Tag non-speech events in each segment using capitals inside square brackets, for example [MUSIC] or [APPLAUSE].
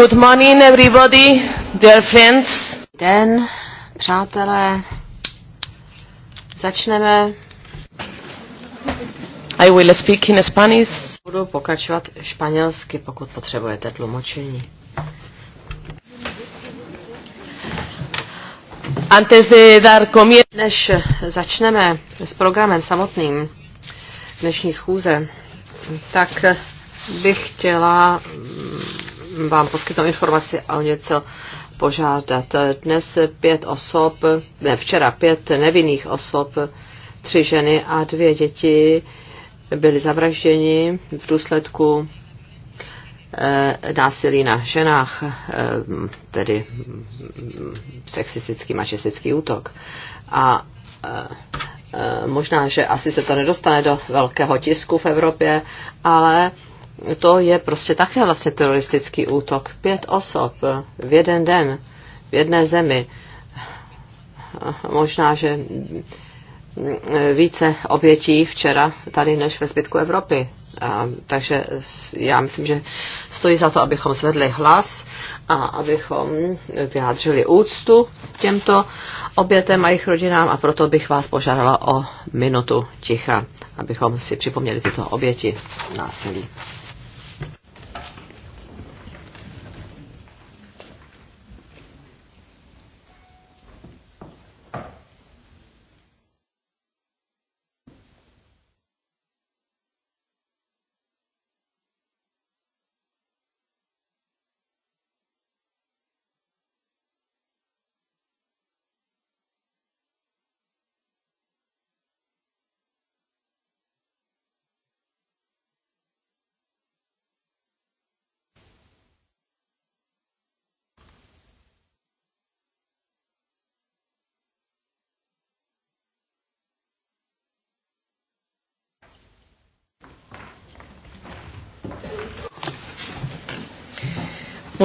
Good morning everybody, dear friends. Den, přátelé. Začneme. I will speak in Spanish. Budu pokračovat španělsky, pokud potřebujete tlumočení. Antes de dar comienzo, než začneme s programem samotným dnešní schůze, tak bych chtěla mm, vám poskytnou informaci a o něco požádat. Dnes pět osob, ne, včera pět nevinných osob, tři ženy a dvě děti byly zavražděni v důsledku eh, násilí na ženách, eh, tedy sexistický, mačistický útok. A eh, možná, že asi se to nedostane do velkého tisku v Evropě, ale to je prostě také vlastně teroristický útok. Pět osob v jeden den, v jedné zemi. Možná, že více obětí včera tady než ve zbytku Evropy. A, takže já myslím, že stojí za to, abychom zvedli hlas a abychom vyjádřili úctu těmto obětem a jejich rodinám a proto bych vás požádala o minutu ticha, abychom si připomněli tyto oběti násilí.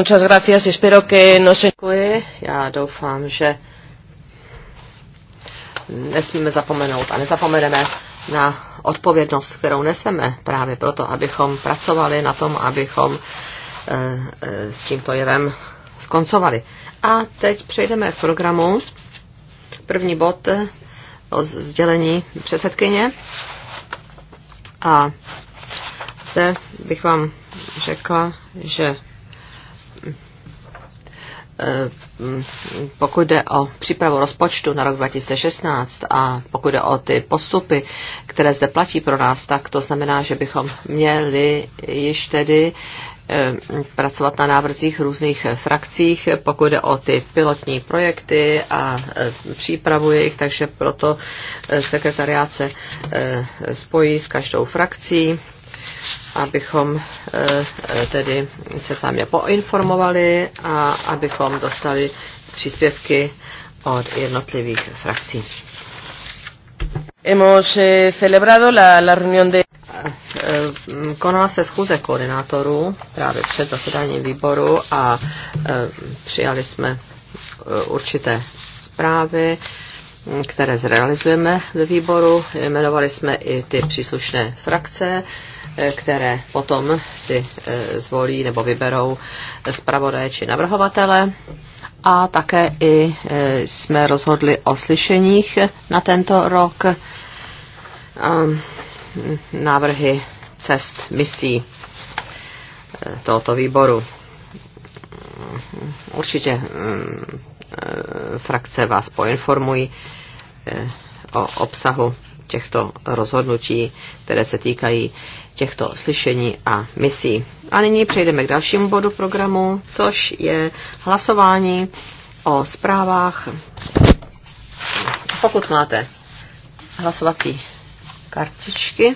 muchas gracias. Espero que no se... Já doufám, že nesmíme zapomenout a nezapomeneme na odpovědnost, kterou neseme právě proto, abychom pracovali na tom, abychom eh, eh, s tímto jevem skoncovali. A teď přejdeme k programu. První bod eh, o sdělení předsedkyně. A zde bych vám řekla, že Eh, pokud jde o přípravu rozpočtu na rok 2016 a pokud jde o ty postupy, které zde platí pro nás, tak to znamená, že bychom měli již tedy eh, pracovat na návrzích různých frakcích, pokud jde o ty pilotní projekty a eh, přípravu jejich, takže proto sekretariát se spojí s každou frakcí abychom eh, eh, tedy se vzájemně poinformovali a abychom dostali příspěvky od jednotlivých frakcí. Hemos eh, celebrado la, la reunión de... Konala se schůze koordinátorů právě před zasedáním výboru a přijali jsme určité zprávy které zrealizujeme ve výboru. Jmenovali jsme i ty příslušné frakce Eh, které potom si eh, zvolí nebo vyberou zpravodaje či navrhovatele. A také i eh, jsme rozhodli o slyšeních na tento rok návrhy cest misí tohoto výboru. Určitě mm, frakce vás poinformují o obsahu těchto rozhodnutí, které se týkají těchto slyšení a misí. A nyní přejdeme k dalšímu bodu programu, což je hlasování o zprávách. Pokud máte hlasovací kartičky,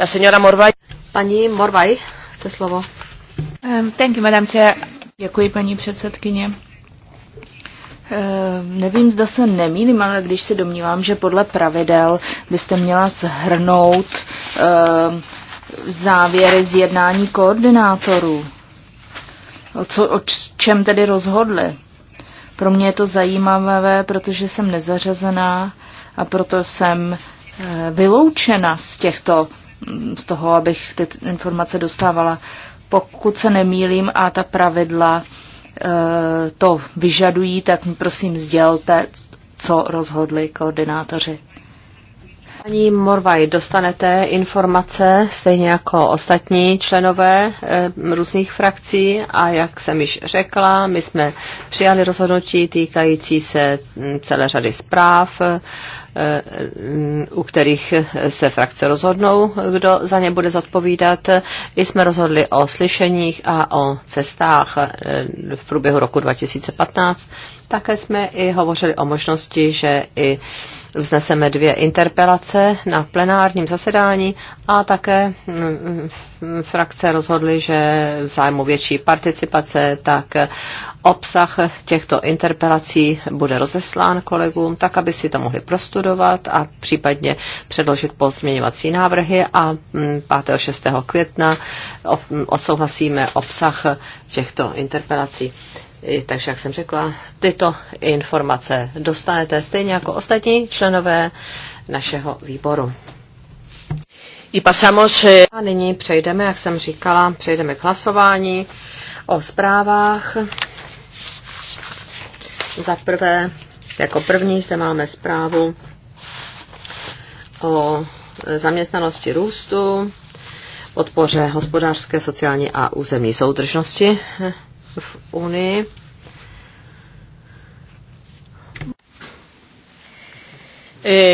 La señora Morvay. Paní Morvay chce slovo. Um, thank you, madam chair. Děkuji, paní předsedkyně. Eh, nevím, zda se nemýlím, ale když se domnívám, že podle pravidel byste měla zhrnout eh, závěry z jednání koordinátorů. O, co, o čem tedy rozhodli? Pro mě je to zajímavé, protože jsem nezařazená a proto jsem eh, vyloučena z těchto, z toho, abych ty informace dostávala pokud se nemýlím a ta pravidla e, to vyžadují, tak mi prosím sdělte, co rozhodli koordinátoři. Paní Morvaj, dostanete informace stejně jako ostatní členové e, různých frakcí a jak jsem již řekla, my jsme přijali rozhodnutí týkající se celé řady zpráv Eh, u kterých se frakce rozhodnou, kdo za ně bude zodpovídat. I jsme rozhodli o slyšeních a o cestách eh, v průběhu roku 2015 také jsme i hovořili o možnosti, že i vzneseme dvě interpelace na plenárním zasedání a také mm, mm, frakce rozhodly, že v zájmu větší participace, tak obsah těchto interpelací bude rozeslán kolegům, tak aby si to mohli prostudovat a případně předložit pozměňovací návrhy a 5. Mm, 6. května odsouhlasíme obsah těchto interpelací takže jak jsem řekla, tyto informace dostanete stejně jako ostatní členové našeho výboru. I pasamos, eh, a nyní přejdeme, jak jsem říkala, přejdeme k hlasování o zprávách. Za prvé, jako první zde máme zprávu o zaměstnanosti růstu, podpoře hospodářské, sociální a územní soudržnosti v Unii.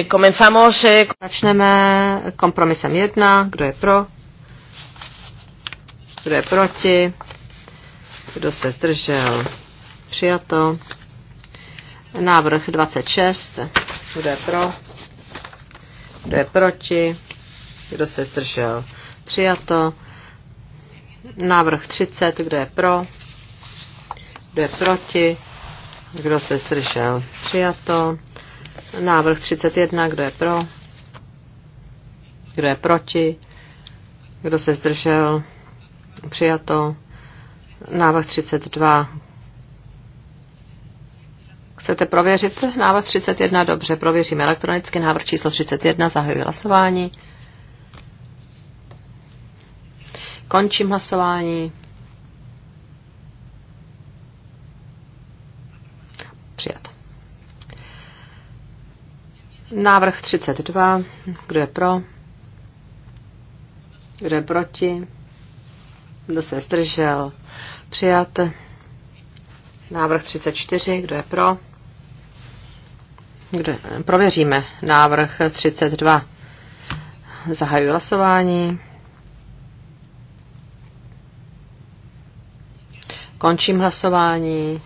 Komenzamos. Eh, eh, Začneme kompromisem jedna. Kdo je pro? Kdo je proti? Kdo se zdržel? Přijato. Návrh 26. Kdo je pro? Kdo je proti? Kdo se zdržel? Přijato. Návrh 30. Kdo je pro? kdo je proti, kdo se zdržel. Přijato. Návrh 31, kdo je pro, kdo je proti, kdo se zdržel. Přijato. Návrh 32. Chcete prověřit návrh 31? Dobře, prověříme elektronicky. Návrh číslo 31, zahajuji hlasování. Končím hlasování. přijat. Návrh 32. Kdo je pro? Kdo je proti? Kdo se zdržel? Přijat. Návrh 34. Kdo je pro? Kdo je? Prověříme. Návrh 32. Zahajuji hlasování. Končím hlasování.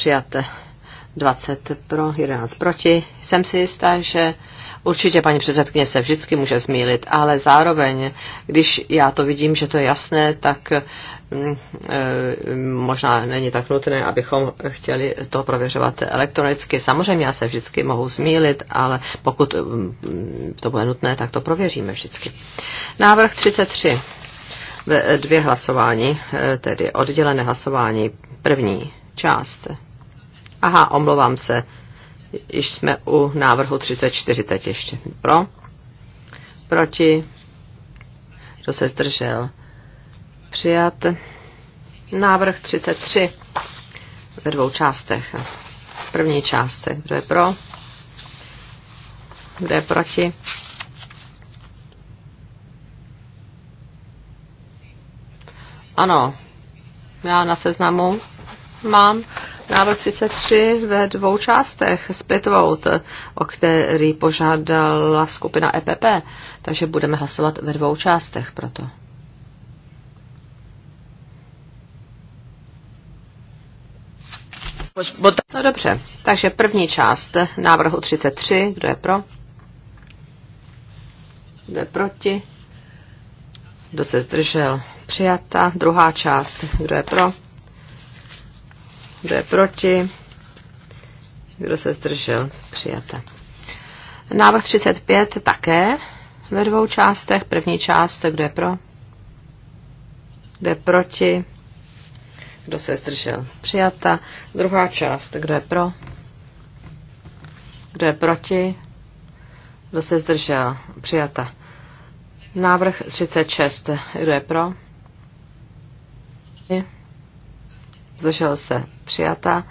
přijat 20 pro, 11 proti. Jsem si jistá, že určitě paní předsedkyně se vždycky může zmílit, ale zároveň, když já to vidím, že to je jasné, tak mm, eh, možná není tak nutné, abychom chtěli to prověřovat elektronicky. Samozřejmě já se vždycky mohu zmílit, ale pokud mm, to bude nutné, tak to prověříme vždycky. Návrh 33. Eh, dvě hlasování, eh, tedy oddělené hlasování. První část Aha, omlouvám se. Již jsme u návrhu 34 teď ještě. Pro? Proti? Kdo se zdržel? Přijat. Návrh 33 ve dvou částech. První část, kdo je pro? Kdo je proti? Ano, já na seznamu mám návrh 33 ve dvou částech, split vote, o který požádala skupina EPP. Takže budeme hlasovat ve dvou částech proto. No dobře, takže první část návrhu 33, kdo je pro? Kdo je proti? Kdo se zdržel? Přijata. Druhá část, kdo je pro? Kdo je proti? Kdo se zdržel? Přijata. Návrh 35 také ve dvou částech. První část, kdo je pro? Kdo je proti? Kdo se zdržel? Přijata. Druhá část, kdo je pro? Kdo je proti? Kdo se zdržel? Přijata. Návrh 36. Kdo je pro? Zdržel se přijata.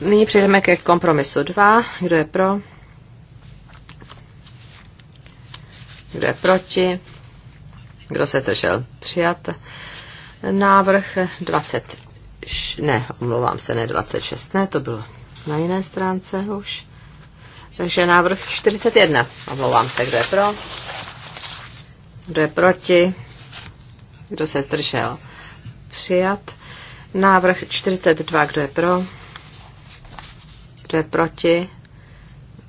Nyní přejdeme ke kompromisu 2. Kdo je pro? Kdo je proti? Kdo se držel? Přijat. Návrh 20. Ne, omlouvám se, ne 26. Ne, to bylo na jiné stránce už. Takže návrh 41. Omlouvám se, kdo je pro? Kdo je proti? Kdo se zdržel? Přijat. Návrh 42, kdo je pro? Kdo je proti?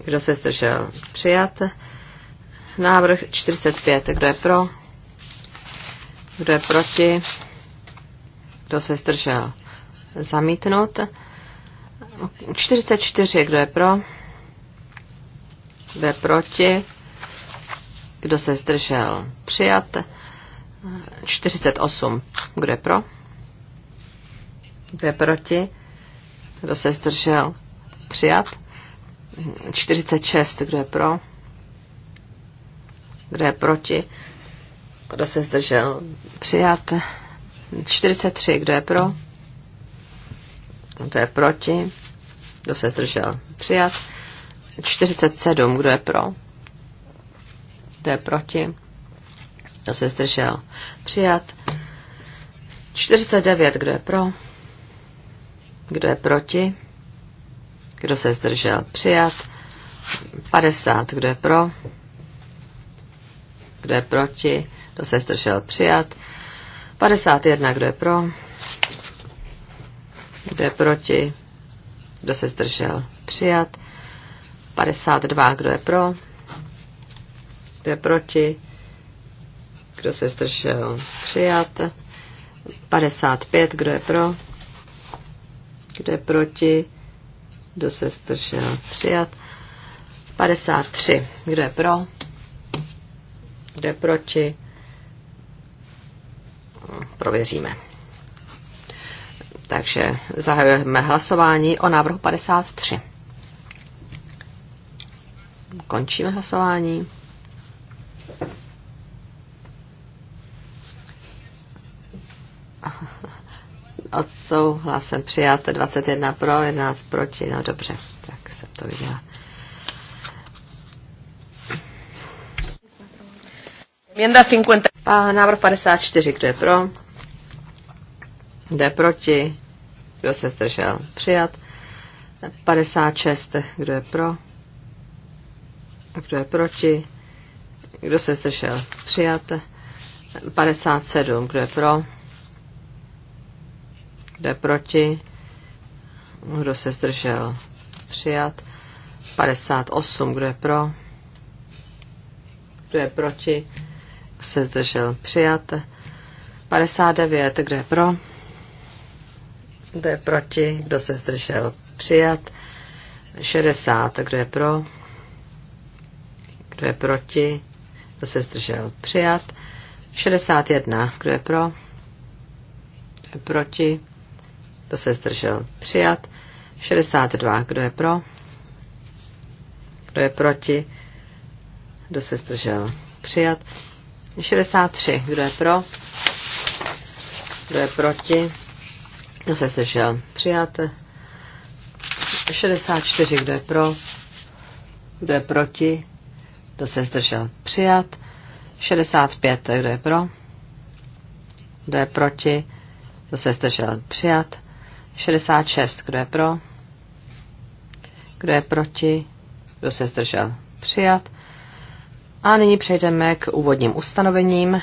Kdo se zdržel? Přijat. Návrh 45, kdo je pro? Kdo je proti? Kdo se zdržel? Zamítnout. 44, kdo je pro? Kdo je proti? Kdo se zdržel? Přijat. 48, kdo je pro? Kdo je proti? Kdo se zdržel? Přijat. 46. Kdo je pro? Kdo je proti? Kdo se zdržel? Přijat. 43. Kdo je pro? Kdo je proti? Kdo se zdržel? Přijat. 47. Kdo je pro? Kdo je proti? Kdo se zdržel? Přijat. 49. Kdo je pro? Kdo je proti? Kdo se zdržel? Přijat. 50. Kdo je pro? Kdo je proti? Kdo se zdržel? Přijat. 51. Kdo je pro? Kdo je proti? Kdo se zdržel? Přijat. 52. Kdo je pro? Kdo je proti? Kdo se zdržel? Přijat. 55. Kdo je pro? Kdo je proti? Kdo se zdržel? Přijat. 53. Kdo je pro? Kdo je proti? Prověříme. Takže zahajujeme hlasování o návrhu 53. Končíme hlasování. Odsouhlasem přijat 21 pro, 11 proti. No dobře, tak jsem to viděla. Měnda 50. A návrh 54, kdo je pro? Kdo je proti? Kdo se zdržel? Přijat. 56, kdo je pro? Kdo je proti? Kdo se zdržel? Přijat. 57, kdo je pro? Kdo je proti? Kdo se zdržel? Přijat. 58. Kdo je pro? Kdo je proti? Se zdržel. Přijat. 59. Kdo je pro? Kdo je proti? Kdo se zdržel? Přijat. 60. Kdo je pro? Kdo je proti? Kdo se zdržel? Přijat. 61. Kdo je pro? Kdo je proti? Kdo se zdržel? Přijat. 62. Kdo je pro? Kdo je proti? Kdo se zdržel? Přijat. 63. Kdo je pro? Kdo je proti? Kdo se zdržel? Přijat. 64. Kdo je pro? Kdo je proti? Kdo se zdržel? Přijat. 65. Kdo je pro? Kdo je proti? Kdo se zdržel? Přijat. 66. Kdo je pro? Kdo je proti? Kdo se zdržel? Přijat. A nyní přejdeme k úvodním ustanovením.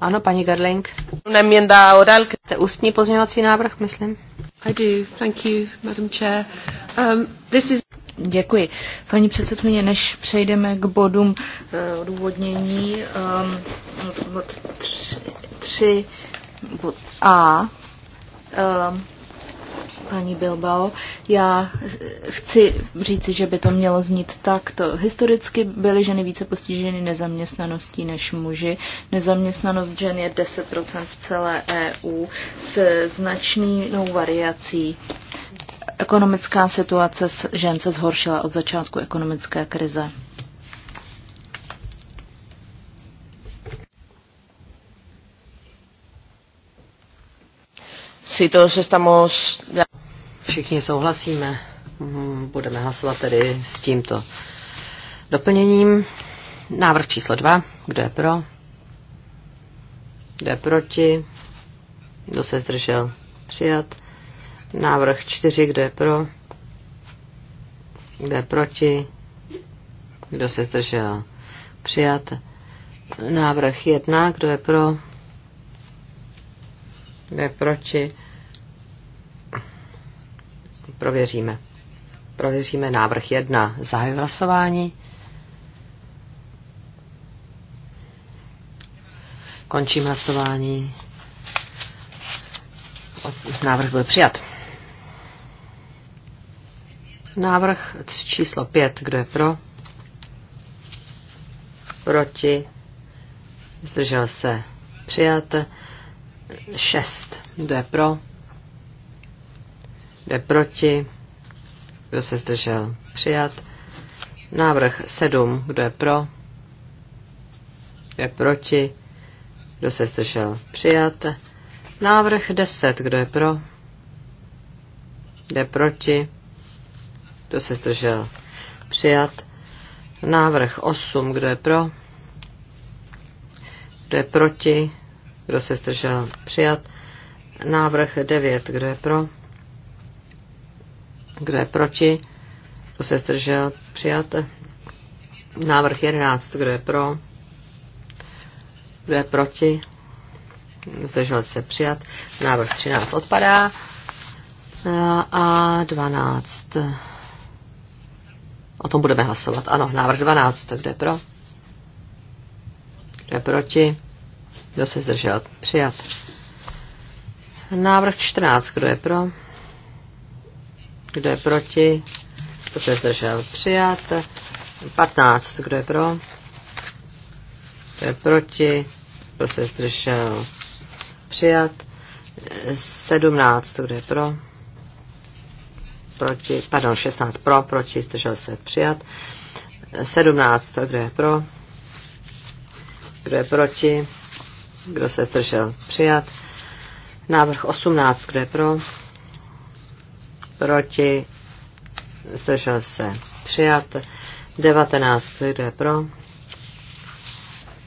Ano, paní Gerling. Enmienda oral. To ústní pozměňovací návrh, myslím. I do. Thank you, Madam Chair. Um, this is... Děkuji. Paní předsedkyně, než přejdeme k bodům uh, odůvodnění, um, bod 3, bod A, um, paní Bilbao. Já chci říci, že by to mělo znít takto. Historicky byly ženy více postiženy nezaměstnaností než muži. Nezaměstnanost žen je 10% v celé EU s značnou variací. Ekonomická situace žen se zhoršila od začátku ekonomické krize. Si todos estamos... Všichni souhlasíme. Mhm, budeme hlasovat tedy s tímto doplněním. Návrh číslo dva. Kdo je pro? Kdo je proti? Kdo se zdržel? Přijat. Návrh čtyři, Kdo je pro? Kdo je proti? Kdo se zdržel? Přijat. Návrh jedna, Kdo je pro? ne proči. Prověříme. Prověříme návrh 1. Zahajuji hlasování. Končím hlasování. Návrh byl přijat. Návrh číslo 5. Kdo je pro? Proti? Zdržel se. Přijat. 6. Kdo je pro? Kdo je proti? Kdo se zdržel? Přijat. Návrh 7. Kdo je pro? Kdo je proti? Kdo se zdržel? Přijat. Návrh 10. Kdo je pro? Kdo je proti? Kdo se zdržel? Přijat. Návrh 8. Kdo je pro? Kdo je proti? Kdo se zdržel? Přijat. Návrh 9. Kdo je pro? Kdo je proti? Kdo se zdržel? Přijat. Návrh 11. Kdo je pro? Kdo je proti? Zdržel se přijat. Návrh 13 odpadá. A 12. O tom budeme hlasovat. Ano, návrh 12. Kdo je pro? Kdo je proti? Kdo se zdržel? Přijat. Návrh 14. Kdo je pro? Kdo je proti? Kdo se zdržel? Přijat. 15. Kdo je pro? Kdo je proti? Kdo se zdržel? Přijat. 17. Kdo je pro? Proti, pardon, 16 pro, proti, zdržel se přijat. 17. Kdo je pro? Kdo je proti? kdo se zdržel, přijat. Návrh 18, kdo je pro, proti, zdržel se, přijat. 19, kdo je pro,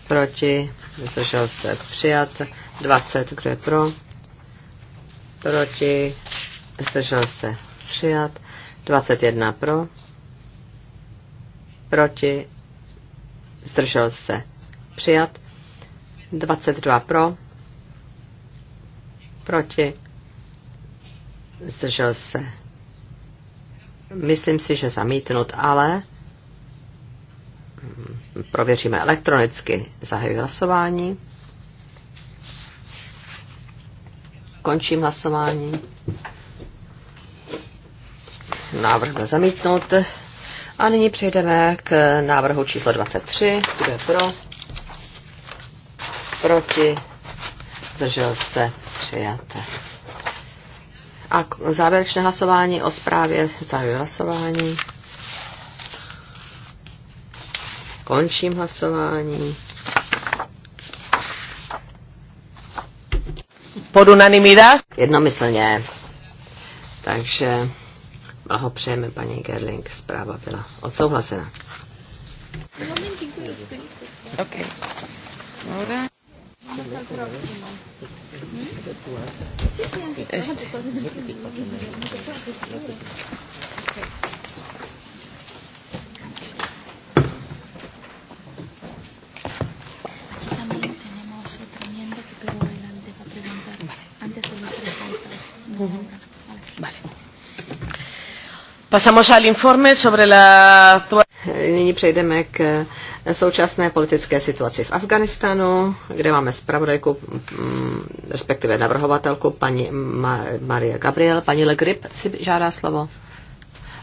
proti, zdržel se, přijat. 20, kdo je pro, proti, zdržel se, přijat. 21 pro, proti, zdržel se, přijat. 22 pro, proti, zdržel se. Myslím si, že zamítnut, ale prověříme elektronicky. Zahajuji hlasování. Končím hlasování. Návrh byl zamítnut. A nyní přejdeme k návrhu číslo 23. Kdo je pro? proti, zdržel se, přijaté. A závěrečné hlasování o zprávě, zahajuji hlasování. Končím hlasování. Pod unanimidad? Jednomyslně. Takže blahopřejeme paní Gerling, zpráva byla odsouhlasena. Okay. Ahora... Pasamos al informe sobre la Nyní přejdeme k současné politické situaci v Afganistánu, kde máme zpravodajku, mm, respektive navrhovatelku, paní Maria Gabriel. Paní Le Grip si žádá slovo.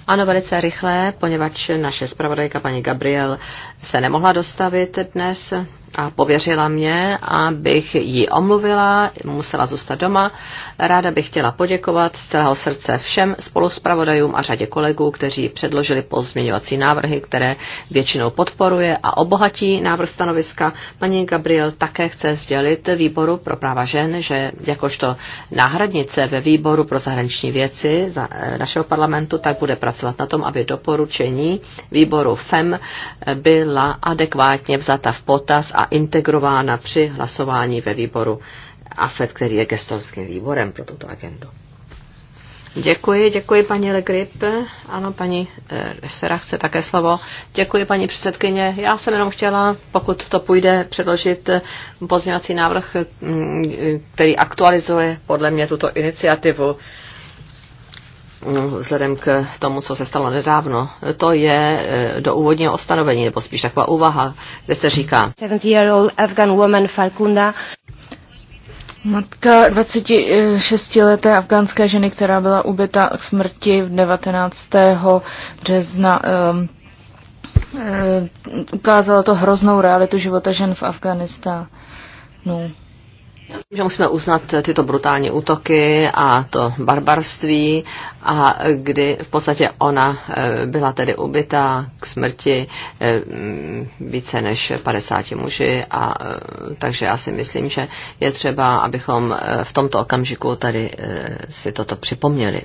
Ano, velice rychle, poněvadž naše zpravodajka paní Gabriel se nemohla dostavit dnes, a pověřila mě, abych ji omluvila, musela zůstat doma. Ráda bych chtěla poděkovat z celého srdce všem spoluspravodajům a řadě kolegů, kteří předložili pozměňovací návrhy, které většinou podporuje a obohatí návrh stanoviska. Paní Gabriel také chce sdělit výboru pro práva žen, že jakožto náhradnice ve výboru pro zahraniční věci za eh, našeho parlamentu, tak bude pracovat na tom, aby doporučení výboru FEM byla adekvátně vzata v potaz a integrována při hlasování ve výboru AFED, který je gestorským výborem pro tuto agendu. Děkuji, děkuji paní Legrip. Ano, paní eh, Sera chce také slovo. Děkuji, paní předsedkyně. Já jsem jenom chtěla, pokud to půjde, předložit eh, pozměňovací návrh, mm, eh, který aktualizuje podle mě tuto iniciativu vzhledem k tomu, co se stalo nedávno. To je e, do úvodního ostanovení, nebo spíš taková úvaha, kde se říká. Matka 26-leté afgánské ženy, která byla ubita k smrti 19. března, um, um, ukázala to hroznou realitu života žen v Afganistánu. No že musíme uznat tyto brutální útoky a to barbarství, a kdy v podstatě ona eh, byla tedy ubyta k smrti eh, více než 50 muži a eh, takže já si myslím, že je třeba, abychom v tomto okamžiku tady si toto připomněli.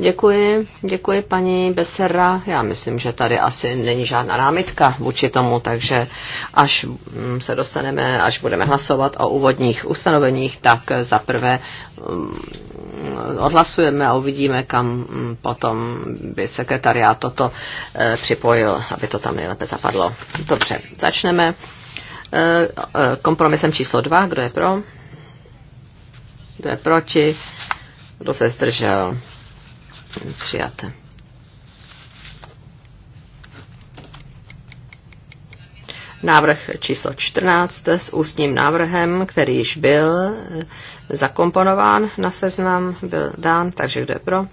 Děkuji, děkuji paní Besera. Já myslím, že tady asi není žádná námitka vůči tomu, takže až mm, se dostaneme, až budeme hlasovat o úvodních ustanoveních, tak zaprvé mm, odhlasujeme a uvidíme, kam mm, potom by sekretariát toto e, připojil, aby to tam nejlépe zapadlo. Dobře, začneme e, e, kompromisem číslo dva, Kdo je pro? Kdo je proti? Kdo se zdržel? přijaté. Návrh číslo 14 s ústním návrhem, který již byl zakomponován na seznam, byl dán, takže kdo je pro?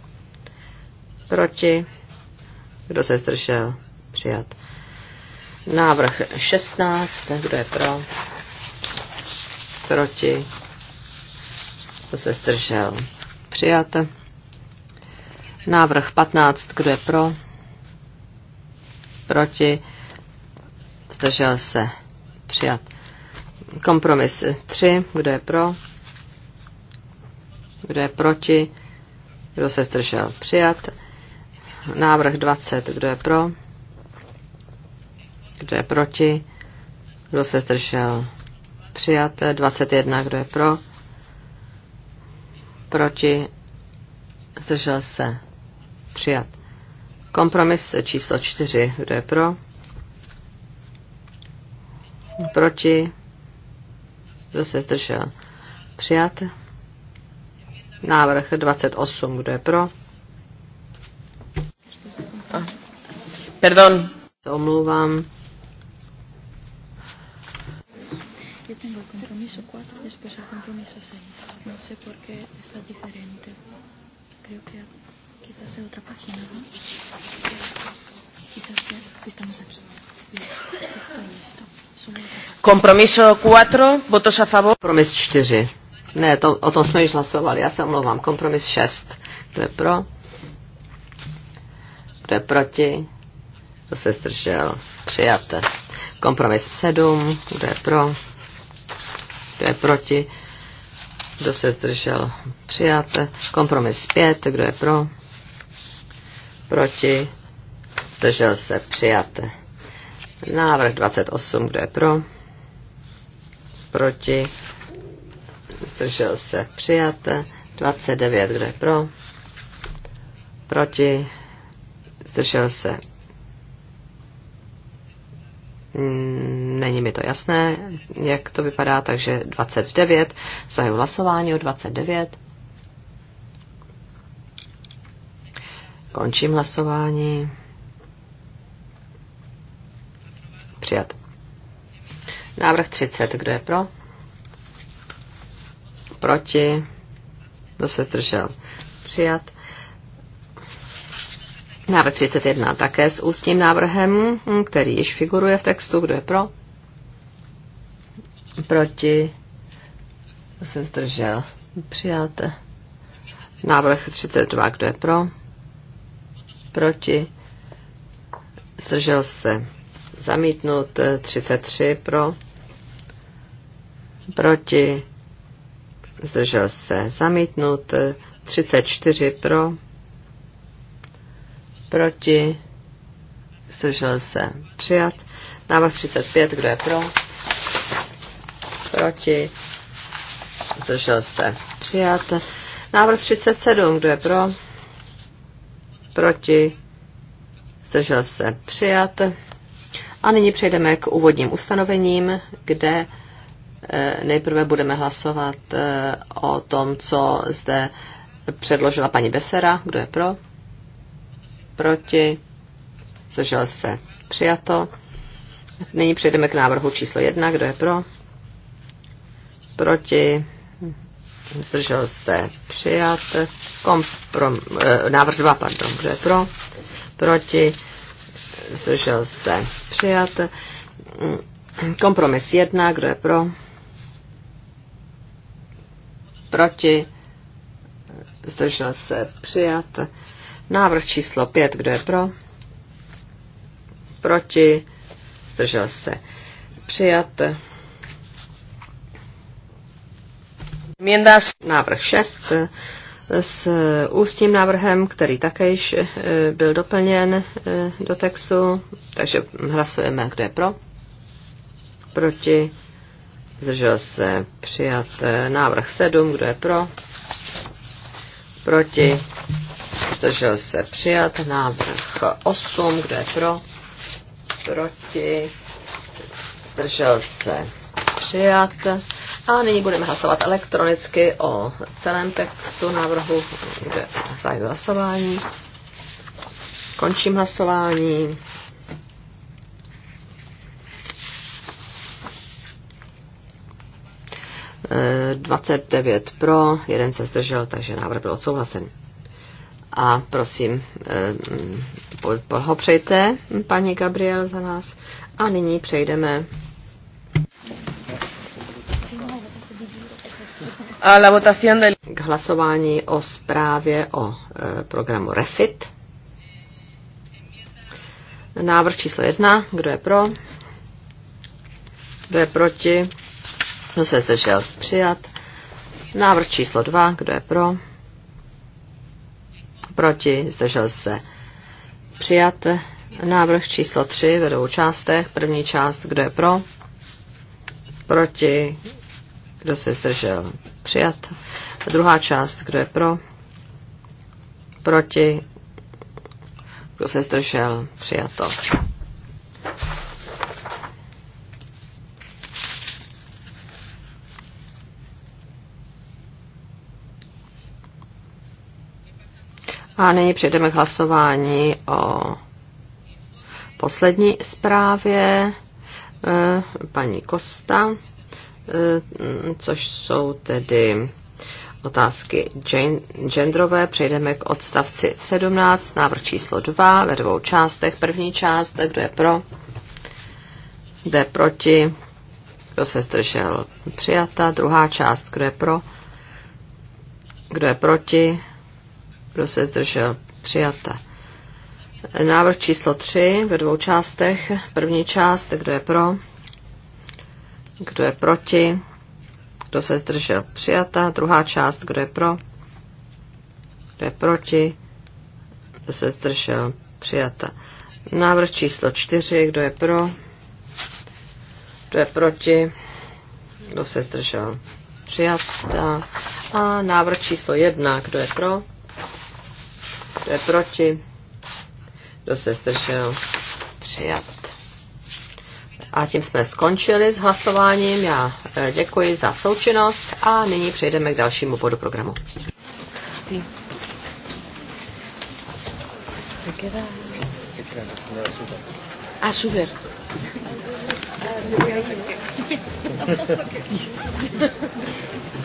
Proti? Kdo se zdržel? Přijat. Návrh 16, kdo je pro? Proti? Kdo se zdržel? Přijat. Návrh 15, kdo je pro? Proti? Zdržel se. Přijat. Kompromis 3, kdo je pro? Kdo je proti? Kdo se zdržel? Přijat. Návrh 20, kdo je pro? Kdo je proti? Kdo se zdržel? Přijat. 21, kdo je pro? Proti? Zdržel se. Přijat. Kompromis číslo 4. Kdo je pro? Proti? Kdo se zdržel? Přijat. Návrh 28. Kdo je pro? Ah. Perdón. To omlouvám. No Creo que Quizás en otra página, ¿no? Quizás es, estamos aquí. Esto y esto. Kompromiso 4, votos a favor. Kompromis 4. Ne, to, o tom jsme již hlasovali, já se omlouvám. Kompromis 6. Kdo je pro? Kdo je proti? Kdo se zdržel? Přijate. Kompromis 7. Kdo je pro? Kdo je proti? Kdo se zdržel? Přijate. Kompromis 5. Kdo je pro? proti, zdržel se, přijate. Návrh 28, kdo je pro, proti, zdržel se, přijate. 29, kdo je pro, proti, zdržel se. Mm, není mi to jasné, jak to vypadá, takže 29, zahajuji hlasování o 29. Končím hlasování. Přijat. Návrh 30. Kdo je pro? Proti? Kdo se zdržel? Přijat. Návrh 31 také s ústním návrhem, který již figuruje v textu. Kdo je pro? Proti? Kdo se zdržel? Přijat. Návrh 32. Kdo je pro? proti, zdržel se zamítnut 33 eh, pro, proti, zdržel se zamítnut 34 eh, pro, proti, zdržel se přijat. Návrh 35, kdo je pro, proti, zdržel se přijat. Návrh 37, kdo je pro, proti, zdržel se přijat. A nyní přejdeme k úvodním ustanovením, kde eh, nejprve budeme hlasovat eh, o tom, co zde předložila paní Besera. Kdo je pro? Proti? Zdržel se přijato. Nyní přejdeme k návrhu číslo jedna. Kdo je pro? Proti? zdržel se přijat, komprom, eh, návrh 2, pardon, kdo je pro, proti, zdržel se přijat, kompromis 1, kdo je pro, proti, zdržel se přijat, návrh číslo 5, kdo je pro, proti, zdržel se přijat, Měndas návrh 6 eh, s ústním návrhem, který také již eh, byl doplněn eh, do textu. Takže hlasujeme, kde je pro. Proti. Zdržel se přijat návrh 7, kdo je pro. Proti. Zdržel se přijat návrh 8, kdo je pro. Proti. Zdržel se přijat. A nyní budeme hlasovat elektronicky o celém textu návrhu, kde zahajuji hlasování. Končím hlasování. E, eh, 29 pro, jeden se zdržel, takže návrh byl odsouhlasen. A prosím, eh, pohopřejte paní Gabriel za nás. A nyní přejdeme a la votación del... K hlasování o zprávě o e, programu REFIT. Návrh číslo jedna. Kdo je pro? Kdo je proti? Kdo se zdržel? Přijat. Návrh číslo dva. Kdo je pro? Proti? Zdržel se? Přijat. Návrh číslo tři ve dvou částech. První část. Kdo je pro? Proti? Kdo se zdržel? přijat. Druhá část, kdo je pro, proti, kdo se zdržel, přijato. A nyní přejdeme k hlasování o poslední zprávě eh, paní Kosta. Eh, což jsou tedy otázky genderové. Přejdeme k odstavci 17, návrh číslo 2 ve dvou částech. První část, kdo je pro, kdo je proti, kdo se zdržel, přijata. Druhá část, kdo je pro, kdo je proti, kdo se zdržel, přijata. Návrh číslo 3 ve dvou částech. První část, kdo je pro, kdo je proti? Kdo se zdržel? Přijata. Druhá část. Kdo je pro? Kdo je proti? Kdo se zdržel? Přijata. Návrh číslo čtyři. Kdo je pro? Kdo je proti? Kdo se zdržel? Přijata. A návrh číslo jedna. Kdo je pro? Kdo je proti? Kdo se zdržel? Přijat. A tím jsme skončili s hlasováním. Já eh, děkuji za součinnost a nyní přejdeme k dalšímu bodu programu. A super. [LAUGHS]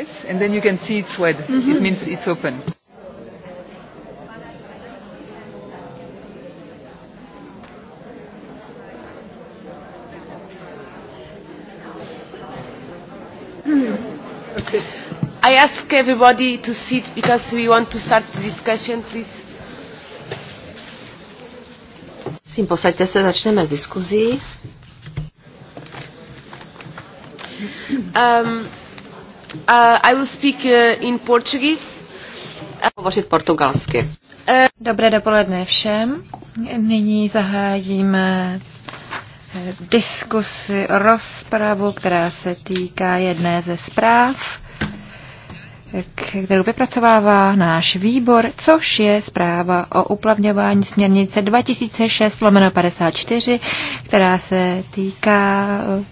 Yes, and then you can see it's red. Mm-hmm. It means it's open. [CLEARS THROAT] I ask everybody to sit because we want to start the discussion, please. Sim, posaďte se, začneme s diskuzí. Um, Uh, uh, uh, Dobré dopoledne všem. Nyní zahájíme eh, diskusi, rozpravu, která se týká jedné ze zpráv, kterou vypracovává náš výbor, což je zpráva o uplavňování směrnice 2006-54, která se týká eh,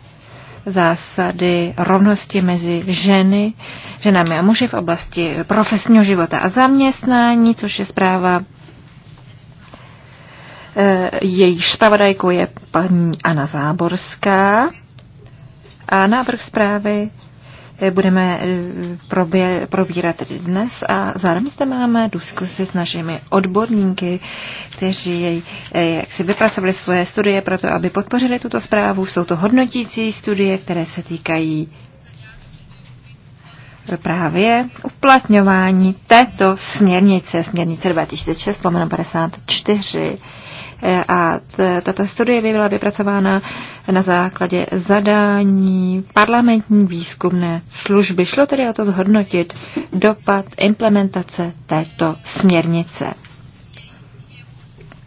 zásady rovnosti mezi ženy, ženami a muži v oblasti profesního života a zaměstnání, což je zpráva eh, jejíž zpravodajkou je paní Anna Záborská. A návrh zprávy budeme eh, proběr, probírat dnes a zároveň zde máme diskusi s našimi odborníky, kteří eh, jak si vypracovali svoje studie pro to, aby podpořili tuto zprávu. Jsou to hodnotící studie, které se týkají právě uplatňování této směrnice, směrnice 2006 54 E, a tato studie by byla vypracována na základě zadání parlamentní výzkumné služby. Šlo tedy o to zhodnotit dopad implementace této směrnice.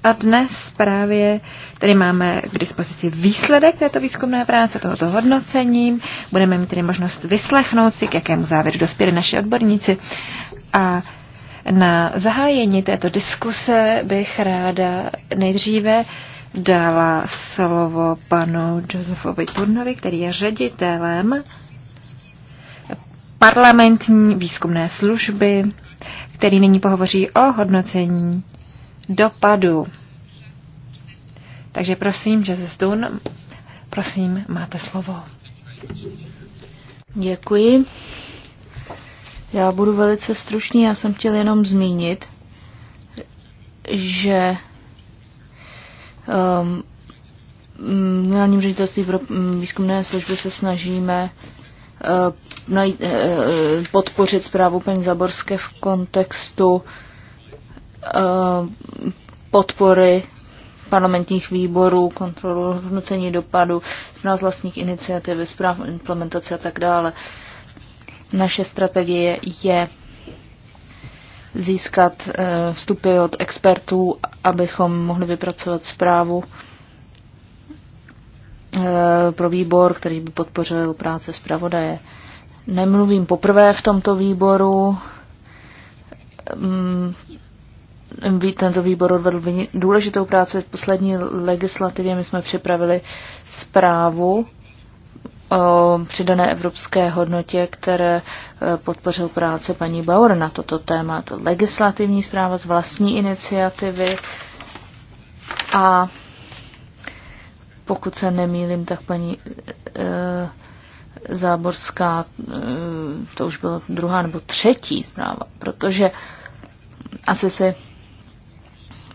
A dnes právě tedy máme k dispozici výsledek této výzkumné práce, tohoto hodnocení. Budeme mít tedy možnost vyslechnout si, k jakému závěru dospěli naši odborníci. A na zahájení této diskuse bych ráda nejdříve dala slovo panu Josefovi Turnovi, který je ředitelem parlamentní výzkumné služby, který nyní pohovoří o hodnocení dopadu. Takže prosím, Josef Dun, prosím, máte slovo. Děkuji. Já budu velice stručný, já jsem chtěl jenom zmínit, že um, generálním ředitelství pro mm, výzkumné služby se snažíme uh, najít, uh, uh, podpořit zprávu paní Zaborské v kontextu uh, podpory parlamentních výborů, kontrolu hodnocení dopadu, zpráv vlastních iniciativy, zpráv implementace a tak dále. Uh, naše strategie je získat eh, vstupy od expertů, abychom mohli vypracovat zprávu eh, pro výbor, který by podpořil práce zpravodaje. Nemluvím poprvé v tomto výboru. Mm, tento výbor odvedl důležitou práci v poslední legislativě. My jsme připravili zprávu o přidané evropské hodnotě, které e, podpořil práce paní Bauer na toto téma. To legislativní zpráva z vlastní iniciativy a pokud se nemýlím, tak paní e, Záborská, e, to už byla druhá nebo třetí zpráva, protože asi si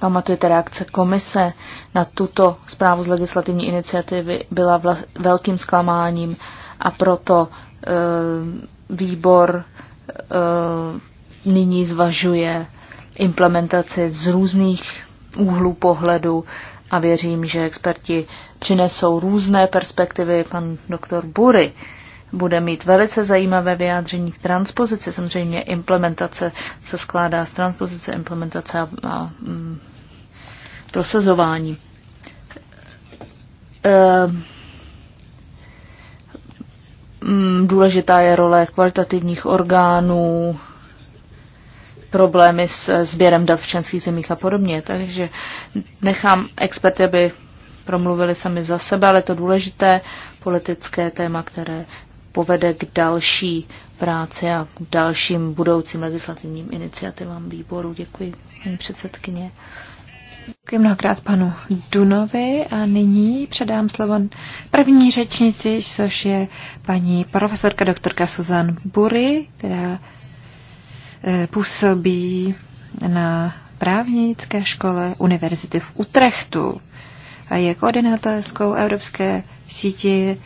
Pamatujete reakce komise na tuto zprávu z legislativní iniciativy byla vla, velkým zklamáním a proto e, výbor e, nyní zvažuje implementaci z různých úhlů pohledu a věřím, že experti přinesou různé perspektivy. Pan doktor Bury bude mít velice zajímavé vyjádření k transpozici. Samozřejmě implementace se skládá z transpozice, implementace a, a mm, prosazování. Ehm, mm, důležitá je role kvalitativních orgánů, problémy s e, sběrem dat v členských zemích a podobně. Takže nechám experty, aby promluvili sami za sebe, ale to důležité politické téma, které povede k další práci a k dalším budoucím legislativním iniciativám výboru. Děkuji, paní předsedkyně. Děkuji mnohokrát panu Dunovi a nyní předám slovo první řečnici, což je paní profesorka doktorka Susan Bury, která eh, působí na právnické škole Univerzity v Utrechtu a je koordinátorskou Evropské síti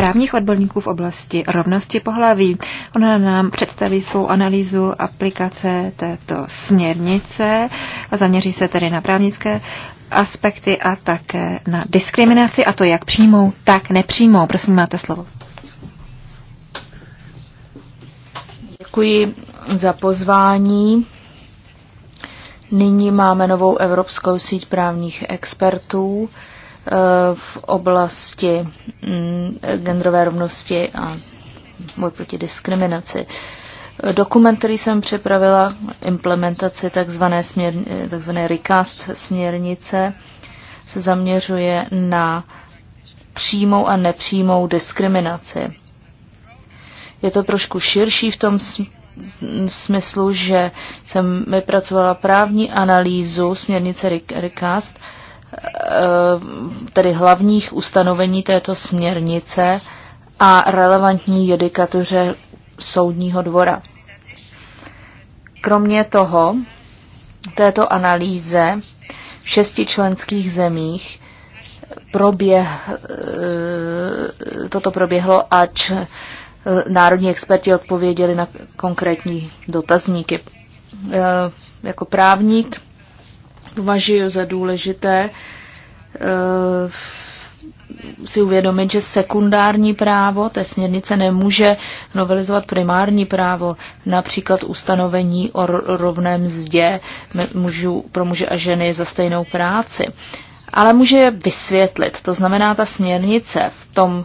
právních odborníků v oblasti rovnosti pohlaví. Ona nám představí svou analýzu aplikace této směrnice a zaměří se tedy na právnické aspekty a také na diskriminaci, a to jak přímou, tak nepřímou. Prosím, máte slovo. Děkuji za pozvání. Nyní máme novou Evropskou síť právních expertů. Eh, v oblasti mm, genderové rovnosti a boj proti diskriminaci. Dokument, který jsem připravila, implementaci takzvané, směr, eh, takzvané recast směrnice, se zaměřuje na přímou a nepřímou diskriminaci. Je to trošku širší v tom smyslu, že jsem vypracovala právní analýzu směrnice recast, Eh, tedy hlavních ustanovení této směrnice a relevantní judikatuře soudního dvora. Kromě toho, této analýze v šesti členských zemích proběh, eh, toto proběhlo ač eh, národní experti odpověděli na konkrétní dotazníky. Jako právník považuji za důležité eh, si uvědomit, že sekundární právo té směrnice nemůže novelizovat primární právo, například ustanovení o rovném mzdě mužů, pro muže a ženy za stejnou práci. Ale může je vysvětlit, to znamená, ta směrnice v tom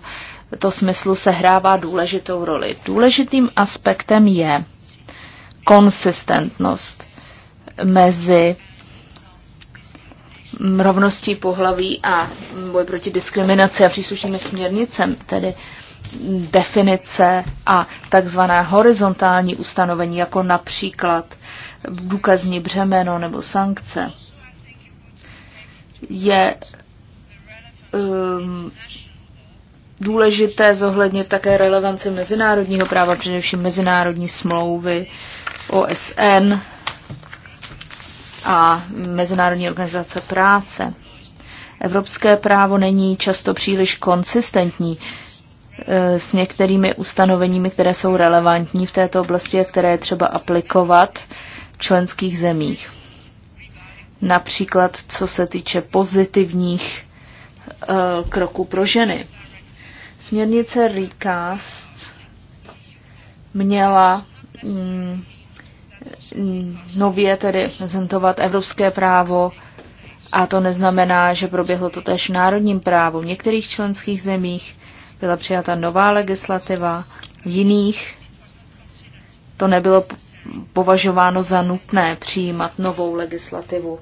to smyslu sehrává důležitou roli. Důležitým aspektem je konsistentnost mezi rovností pohlaví a boj proti diskriminaci a příslušnými směrnicem, tedy definice a takzvané horizontální ustanovení, jako například důkazní břemeno nebo sankce, je um, důležité zohlednit také relevanci mezinárodního práva, především mezinárodní smlouvy OSN, a Mezinárodní organizace práce. Evropské právo není často příliš konsistentní e, s některými ustanoveními, které jsou relevantní v této oblasti a které je třeba aplikovat v členských zemích. Například co se týče pozitivních e, kroků pro ženy. Směrnice Recast měla mm, nově tedy prezentovat evropské právo a to neznamená, že proběhlo to tež národním právu. V některých členských zemích byla přijata nová legislativa, v jiných to nebylo považováno za nutné přijímat novou legislativu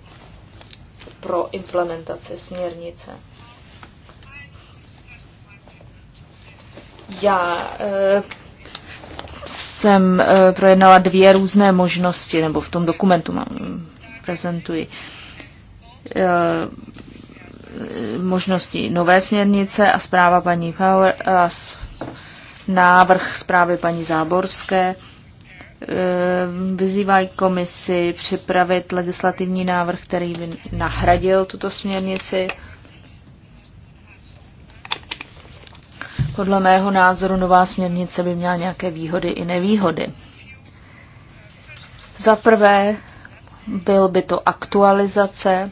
pro implementaci směrnice. Já e, jsem eh, projednala dvě různé možnosti, nebo v tom dokumentu mám, prezentuji eh, možnosti nové směrnice a zpráva paní Power a návrh zprávy paní Záborské eh, vyzývají komisi připravit legislativní návrh, který by nahradil tuto směrnici. Podle mého názoru nová směrnice by měla nějaké výhody i nevýhody. Za prvé byl by to aktualizace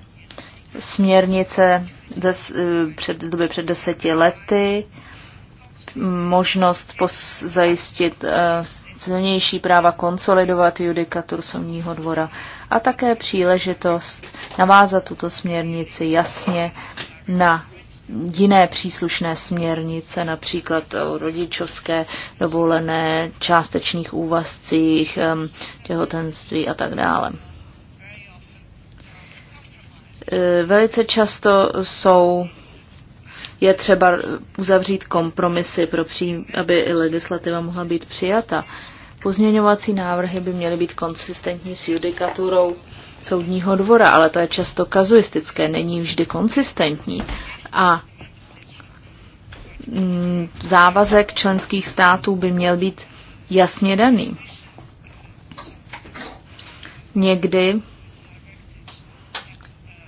směrnice des, eh, před, z doby před deseti lety, možnost pos, zajistit eh, silnější práva konsolidovat judikaturu soudního dvora a také příležitost navázat tuto směrnici jasně na jiné příslušné směrnice, například o rodičovské dovolené, částečných úvazcích, těhotenství a tak dále. E, velice často jsou je třeba uzavřít kompromisy, pro pří, aby legislativa mohla být přijata. Pozměňovací návrhy by měly být konsistentní s judikaturou soudního dvora, ale to je často kazuistické, není vždy konsistentní. A mm, závazek členských států by měl být jasně daný. Někdy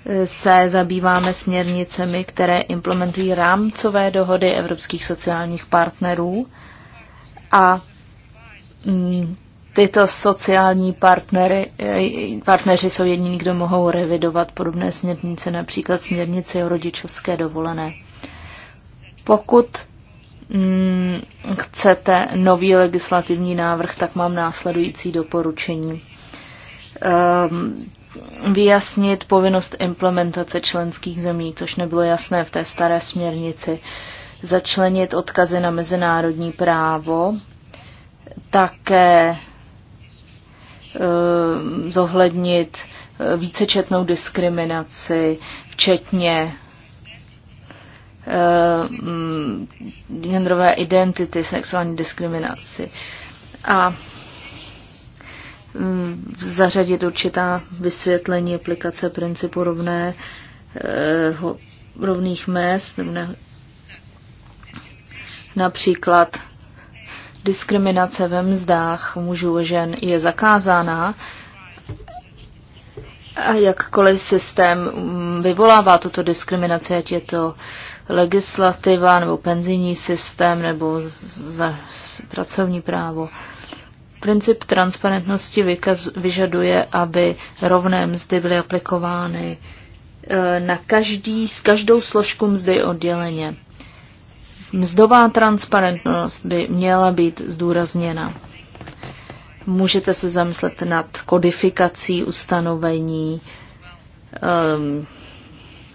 eh, se zabýváme směrnicemi, které implementují rámcové dohody evropských sociálních partnerů a mm, tyto sociální partnery, partneři jsou jediní, kdo mohou revidovat podobné směrnice, například směrnice o rodičovské dovolené. Pokud mm, chcete nový legislativní návrh, tak mám následující doporučení. Um, vyjasnit povinnost implementace členských zemí, což nebylo jasné v té staré směrnici. Začlenit odkazy na mezinárodní právo, také Eh, zohlednit eh, vícečetnou diskriminaci, včetně eh, genderové identity, sexuální diskriminaci. A mm, zařadit určitá vysvětlení aplikace principu rovné, rovných mest, například diskriminace ve mzdách mužů a žen je zakázána a jakkoliv systém mm, vyvolává tuto diskriminaci, ať je to legislativa nebo penzijní systém nebo za pracovní právo. Princip transparentnosti vykaz, vyžaduje, aby rovné mzdy byly aplikovány e, na každý, s každou složku mzdy odděleně. Mzdová transparentnost by měla být zdůrazněna. Můžete se zamyslet nad kodifikací ustanovení, um,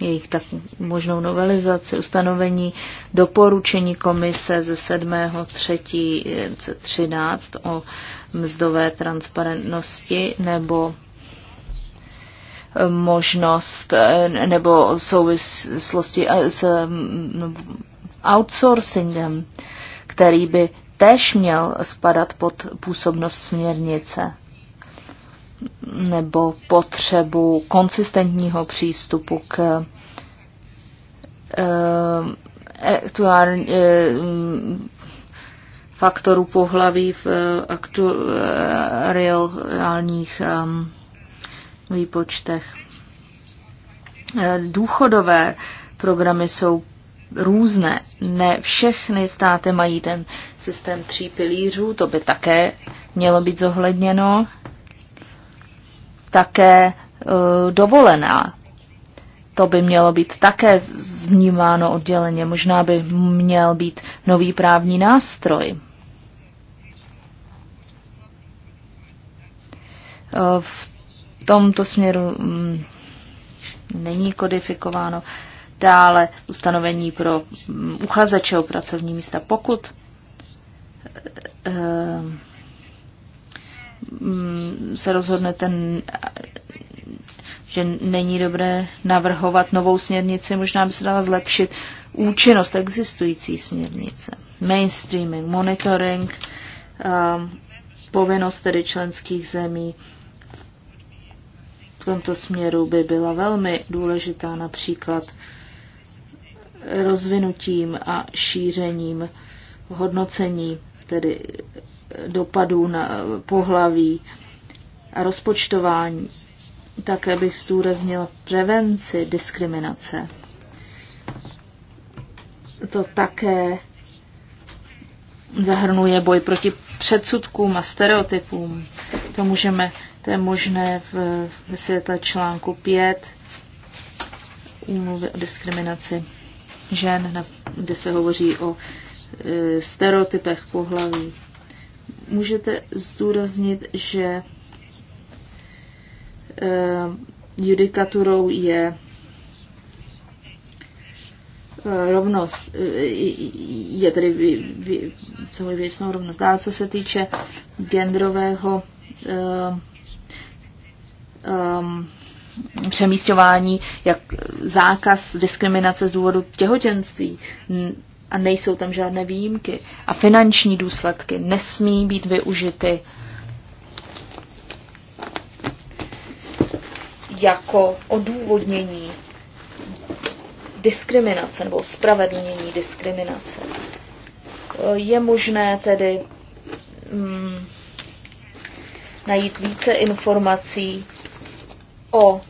jejich tak možnou novelizaci, ustanovení doporučení komise ze 7.3.13 o mzdové transparentnosti nebo ehm, možnost eh, nebo souvislosti eh, s ehm, outsourcingem, který by též měl spadat pod působnost směrnice nebo potřebu konsistentního přístupu k eh, aktuální eh, faktoru pohlaví v aktuálních ehm, výpočtech. Eh, důchodové programy jsou různé. Ne všechny státy mají ten systém tří pilířů, to by také mělo být zohledněno. Také e, dovolená. To by mělo být také vnímáno odděleně. Možná by měl být nový právní nástroj. E, v tomto směru mm, není kodifikováno. Dále ustanovení pro uchazeče o pracovní místa, pokud eh, mm, se rozhodne ten, že není dobré navrhovat novou směrnici, možná by se dala zlepšit účinnost existující směrnice. Mainstreaming, monitoring, ehm, povinnost tedy členských zemí v tomto směru by byla velmi důležitá například rozvinutím a šířením hodnocení, tedy dopadů na pohlaví a rozpočtování. Také bych zdůraznil prevenci diskriminace. To také zahrnuje boj proti předsudkům a stereotypům. To, můžeme, to je možné v, světle článku 5 úmluvy o diskriminaci žen, kde se hovoří o e, stereotypech pohlaví. Můžete zdůraznit, že e, judikaturou je e, rovnost, je tedy celou věcnou rovnost. Dále, co se týče genderového um, přemístování, jak zákaz diskriminace z důvodu těhotenství a nejsou tam žádné výjimky. A finanční důsledky nesmí být využity jako odůvodnění diskriminace nebo spravedlnění diskriminace. Je možné tedy mm, najít více informací o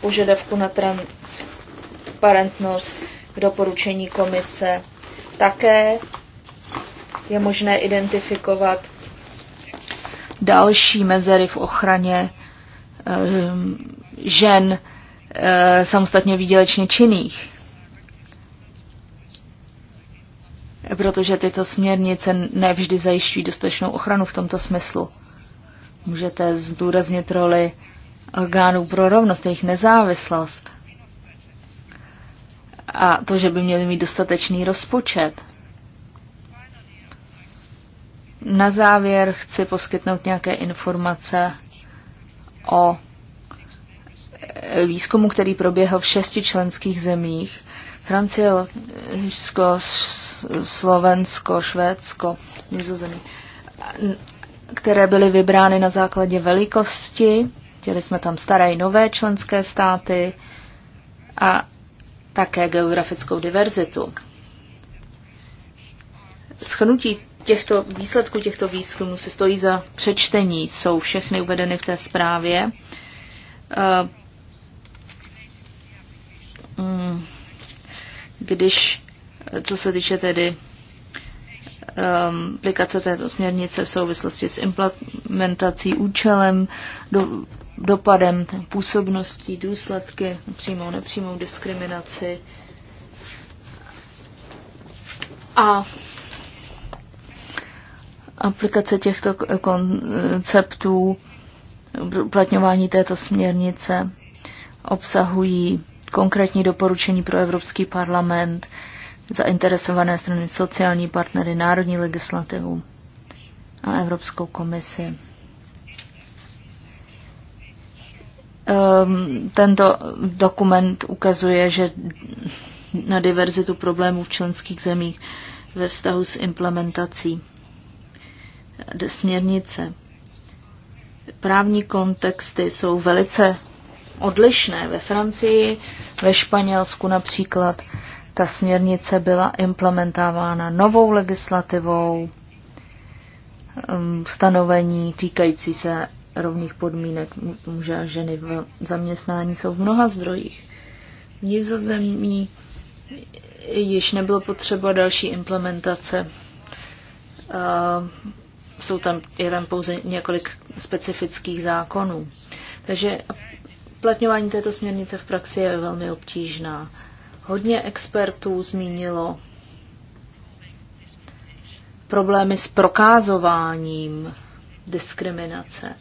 požadavku na transparentnost k doporučení komise. Také je možné identifikovat další mezery v ochraně ehm, žen eh, samostatně výdělečně činných. Protože tyto směrnice nevždy zajišťují dostatečnou ochranu v tomto smyslu. Můžete zdůraznit roli orgánů pro rovnost, jejich nezávislost a to, že by měli mít dostatečný rozpočet. Na závěr chci poskytnout nějaké informace o výzkumu, který proběhl v šesti členských zemích. Francie, Lotyšsko, Slovensko, Švédsko, Nizozemí, které byly vybrány na základě velikosti Chtěli jsme tam staré i nové členské státy a také geografickou diverzitu. Schnutí těchto výsledků těchto výzkumů se stojí za přečtení. Jsou všechny uvedeny v té zprávě. Eh, mm, když, co se týče tedy ehm, aplikace této směrnice v souvislosti s implementací účelem, do, dopadem, působností, důsledky, přímou, nepřímou diskriminaci. A aplikace těchto konceptů, uplatňování této směrnice obsahují konkrétní doporučení pro Evropský parlament, zainteresované strany, sociální partnery, národní legislativu a Evropskou komisi. Ehm, tento dokument ukazuje, že na diverzitu problémů v členských zemích ve vztahu s implementací směrnice. Právní kontexty jsou velice odlišné. Ve Francii, ve Španělsku například, ta směrnice byla implementována novou legislativou, ehm, stanovení týkající se rovných podmínek muže a ženy v zaměstnání jsou v mnoha zdrojích. V Nizozemí již nebylo potřeba další implementace. Jsou tam, je tam pouze několik specifických zákonů. Takže platňování této směrnice v praxi je velmi obtížná. Hodně expertů zmínilo problémy s prokázováním diskriminace.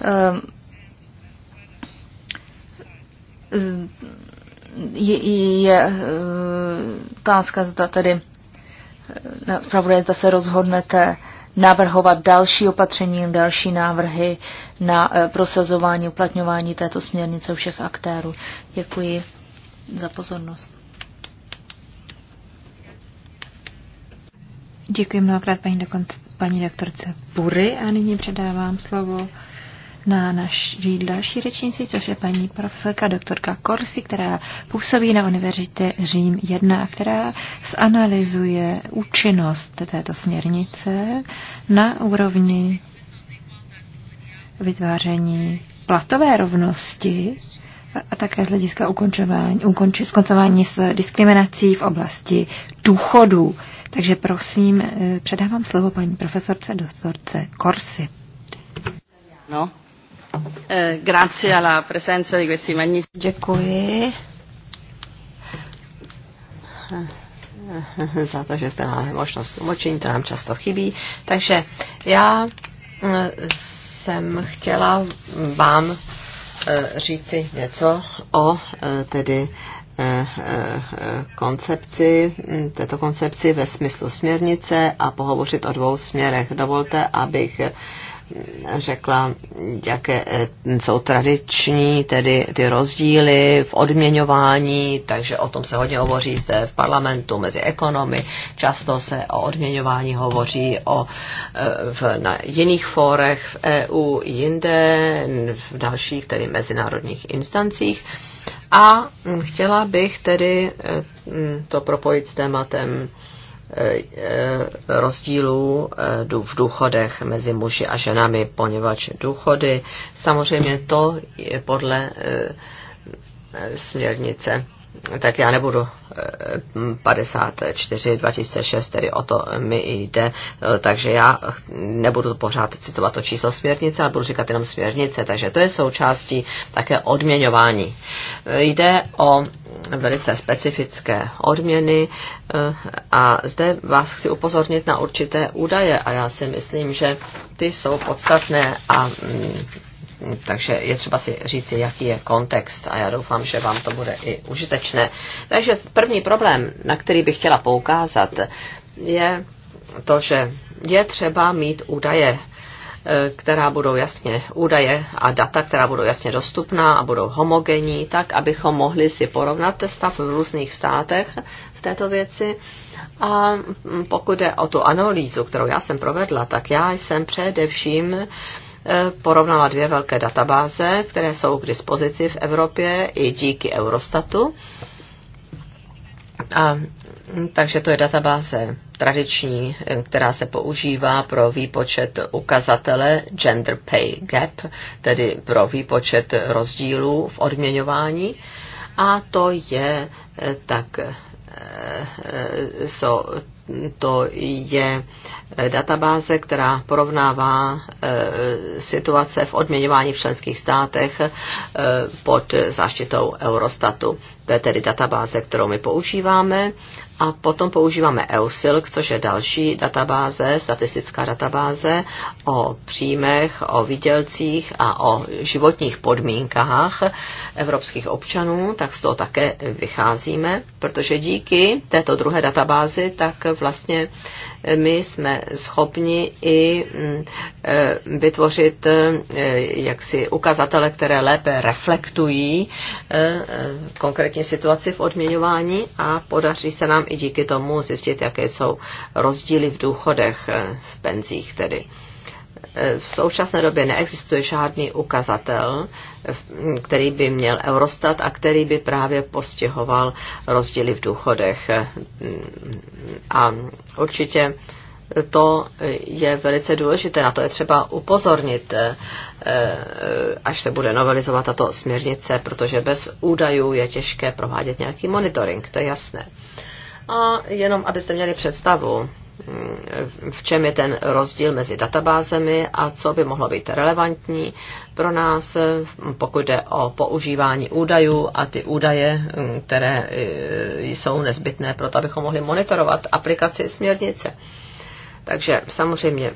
Ehm, je eh, otázka, zda tedy eh, zpravodaj, zda se rozhodnete navrhovat další opatření, další návrhy na eh, prosazování, uplatňování této směrnice u všech aktérů. Děkuji za pozornost. Děkuji mnohokrát paní, dokonce, paní doktorce Bury a nyní předávám slovo na naší další řečnici, což je paní profesorka doktorka Korsi, která působí na Univerzitě Řím 1 a která zanalizuje účinnost této směrnice na úrovni vytváření platové rovnosti a také z hlediska ukončování, ukonči, skoncování s diskriminací v oblasti důchodu. Takže prosím, eh, předávám slovo paní profesorce doktorce Korsi. No. Eh, grazie alla presenza di questi magnifici. Děkuji za to, že zde máme možnost umočení, to nám často chybí. Takže já eh, jsem chtěla vám eh, říci něco o tedy koncepci, hm, této koncepci ve smyslu směrnice a pohovořit o dvou směrech. Dovolte, abych řekla, jaké e, jsou tradiční tedy ty rozdíly v odměňování, takže o tom se hodně hovoří zde v parlamentu mezi ekonomy, často se o odměňování hovoří o, e, v, na jiných fórech v EU, jinde, v dalších tedy mezinárodních instancích. A chtěla bych tedy e, to propojit s tématem Eh, rozdílů eh, v důchodech mezi muži a ženami, poněvadž důchody, samozřejmě to je podle eh, směrnice tak já nebudu 54 eh, 2006, tedy o to mi jde, eh, takže já nebudu pořád citovat to číslo směrnice, ale budu říkat jenom směrnice, takže to je součástí také odměňování. Eh, jde o velice specifické odměny a zde vás chci upozornit na určité údaje a já si myslím, že ty jsou podstatné a mm, takže je třeba si říci, jaký je kontext a já doufám, že vám to bude i užitečné. Takže první problém, na který bych chtěla poukázat, je to, že je třeba mít údaje, e, která budou jasně údaje a data, která budou jasně dostupná a budou homogenní, tak abychom mohli si porovnat stav v různých státech v této věci. A pokud jde o tu analýzu, kterou já jsem provedla, tak já jsem především Eh, porovnala dvě velké databáze, které jsou k dispozici v Evropě i díky Eurostatu. A, mm, takže to je databáze tradiční, eh, která se používá pro výpočet ukazatele gender pay gap, tedy pro výpočet rozdílů v odměňování. A to je eh, tak, so, to je eh, databáze, která porovnává eh, situace v odměňování v členských státech eh, pod záštitou Eurostatu. To je tedy databáze, kterou my používáme a potom používáme EUSILK, což je další databáze, statistická databáze o příjmech, o vidělcích a o životních podmínkách evropských občanů, tak z toho také vycházíme, protože díky této druhé databázi tak vlastně my jsme schopni i mm, e, vytvořit e, jaksi ukazatele, které lépe reflektují e, konkrétní situaci v odměňování a podaří se nám i díky tomu zjistit, jaké jsou rozdíly v důchodech, v penzích tedy v současné době neexistuje žádný ukazatel, který by měl Eurostat a který by právě postihoval rozdíly v důchodech. A určitě to je velice důležité, na to je třeba upozornit, až se bude novelizovat tato směrnice, protože bez údajů je těžké provádět nějaký monitoring, to je jasné. A jenom abyste měli představu, v čem je ten rozdíl mezi databázemi a co by mohlo být relevantní pro nás, pokud jde o používání údajů a ty údaje, které eh, jsou nezbytné pro to, abychom mohli monitorovat aplikaci směrnice. Takže samozřejmě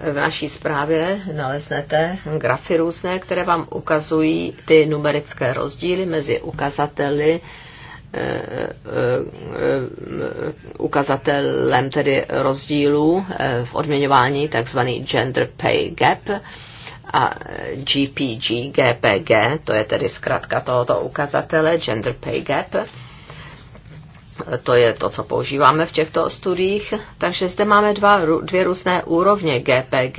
v naší zprávě naleznete grafy různé, které vám ukazují ty numerické rozdíly mezi ukazateli ukazatelem tedy rozdílů eh, v odměňování, takzvaný gender pay gap a GPG, GPG, to je tedy zkrátka tohoto ukazatele, gender pay gap. To je to, co používáme v těchto studiích. Takže zde máme dva, dvě různé úrovně GPG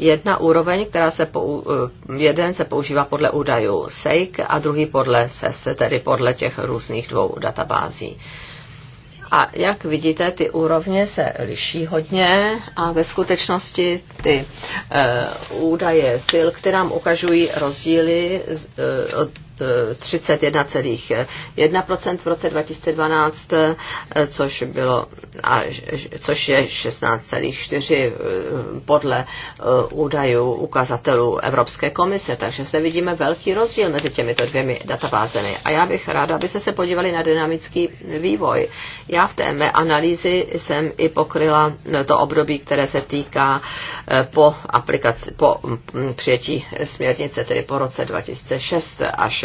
jedna úroveň, která se pou, eh, jeden se používá podle údajů SEIC a druhý podle SES, tedy podle těch různých dvou databází. A jak vidíte, ty úrovně se liší hodně a ve skutečnosti ty e, údaje sil, které nám ukazují rozdíly, e, 31,1% v roce 2012, eh, což, bylo, což je 16,4% eh, podle eh, údajů ukazatelů Evropské komise. Takže zde vidíme velký rozdíl mezi těmito dvěmi databázemi. A já bych ráda, abyste se podívali na dynamický vývoj. Já v té mé analýzi jsem i pokryla to období, které se týká po aplikaci, po mm, přijetí směrnice, tedy po roce 2006 až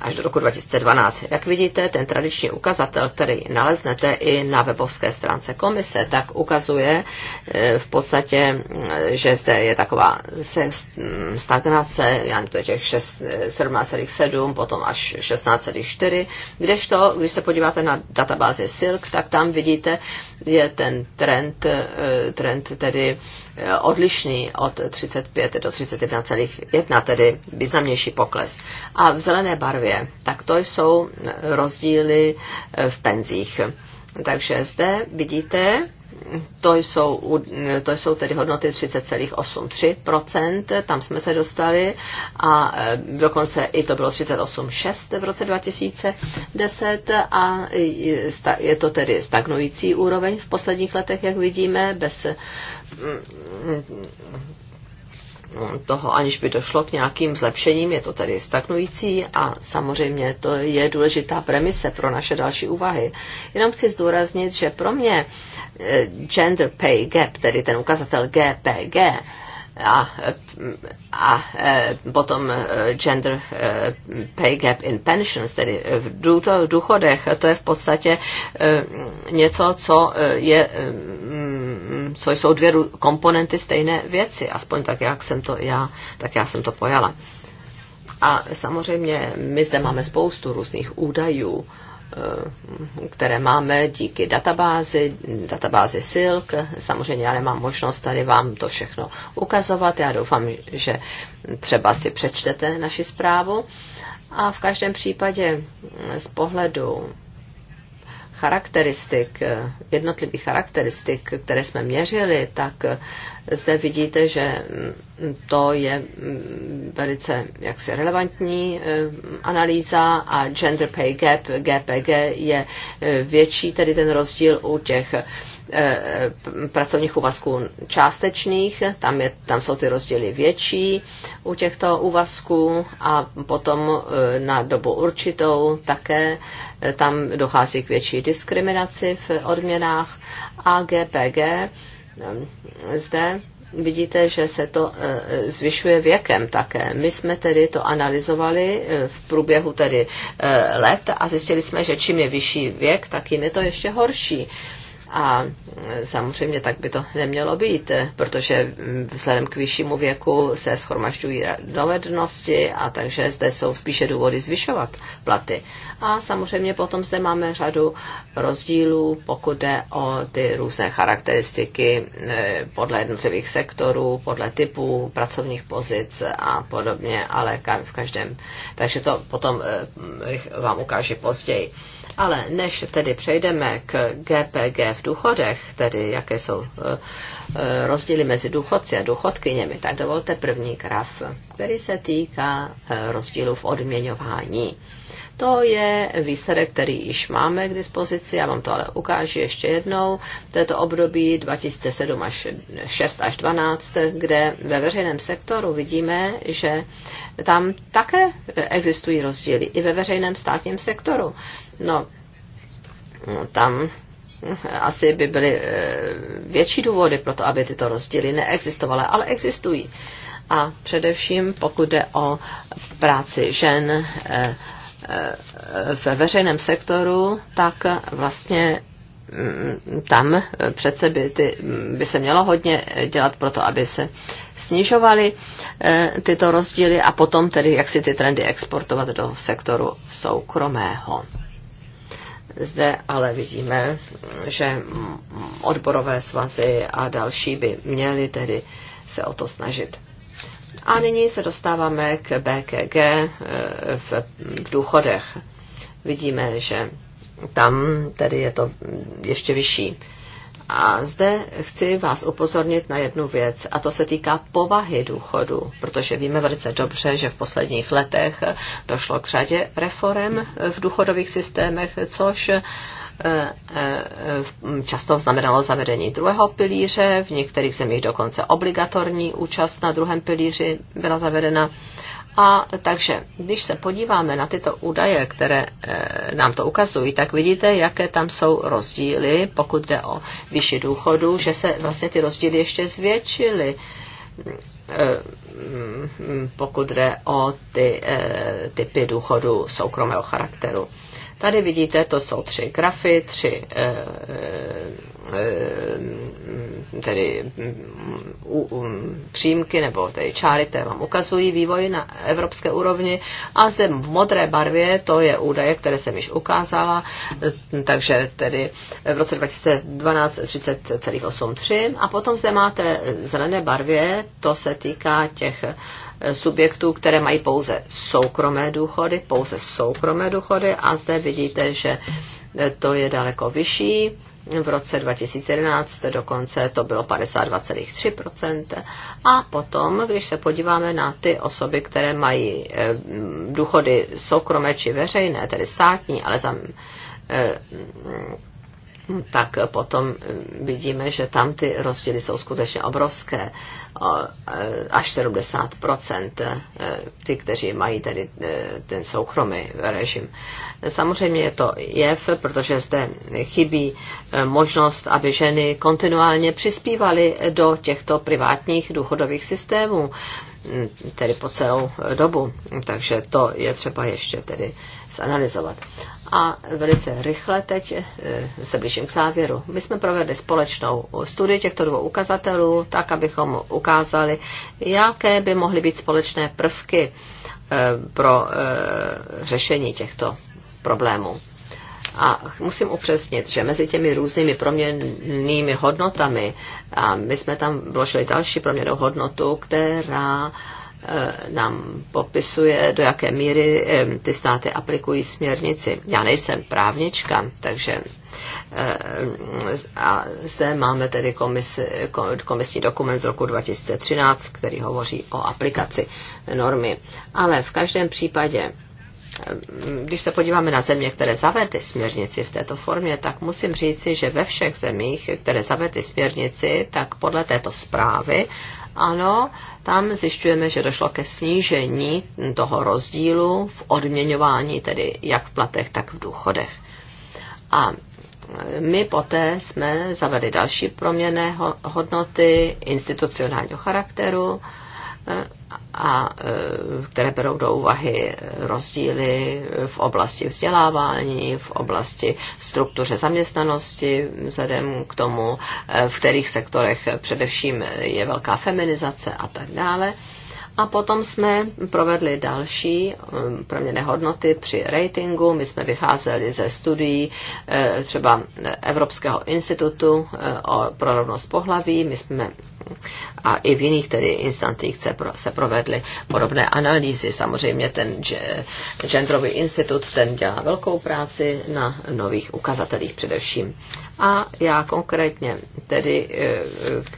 až do roku 2012. Jak vidíte, ten tradiční ukazatel, který naleznete i na webovské stránce komise, tak ukazuje eh, v podstatě, eh, že zde je taková mm, stagnace, já nevím, to je těch 17,7, eh, potom až 16,4, kdežto, když se podíváte na databázi SILK, tak tam vidíte, je ten trend, trend tedy odlišný od 35 do 31,1, tedy významnější pokles. A v zelené barvě zprávě, tak to jsou rozdíly eh, v penzích. Takže zde vidíte, to jsou, to jsou tedy hodnoty 30,83%, tam jsme se dostali a eh, dokonce i to bylo 38,6 v roce 2010 a je to tedy stagnující úroveň v posledních letech, jak vidíme, bez mm, toho, aniž by došlo k nějakým zlepšením, je to tedy stagnující a samozřejmě to je důležitá premise pro naše další úvahy. Jenom chci zdůraznit, že pro mě eh, gender pay gap, tedy ten ukazatel GPG, a, a e, potom e, gender e, pay gap in pensions, tedy v důchodech, to je v podstatě něco, co, je, co jsou dvě komponenty stejné věci, aspoň tak, jak jsem to já, tak já jsem to pojala. A samozřejmě my zde máme spoustu různých údajů Eh, které máme díky databázi, databázi Silk. Samozřejmě já nemám možnost tady vám to všechno ukazovat. Já doufám, že třeba si přečtete naši zprávu. A v každém případě eh, z pohledu charakteristik, eh, jednotlivých charakteristik, které jsme měřili, tak zde vidíte, že mm, to je mm, velice jaksi relevantní mm, analýza a gender pay gap, GPG, je e, větší, tedy ten rozdíl u těch e, e, pracovních úvazků částečných, tam, je, tam jsou ty rozdíly větší u těchto úvazků a potom na dobu určitou také tam dochází k větší diskriminaci v odměnách a GPG zde vidíte, že se to e, zvyšuje věkem také. My jsme tedy to analyzovali e, v průběhu tedy e, let a zjistili jsme, že čím je vyšší věk, tak jim je to ještě horší. A samozřejmě tak by to nemělo být, protože vzhledem k vyššímu věku se schromažďují dovednosti a takže zde jsou spíše důvody zvyšovat platy. A samozřejmě potom zde máme řadu rozdílů, pokud jde o ty různé charakteristiky e, podle jednotlivých sektorů, podle typů pracovních pozic a podobně, ale v každém. Takže to potom e, vám ukážu později. Ale než tedy přejdeme k GPG v důchodech, tedy jaké jsou eh, eh, rozdíly mezi důchodci a důchodkyněmi, tak dovolte první graf, který se týká eh, rozdílu v odměňování. To je výsledek, který již máme k dispozici, já vám to ale ukážu ještě jednou, této období 2007 až 6 až 12, kde ve veřejném sektoru vidíme, že tam také existují rozdíly i ve veřejném státním sektoru. No, tam asi by byly eh, větší důvody pro to, aby tyto rozdíly neexistovaly, ale existují. A především pokud jde o práci žen, eh, ve veřejném sektoru, tak vlastně mm, tam přece by, ty, by se mělo hodně dělat pro to, aby se snižovaly eh, tyto rozdíly a potom tedy jak si ty trendy exportovat do sektoru soukromého. Zde ale vidíme, že odborové svazy a další by měly tedy se o to snažit. A nyní se dostáváme k BKG eh, v, v důchodech. Vidíme, že tam tedy je to ještě vyšší. A zde chci vás upozornit na jednu věc, a to se týká povahy důchodu, protože víme velice dobře, že v posledních letech došlo k řadě reform v důchodových systémech, což E, e, často znamenalo zavedení druhého pilíře, v některých zemích dokonce obligatorní účast na druhém pilíři byla zavedena. A takže, když se podíváme na tyto údaje, které e, nám to ukazují, tak vidíte, jaké tam jsou rozdíly, pokud jde o vyšší důchodu, že se vlastně ty rozdíly ještě zvětšily. pokud jde o ty e, typy důchodu soukromého charakteru. Tady vidíte, to jsou tři grafy, tři eh, eh, tedy mm, přímky nebo tedy čáry, které vám ukazují vývoj na evropské úrovni. A zde v modré barvě to je údaje, které jsem již ukázala, takže tedy v roce 2012 30,83 a potom zde máte zelené barvě, to se týká těch Eh, subjektů, které mají pouze soukromé důchody, pouze soukromé důchody a zde vidíte, že eh, to je daleko vyšší. V roce 2011 dokonce to bylo 52,3%. A potom, když se podíváme na ty osoby, které mají eh, důchody soukromé či veřejné, tedy státní, ale za, tak potom vidíme, že tam ty rozdíly jsou skutečně obrovské, e, až 70%, e, ty, kteří mají tedy e, ten soukromý režim. Samozřejmě je to jev, protože zde chybí možnost, aby ženy kontinuálně přispívaly do těchto privátních důchodových systémů tedy po celou dobu. Takže to je třeba ještě tedy zanalizovat. A velice rychle teď eh, se blížím k závěru. My jsme provedli společnou studii těchto dvou ukazatelů, tak, abychom ukázali, jaké by mohly být společné prvky eh, pro eh, řešení těchto problémů. A musím upřesnit, že mezi těmi různými proměnnými hodnotami, a my jsme tam vložili další proměnou hodnotu, která eh, nám popisuje, do jaké míry eh, ty státy aplikují směrnici. Já nejsem právnička, takže eh, a zde máme tedy komisi, komisní dokument z roku 2013, který hovoří o aplikaci normy. Ale v každém případě když se podíváme na země, které zavedly směrnici v této formě, tak musím říci, že ve všech zemích, které zavedly směrnici, tak podle této zprávy, ano, tam zjišťujeme, že došlo ke snížení toho rozdílu v odměňování, tedy jak v platech, tak v důchodech. A my poté jsme zavedli další proměné hodnoty institucionálního charakteru, a e, které berou do úvahy rozdíly v oblasti vzdělávání, v oblasti struktuře zaměstnanosti, vzhledem k tomu, e, v kterých sektorech především je velká feminizace a tak dále. A potom jsme provedli další e, proměny hodnoty při ratingu. My jsme vycházeli ze studií třeba Evropského institutu pro rovnost pohlaví. My jsme a i v jiných tedy instancích se, pro, se provedly podobné analýzy. Samozřejmě ten Genderový institut ten dělá velkou práci na nových ukazatelích především. A já konkrétně, tedy eh,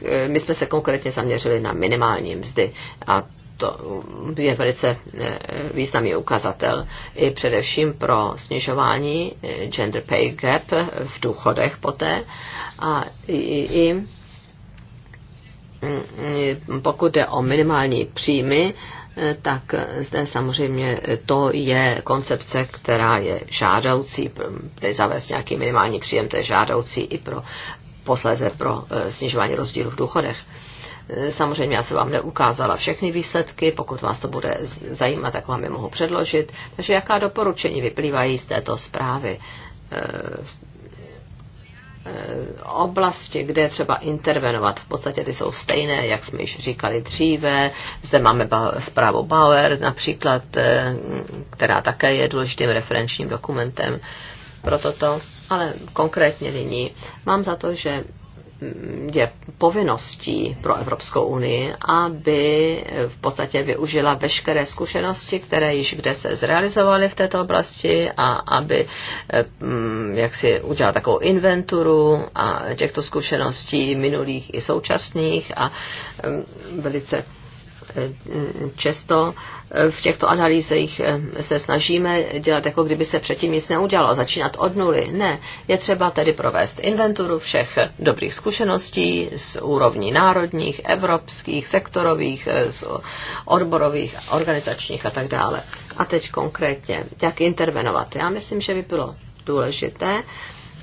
eh, my jsme se konkrétně zaměřili na minimální mzdy a to je velice eh, významný ukazatel i především pro snižování gender pay gap v důchodech poté a i, i pokud jde o minimální příjmy, tak zde samozřejmě to je koncepce, která je žádoucí, tedy zavést nějaký minimální příjem, to je žádoucí i pro posléze pro eh, snižování rozdílu v důchodech. Eh, samozřejmě já se vám neukázala všechny výsledky, pokud vás to bude zajímat, tak vám je mohu předložit. Takže jaká doporučení vyplývají z této zprávy? Eh, Eh, oblasti, kde je třeba intervenovat. V podstatě ty jsou stejné, jak jsme již říkali dříve. Zde máme zprávu Bauer například, eh, která také je důležitým referenčním dokumentem pro toto. Ale konkrétně nyní mám za to, že je povinností pro Evropskou unii, aby v podstatě využila veškeré zkušenosti, které již kde se zrealizovaly v této oblasti a aby eh, jak si udělala takovou inventuru a těchto zkušeností minulých i současných a eh, velice často v těchto analýzech eh, se snažíme dělat, jako kdyby se předtím nic neudělalo, začínat od nuly. Ne, je třeba tedy provést inventuru všech dobrých zkušeností z úrovní národních, evropských, sektorových, eh, z odborových, organizačních a tak dále. A teď konkrétně, jak intervenovat. Já myslím, že by bylo důležité,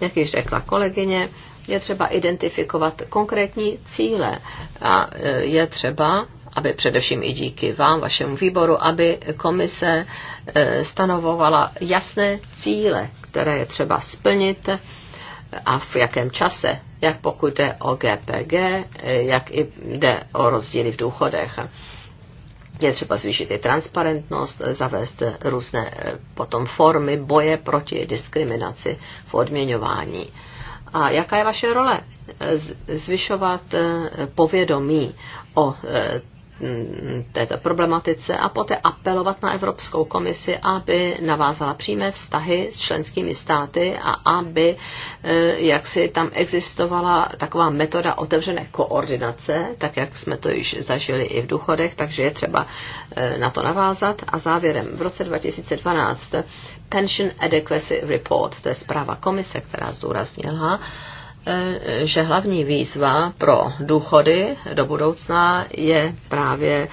jak již řekla kolegyně, je třeba identifikovat konkrétní cíle a eh, je třeba aby především i díky vám, vašemu výboru, aby komise eh, stanovovala jasné cíle, které je třeba splnit eh, a v jakém čase, jak pokud jde o GPG, eh, jak i jde o rozdíly v důchodech. Je třeba zvýšit i transparentnost, zavést různé potom formy boje proti diskriminaci v odměňování. A jaká je vaše role? Zvyšovat povědomí o Mm, této problematice a poté apelovat na Evropskou komisi, aby navázala přímé vztahy s členskými státy a aby eh, jaksi tam existovala taková metoda otevřené koordinace, tak jak jsme to již zažili i v důchodech, takže je třeba eh, na to navázat. A závěrem v roce 2012 Pension Adequacy Report, to je zpráva komise, která zdůraznila, Eh, že hlavní výzva pro důchody do budoucna je právě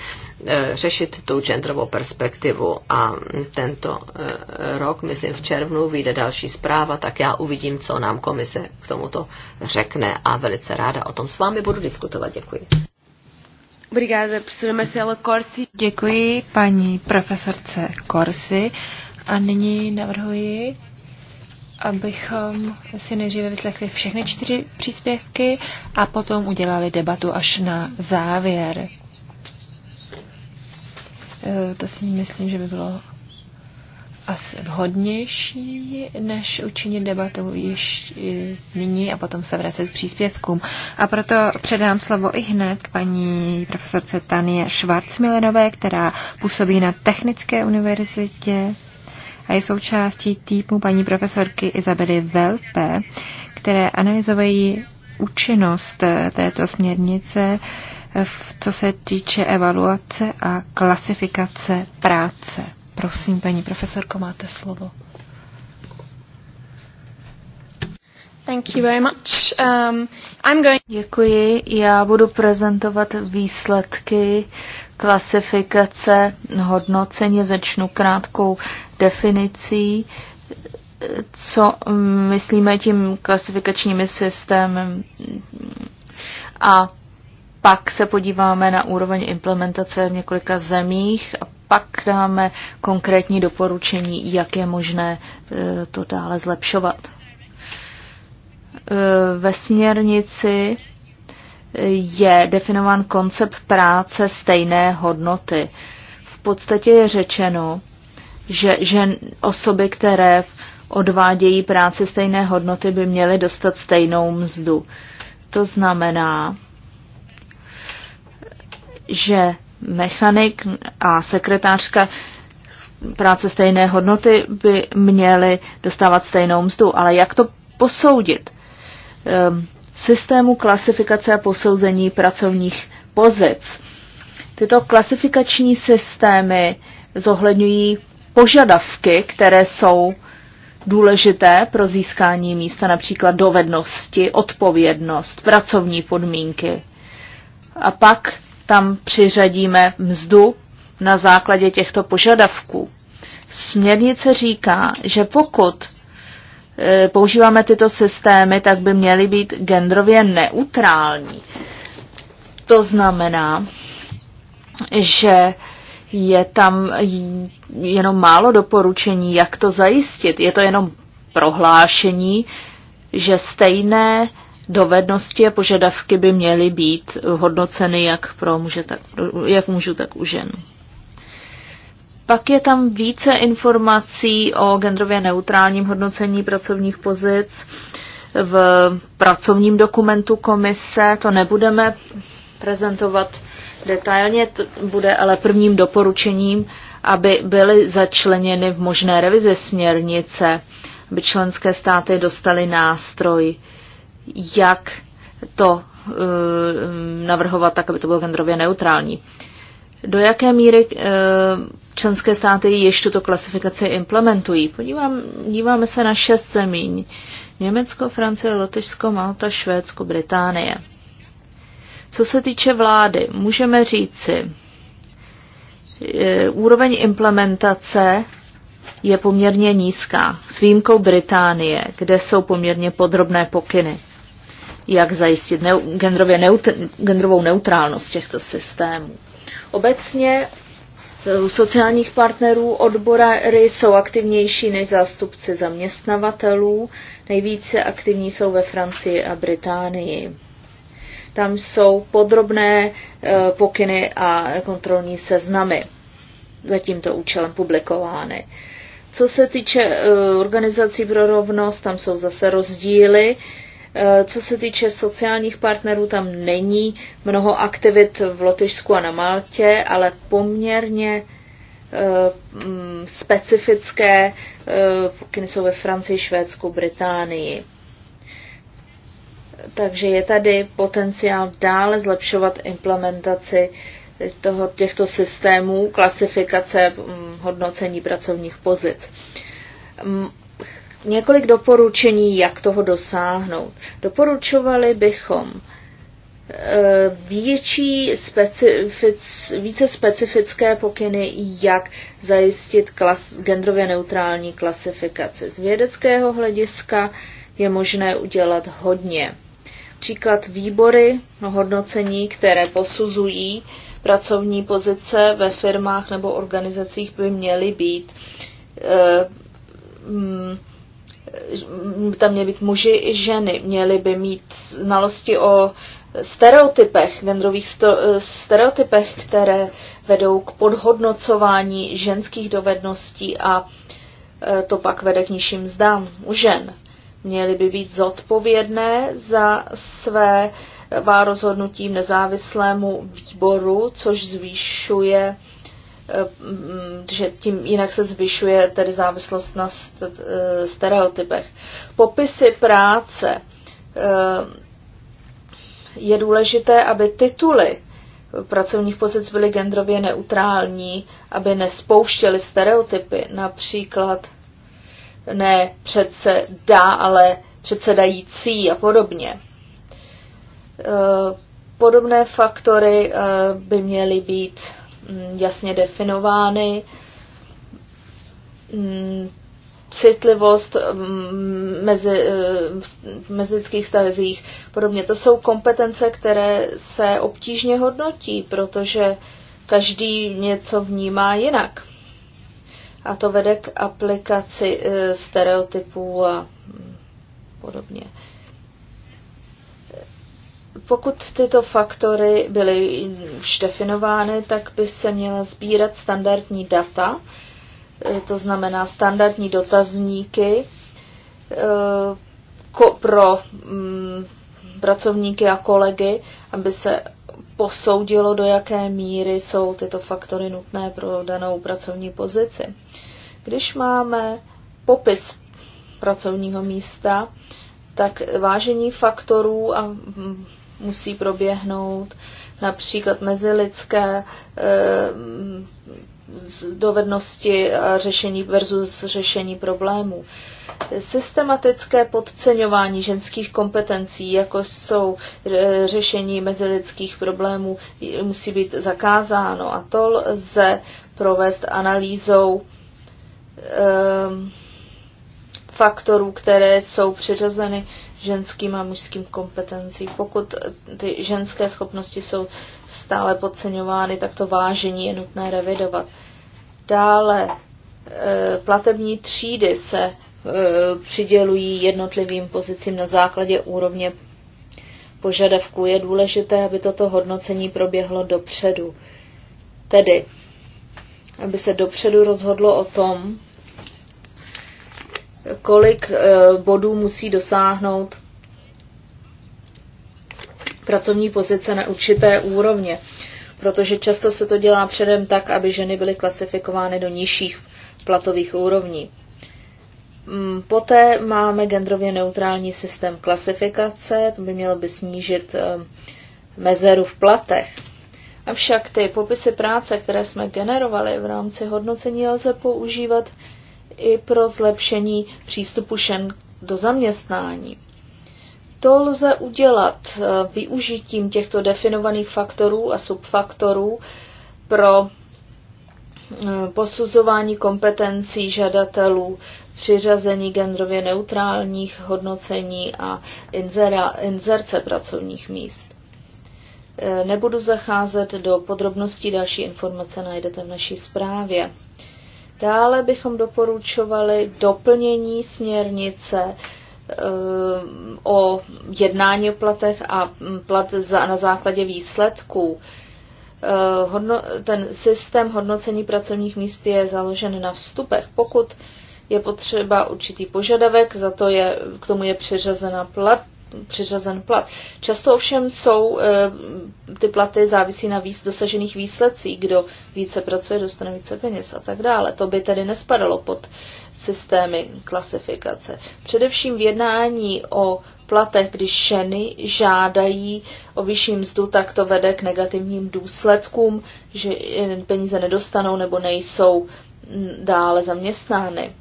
eh, řešit tu genderovou perspektivu a tento eh, rok, myslím v červnu, vyjde další zpráva, tak já uvidím, co nám komise k tomuto řekne a velice ráda o tom s vámi budu diskutovat. Děkuji. Corsi. Děkuji paní profesorce Corsi a nyní navrhuji abychom si nejdříve vyslechli všechny čtyři příspěvky a potom udělali debatu až na závěr. E, to si myslím, že by bylo asi vhodnější, než učinit debatu již e, nyní a potom se vracet k příspěvkům. A proto předám slovo i hned paní profesorce Tanie Schwarzmillenové, která působí na Technické univerzitě a je součástí týmu paní profesorky Izabely Velpe, které analyzovají účinnost eh, této směrnice, eh, co se týče evaluace a klasifikace práce. Prosím, paní profesorko, máte slovo. Thank you very much. Um, I'm going... Děkuji. Já budu prezentovat výsledky klasifikace hodnocení. Začnu krátkou definicí, co myslíme tím klasifikačním systémem a pak se podíváme na úroveň implementace v několika zemích a pak dáme konkrétní doporučení, jak je možné e, to dále zlepšovat. E, ve směrnici je definován koncept práce stejné hodnoty. V podstatě je řečeno, že, že osoby, které odvádějí práce stejné hodnoty, by měly dostat stejnou mzdu. To znamená, že mechanik a sekretářka práce stejné hodnoty by měly dostávat stejnou mzdu. Ale jak to posoudit? Ehm, systému klasifikace a posouzení pracovních pozic. Tyto klasifikační systémy zohledňují požadavky, které jsou důležité pro získání místa, například dovednosti, odpovědnost, pracovní podmínky. A pak tam přiřadíme mzdu na základě těchto požadavků. Směrnice říká, že pokud E, používáme tyto systémy, tak by měly být genderově neutrální. To znamená, že je tam jenom málo doporučení, jak to zajistit. Je to jenom prohlášení, že stejné dovednosti a požadavky by měly být hodnoceny jak, pro muže, tak, jak mužu, tak u ženu. Pak je tam více informací o genderově neutrálním hodnocení pracovních pozic v pracovním dokumentu komise. To nebudeme prezentovat detailně, bude ale prvním doporučením, aby byly začleněny v možné revize směrnice, aby členské státy dostaly nástroj, jak to eh, navrhovat tak, aby to bylo genderově neutrální do jaké míry eh, členské státy již tuto klasifikaci implementují. Podívám, díváme se na šest zemí. Německo, Francie, Lotyšsko, Malta, Švédsko, Británie. Co se týče vlády, můžeme říci, eh, úroveň implementace je poměrně nízká, s výjimkou Británie, kde jsou poměrně podrobné pokyny, jak zajistit neu, genderově neut, genderovou neutrálnost těchto systémů. Obecně eh, u sociálních partnerů odbory jsou aktivnější než zástupci zaměstnavatelů. Nejvíce aktivní jsou ve Francii a Británii. Tam jsou podrobné eh, pokyny a kontrolní seznamy za tímto účelem publikovány. Co se týče eh, organizací pro rovnost, tam jsou zase rozdíly Eh, co se týče sociálních partnerů, tam není mnoho aktivit v Lotyšsku a na Maltě, ale poměrně eh, mm, specifické eh, pokyny jsou ve Francii, Švédsku, Británii. Takže je tady potenciál dále zlepšovat implementaci toho, těchto systémů klasifikace mm, hodnocení pracovních pozic. Mm, Několik doporučení, jak toho dosáhnout. Doporučovali bychom eh, větší specific, více specifické pokyny, jak zajistit klas, genderově neutrální klasifikaci. Z vědeckého hlediska je možné udělat hodně. Příklad výbory no, hodnocení, které posuzují pracovní pozice ve firmách nebo organizacích, by měly být eh, mm, tam měly být muži i ženy, měly by mít znalosti o stereotypech, genderových eh, stereotypech, které vedou k podhodnocování ženských dovedností a eh, to pak vede k nižším zdám u žen. Měly by být zodpovědné za své eh, rozhodnutím nezávislému výboru, což zvýšuje že tím jinak se zvyšuje tedy závislost na eh, stereotypech. Popisy práce eh, je důležité, aby tituly pracovních pozic byly genderově neutrální, aby nespouštěly stereotypy, například ne předseda, ale předsedající a podobně. Eh, podobné faktory by měly být Mm, jasně definovány. Mm, citlivost mm, mezi, eh, mezi lidských stavezích, podobně. To jsou kompetence, které se obtížně hodnotí, protože každý něco vnímá jinak. A to vede k aplikaci eh, stereotypů a podobně. Pokud tyto faktory byly už definovány, tak by se měla sbírat standardní data, eh, to znamená standardní dotazníky eh, pro mm, pracovníky a kolegy, aby se posoudilo, do jaké míry jsou tyto faktory nutné pro danou pracovní pozici. Když máme popis pracovního místa, tak vážení faktorů a mm, musí proběhnout, například mezilidské eh, dovednosti a řešení versus řešení problémů. Systematické podceňování ženských kompetencí, jako jsou eh, řešení mezilidských problémů, musí být zakázáno a to lze provést analýzou ehm, faktorů, které jsou přiřazeny ženským a mužským kompetencí. Pokud ty ženské schopnosti jsou stále podceňovány, tak to vážení je nutné revidovat. Dále e, platební třídy se e, přidělují jednotlivým pozicím na základě úrovně požadavků. Je důležité, aby toto hodnocení proběhlo dopředu. Tedy, aby se dopředu rozhodlo o tom, kolik eh, bodů musí dosáhnout pracovní pozice na určité úrovně, protože často se to dělá předem tak, aby ženy byly klasifikovány do nižších platových úrovní. Mm, poté máme genderově neutrální systém klasifikace, to by mělo by snížit eh, mezeru v platech. Avšak ty popisy práce, které jsme generovali v rámci hodnocení, lze používat i pro zlepšení přístupu šen do zaměstnání. To lze udělat eh, využitím těchto definovaných faktorů a subfaktorů pro eh, posuzování kompetencí žadatelů, přiřazení genderově neutrálních hodnocení a inzera, inzerce pracovních míst. Eh, nebudu zacházet do podrobností, další informace najdete v naší zprávě. Dále bychom doporučovali doplnění směrnice eh, o jednání o platech a plat za, na základě výsledků. Eh, hodno, ten systém hodnocení pracovních míst je založen na vstupech. Pokud je potřeba určitý požadavek, za to je, k tomu je přiřazena plat, přiřazen plat. Často ovšem jsou eh, ty platy závisí na víc dosažených výsledcích, kdo více pracuje, dostane více peněz a tak dále. To by tedy nespadalo pod systémy klasifikace. Především v jednání o platech, když ženy žádají o vyšší mzdu, tak to vede k negativním důsledkům, že peníze nedostanou nebo nejsou mm, dále zaměstnány.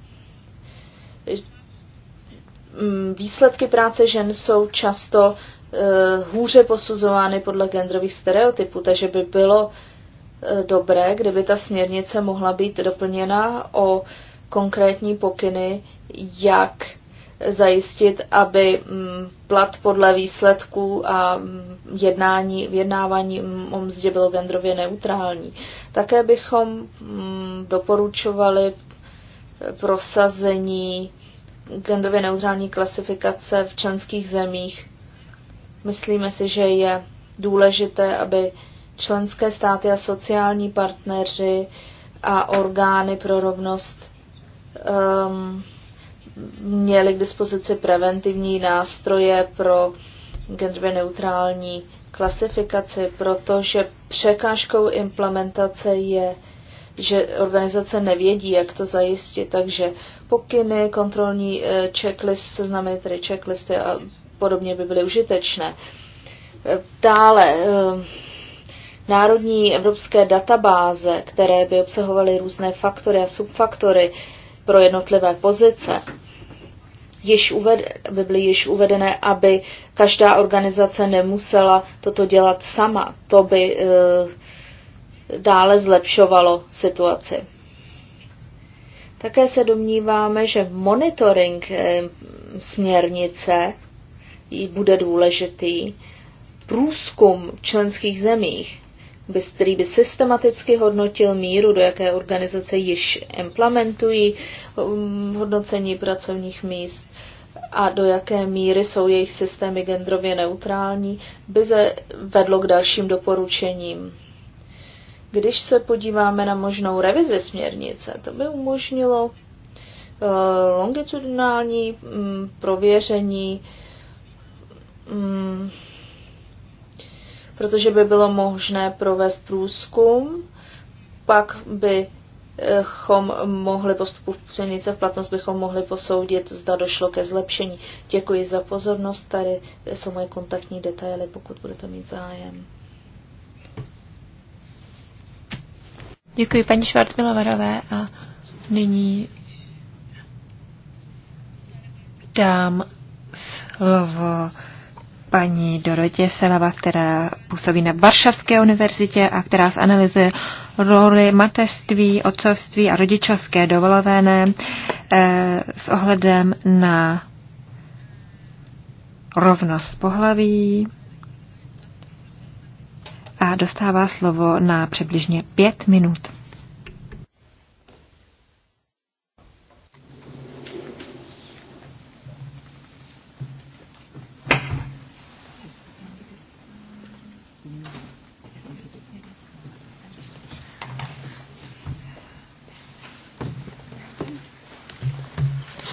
Mm, výsledky práce žen jsou často eh, hůře posuzovány podle genderových stereotypů, takže by bylo eh, dobré, kdyby ta směrnice mohla být doplněna o konkrétní pokyny, jak zajistit, aby mm, plat podle výsledků a mm, jednání, vyjednávání o mzdě bylo genderově neutrální. Také bychom doporučovali eh, prosazení genderově neutrální klasifikace v členských zemích. Myslíme si, že je důležité, aby členské státy a sociální partneři a orgány pro rovnost um, měli k dispozici preventivní nástroje pro genderově neutrální klasifikaci, protože překážkou implementace je že organizace nevědí, jak to zajistit, takže pokyny, kontrolní eh, checklist, seznamy, tedy checklisty a podobně by byly užitečné. Eh, dále, eh, národní evropské databáze, které by obsahovaly různé faktory a subfaktory pro jednotlivé pozice, již uved, by byly již uvedené, aby každá organizace nemusela toto dělat sama. To by uh, dále zlepšovalo situaci. Také se domníváme, že monitoring eh, směrnice bude důležitý. Průzkum v členských zemích, který by systematicky hodnotil míru, do jaké organizace již implementují um, hodnocení pracovních míst a do jaké míry jsou jejich systémy genderově neutrální, by se vedlo k dalším doporučením když se podíváme na možnou revizi směrnice, to by umožnilo eh, longitudinální mm, prověření, mm, protože by bylo možné provést průzkum, pak by bychom eh, mohli postupu v v platnost, bychom mohli posoudit, zda došlo ke zlepšení. Děkuji za pozornost, tady jsou moje kontaktní detaily, pokud budete mít zájem. Děkuji paní Švartmilovarové a nyní dám slovo paní Dorotě Selava, která působí na Varšavské univerzitě a která zanalizuje roli mateřství, otcovství a rodičovské dovolené eh, s ohledem na rovnost pohlaví a dostává slovo na přibližně pět minut.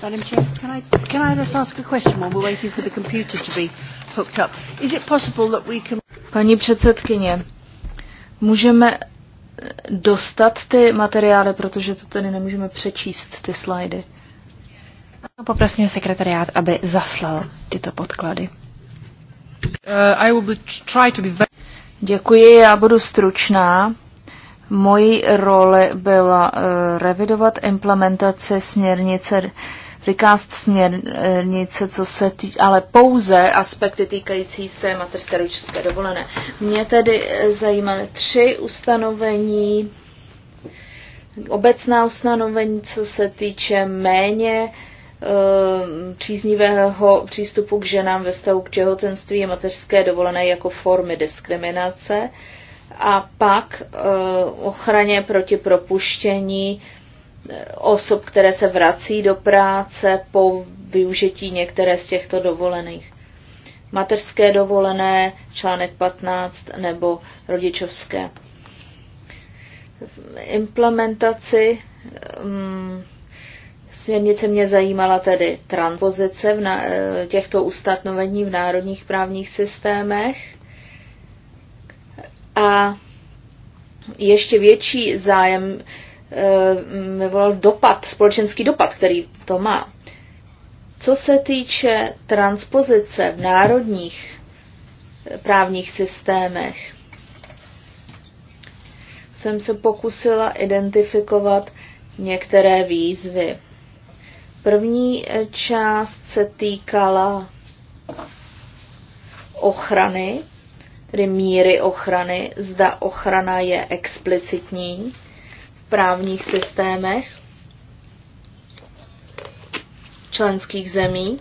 Madam Chair, can I, can I just ask a question while we're waiting for the computer to be hooked up? Is it possible that we can Paní předsedkyně, můžeme dostat ty materiály, protože to tady nemůžeme přečíst, ty slajdy. No, poprosím sekretariát, aby zaslal tyto podklady. Uh, I will try to be very... Děkuji, já budu stručná. Mojí role byla uh, revidovat implementace směrnice recast směrnice, co se tý, ale pouze aspekty týkající se materské rodičovské dovolené. Mě tedy eh, zajímaly tři ustanovení, obecná ustanovení, co se týče méně eh, příznivého přístupu k ženám ve vztahu k těhotenství a mateřské dovolené jako formy diskriminace a pak eh, ochraně proti propuštění osob, které se vrací do práce po využití některé z těchto dovolených. Mateřské dovolené, článek 15 nebo rodičovské. V implementaci hmm, směrnice mě zajímala tedy transpozice v na, eh, těchto ustanovení v národních právních systémech a ještě větší zájem Eh, vyvolal dopad, společenský dopad, který to má. Co se týče transpozice v národních eh, právních systémech, jsem se pokusila identifikovat některé výzvy. První eh, část se týkala ochrany, tedy míry ochrany, zda ochrana je explicitní právních systémech členských zemí.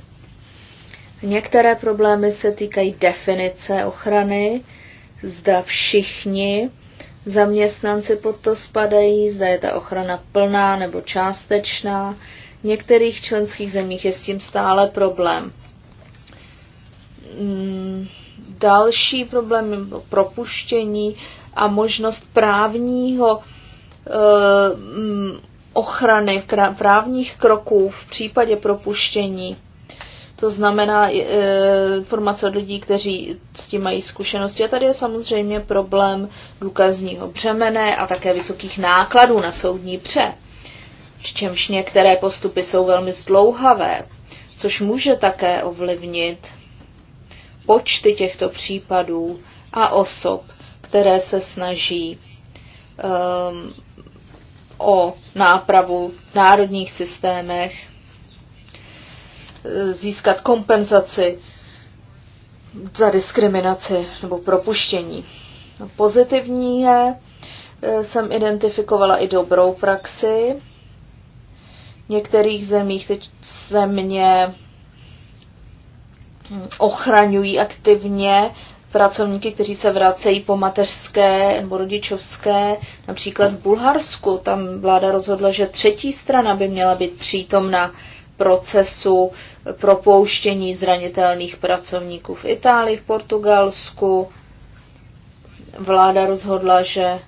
Některé problémy se týkají definice ochrany, zda všichni zaměstnanci pod to spadají, zda je ta ochrana plná nebo částečná. V některých členských zemích je s tím stále problém. Mm, další problém je propuštění a možnost právního Eh, ochrany, právních kroků v případě propuštění. To znamená eh, informace od lidí, kteří s tím mají zkušenosti. A tady je samozřejmě problém důkazního břemene a také vysokých nákladů na soudní pře. Přičemž některé postupy jsou velmi zdlouhavé, což může také ovlivnit počty těchto případů a osob, které se snaží um, o nápravu v národních systémech, získat kompenzaci za diskriminaci nebo propuštění. No, pozitivní je, e, jsem identifikovala i dobrou praxi. V některých zemích teď se mě hm, ochraňují aktivně pracovníky, kteří se vracejí po mateřské nebo rodičovské, například v Bulharsku. Tam vláda rozhodla, že třetí strana by měla být přítomna procesu propouštění zranitelných pracovníků v Itálii, v Portugalsku. Vláda rozhodla, že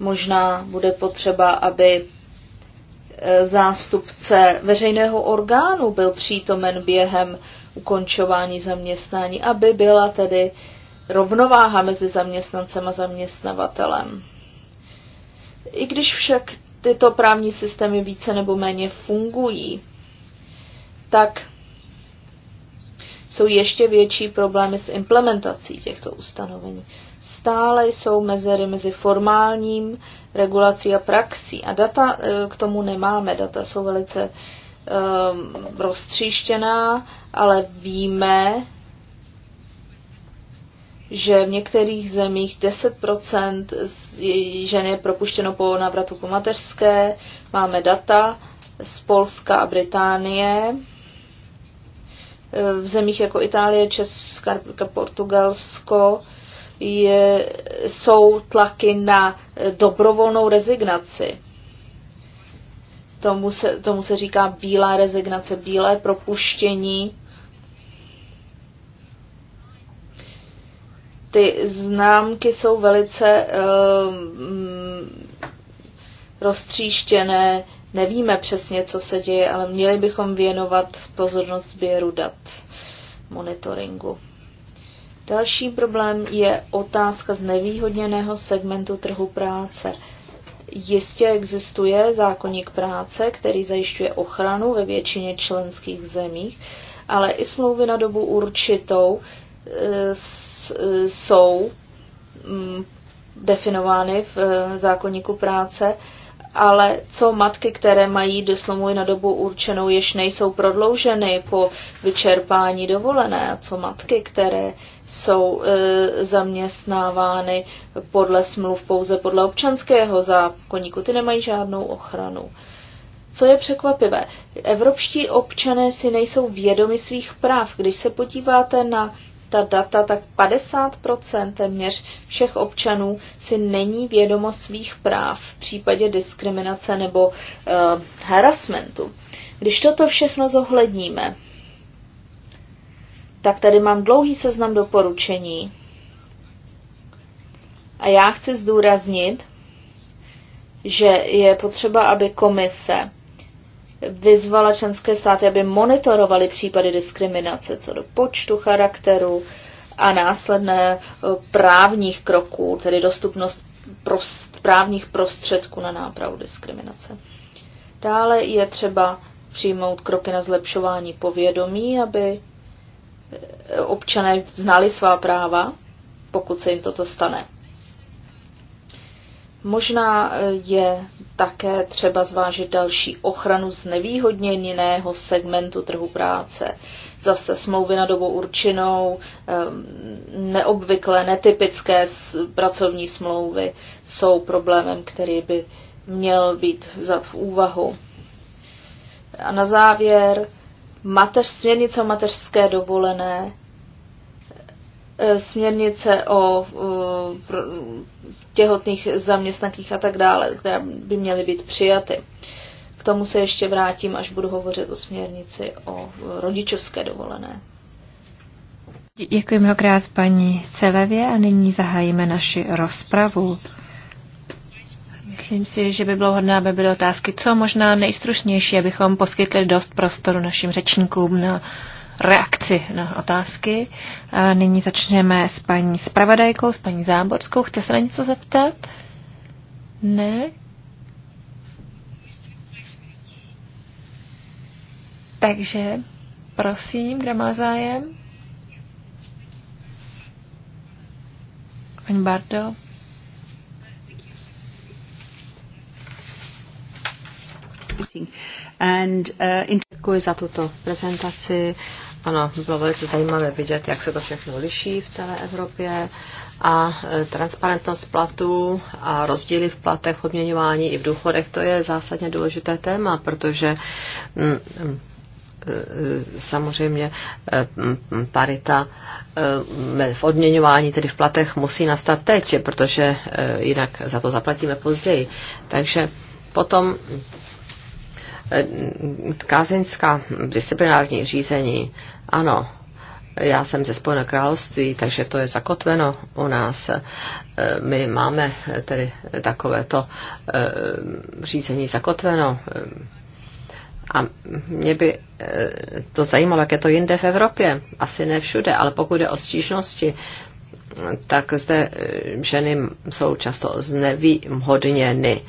možná bude potřeba, aby e, zástupce veřejného orgánu byl přítomen během ukončování zaměstnání, aby byla tedy uh, rovnováha mezi zaměstnancem a zaměstnavatelem. I když však tyto právní systémy více nebo méně fungují, tak jsou ještě větší problémy s implementací těchto ustanovení. Stále jsou mezery mezi formálním regulací a praxí a data eh, k tomu nemáme. Data jsou velice um, roztříštěná, ale víme, že v některých zemích 10% žen je propuštěno po návratu po mateřské. Máme data z Polska a Británie. E, v zemích jako Itálie, Česká republika, Portugalsko je, jsou tlaky na e, dobrovolnou rezignaci. Tomu se, tomu se říká bílá rezignace, bílé propuštění ty známky jsou velice uh, roztříštěné, nevíme přesně, co se děje, ale měli bychom věnovat pozornost sběru dat monitoringu. Další problém je otázka znevýhodněného segmentu trhu práce. Jistě existuje zákonník práce, který zajišťuje ochranu ve většině členských zemích, ale i smlouvy na dobu určitou Eh, eh, jsou mm, definovány v eh, zákonníku práce, ale co matky, které mají doslovu na dobu určenou, jež nejsou prodlouženy po vyčerpání dovolené, a co matky, které jsou e, zaměstnávány podle smluv pouze podle občanského zákoníku, ty nemají žádnou ochranu. Co je překvapivé, evropští občané si nejsou vědomi svých práv. Když se podíváte na ta data, tak 50% téměř všech občanů si není vědomo svých práv v případě diskriminace nebo uh, eh, harassmentu. Když toto všechno zohledníme, tak tady mám dlouhý seznam doporučení. A já chci zdůraznit, že je potřeba, aby komise vyzvala členské státy, aby monitorovaly případy diskriminace co do počtu charakteru a následné e, právních kroků, tedy dostupnost prost, právních prostředků na nápravu diskriminace. Dále je třeba přijmout kroky na zlepšování povědomí, aby e, občané znali svá práva, pokud se jim toto stane. Možná e, je také třeba zvážit další ochranu znevýhodněného segmentu trhu práce. Zase smlouvy na dobu určenou, neobvyklé, netypické pracovní smlouvy jsou problémem, který by měl být vzat v úvahu. A na závěr, mateř, směrnice o mateřské dovolené Eh, směrnice o eh, těhotných zaměstnancích a tak dále, které by měly být přijaty. K tomu se ještě vrátím, až budu hovořit o směrnici o rodičovské dovolené. Děkuji mnohokrát paní Celevě a nyní zahájíme naši rozpravu. Myslím si, že by bylo hodné, aby byly otázky co možná nejstručnější, abychom poskytli dost prostoru našim řečníkům na no reakci na otázky. A nyní začneme s paní Spravadajkou, s paní Záborskou. Chce se na něco zeptat? Ne? Takže prosím, kdo má zájem? Paní Bardo? And, uh, Děkuji za tuto prezentaci ano, bylo velice zajímavé vidět, jak se to všechno liší v celé Evropě a e, transparentnost platů a rozdíly v platech, odměňování i v důchodech, to je zásadně důležité téma, protože mm, mm, e, e, samozřejmě mm, parita v odměňování, tedy v platech, musí nastat teď, protože jinak za to zaplatíme později. Takže potom Eh, kázeňská disciplinární řízení, ano, já jsem ze Spojené království, takže to je zakotveno u nás. Eh, my máme tedy takovéto eh, řízení zakotveno. A mě by to zajímalo, jak je to jinde v Evropě. Asi ne všude, ale pokud je o stížnosti, tak zde ženy jsou často znevýhodněny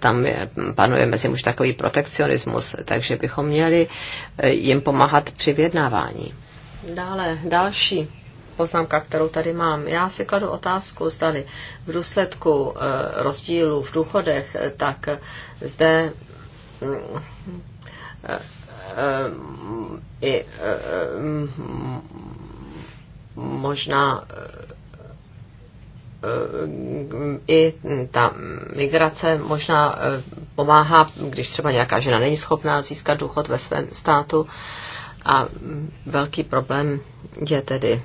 tam je, panuje mezi muž takový protekcionismus, takže bychom měli eh, jim pomáhat při vyjednávání. Dále, další poznámka, kterou tady mám. Já si kladu otázku, zdali v důsledku eh, rozdílu v důchodech, tak zde i možná Eh, i ta migrace možná eh, pomáhá, když třeba nějaká žena není schopná získat důchod ve svém státu. A velký problém je tedy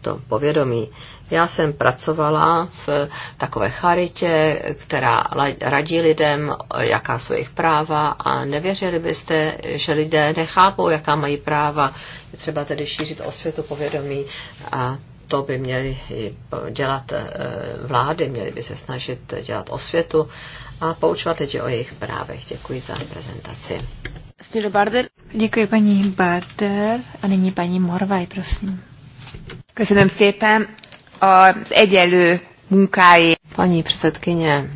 to povědomí. Já jsem pracovala v takové charitě, která radí lidem, jaká jsou jejich práva a nevěřili byste, že lidé nechápou, jaká mají práva. Třeba tedy šířit osvětu povědomí a to by měly dělat eh, vlády, měly by se snažit dělat osvětu a poučovat lidi o jejich právech. Děkuji za prezentaci. Děkuji paní Barder a nyní paní Morvaj, prosím. Köszönöm szépen a egyenlő munkái. Paní předsedkyně,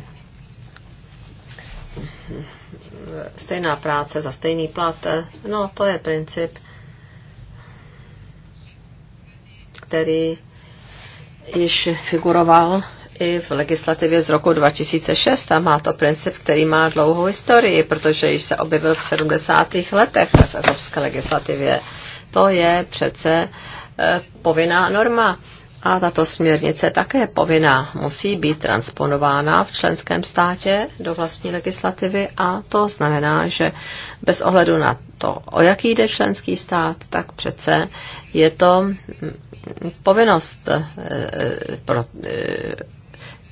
stejná práce za stejný plat, eh, no to je princip, který již figuroval i v legislativě z roku 2006 a má to princip, který má dlouhou historii, protože již se objevil v 70. letech v evropské legislativě. To je přece eh, povinná norma. A tato směrnice také povinná musí být transponována v členském státě do vlastní legislativy a to znamená, že bez ohledu na to, o jaký jde členský stát, tak přece je to hm, povinnost, eh, pro, eh,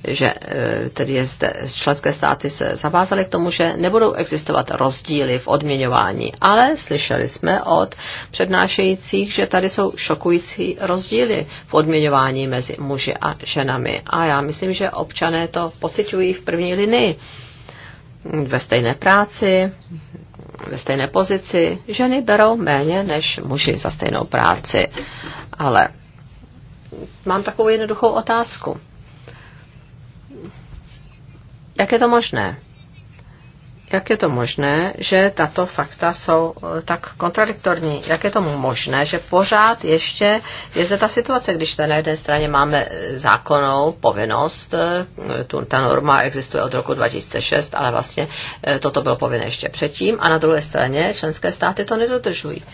že eh, tedy je zde, členské státy se zavázaly k tomu, že nebudou existovat rozdíly v odměňování, ale slyšeli jsme od přednášejících, že tady jsou šokující rozdíly v odměňování mezi muži a ženami. A já myslím, že občané to pociťují v první linii ve stejné práci, ve stejné pozici. Ženy berou méně než muži za stejnou práci. Ale mám takovou jednoduchou otázku. Jak je to možné? Jak je to možné, že tato fakta jsou eh, tak kontradiktorní? Jak je to možné, že pořád ještě je zde ta situace, když na jedné straně máme eh, zákonnou povinnost, eh, tu, ta norma existuje od roku 2006, ale vlastně toto bylo povinné ještě předtím, a na druhé straně členské státy to nedodržují. Uh,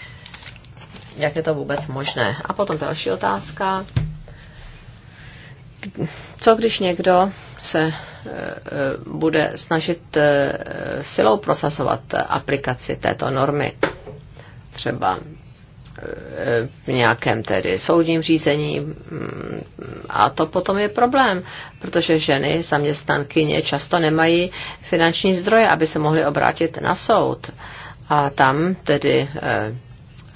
jak je to vůbec možné. A potom další otázka. Co když někdo se e, e, bude snažit e, silou prosazovat aplikaci této normy? Třeba v nějakém tedy soudním řízení mm, a to potom je problém, protože ženy, zaměstnankyně často nemají finanční zdroje, aby se mohly obrátit na soud. A tam tedy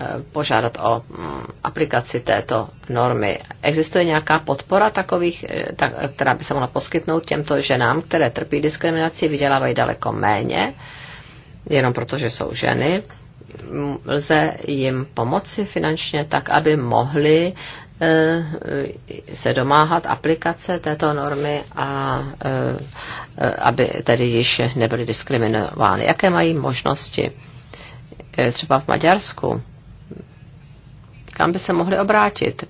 Eh, požádat o mm, aplikaci této normy. Existuje nějaká podpora takových, eh, tak, která by se mohla poskytnout těmto ženám, které trpí diskriminací, vydělávají daleko méně, jenom protože jsou ženy. Lze jim pomoci finančně tak, aby mohli eh, se domáhat aplikace této normy a aby tedy již nebyly diskriminovány. Jaké mají možnosti? Třeba v Maďarsku kam by se mohli obrátit,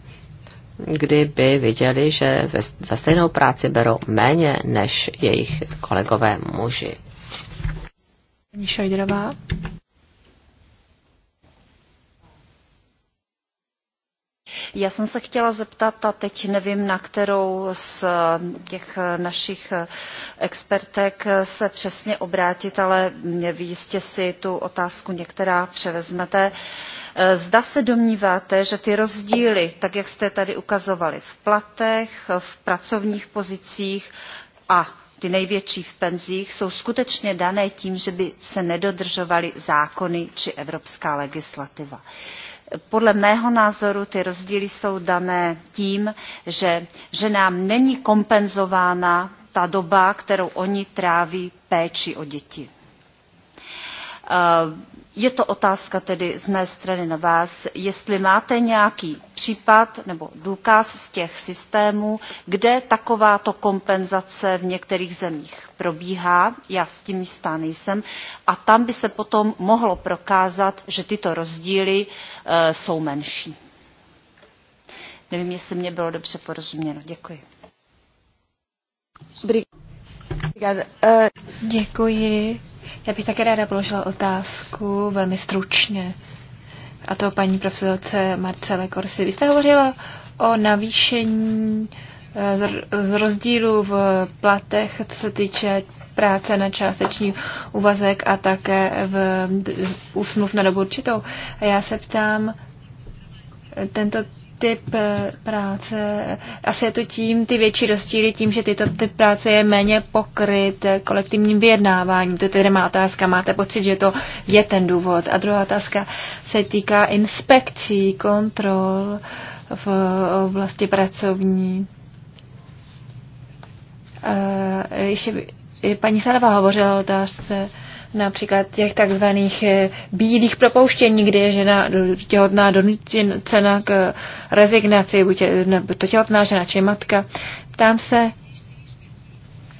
kdyby viděli, že za stejnou práci berou méně než jejich kolegové muži. Paní Šojderová. Já jsem se chtěla zeptat, a teď nevím, na kterou z těch našich expertek se přesně obrátit, ale mě jistě si tu otázku některá převezmete. Uh, Eh, zda se domníváte, že ty rozdíly, tak jak jste tady ukazovali v platech, eh, v pracovních pozicích a ty největší v penzích, jsou skutečně dané tím, že by se nedodržovaly zákony či evropská legislativa. Eh, podle mého názoru ty rozdíly jsou dané tím, že, ženám nám není kompenzována ta doba, kterou oni tráví péčí o děti. Je to otázka tedy z mé strany na vás, jestli máte nějaký případ nebo důkaz z těch systémů, kde takováto kompenzace v některých zemích probíhá, já s tím jistá nejsem, a tam by se potom mohlo prokázat, že tyto rozdíly e, jsou menší. Nevím, jestli mě bylo dobře porozuměno. Děkuji. Děkuji. Já bych také ráda položila otázku velmi stručně. A to paní profesorce Marcele Korsi. Vy jste hovořila o navýšení eh, z rozdílu v platech, co se týče práce na částeční úvazek a také v úsmluv na dobu určitou. A já se ptám, tento typ eh, práce, asi je to tím, ty větší rozdíly tím, že tyto typ práce je méně pokryt eh, kolektivním vyjednáváním. To je tedy má otázka. Máte pocit, že to je ten důvod? A druhá otázka se týká inspekcí, kontrol v oblasti pracovní. Eh, ještě paní Sarava hovořila o otázce například těch takzvaných eh, bílých propouštění, kdy je žena těhotná donucena k eh, rezignaci, buď nebo to těhotná žena či matka. Ptám se,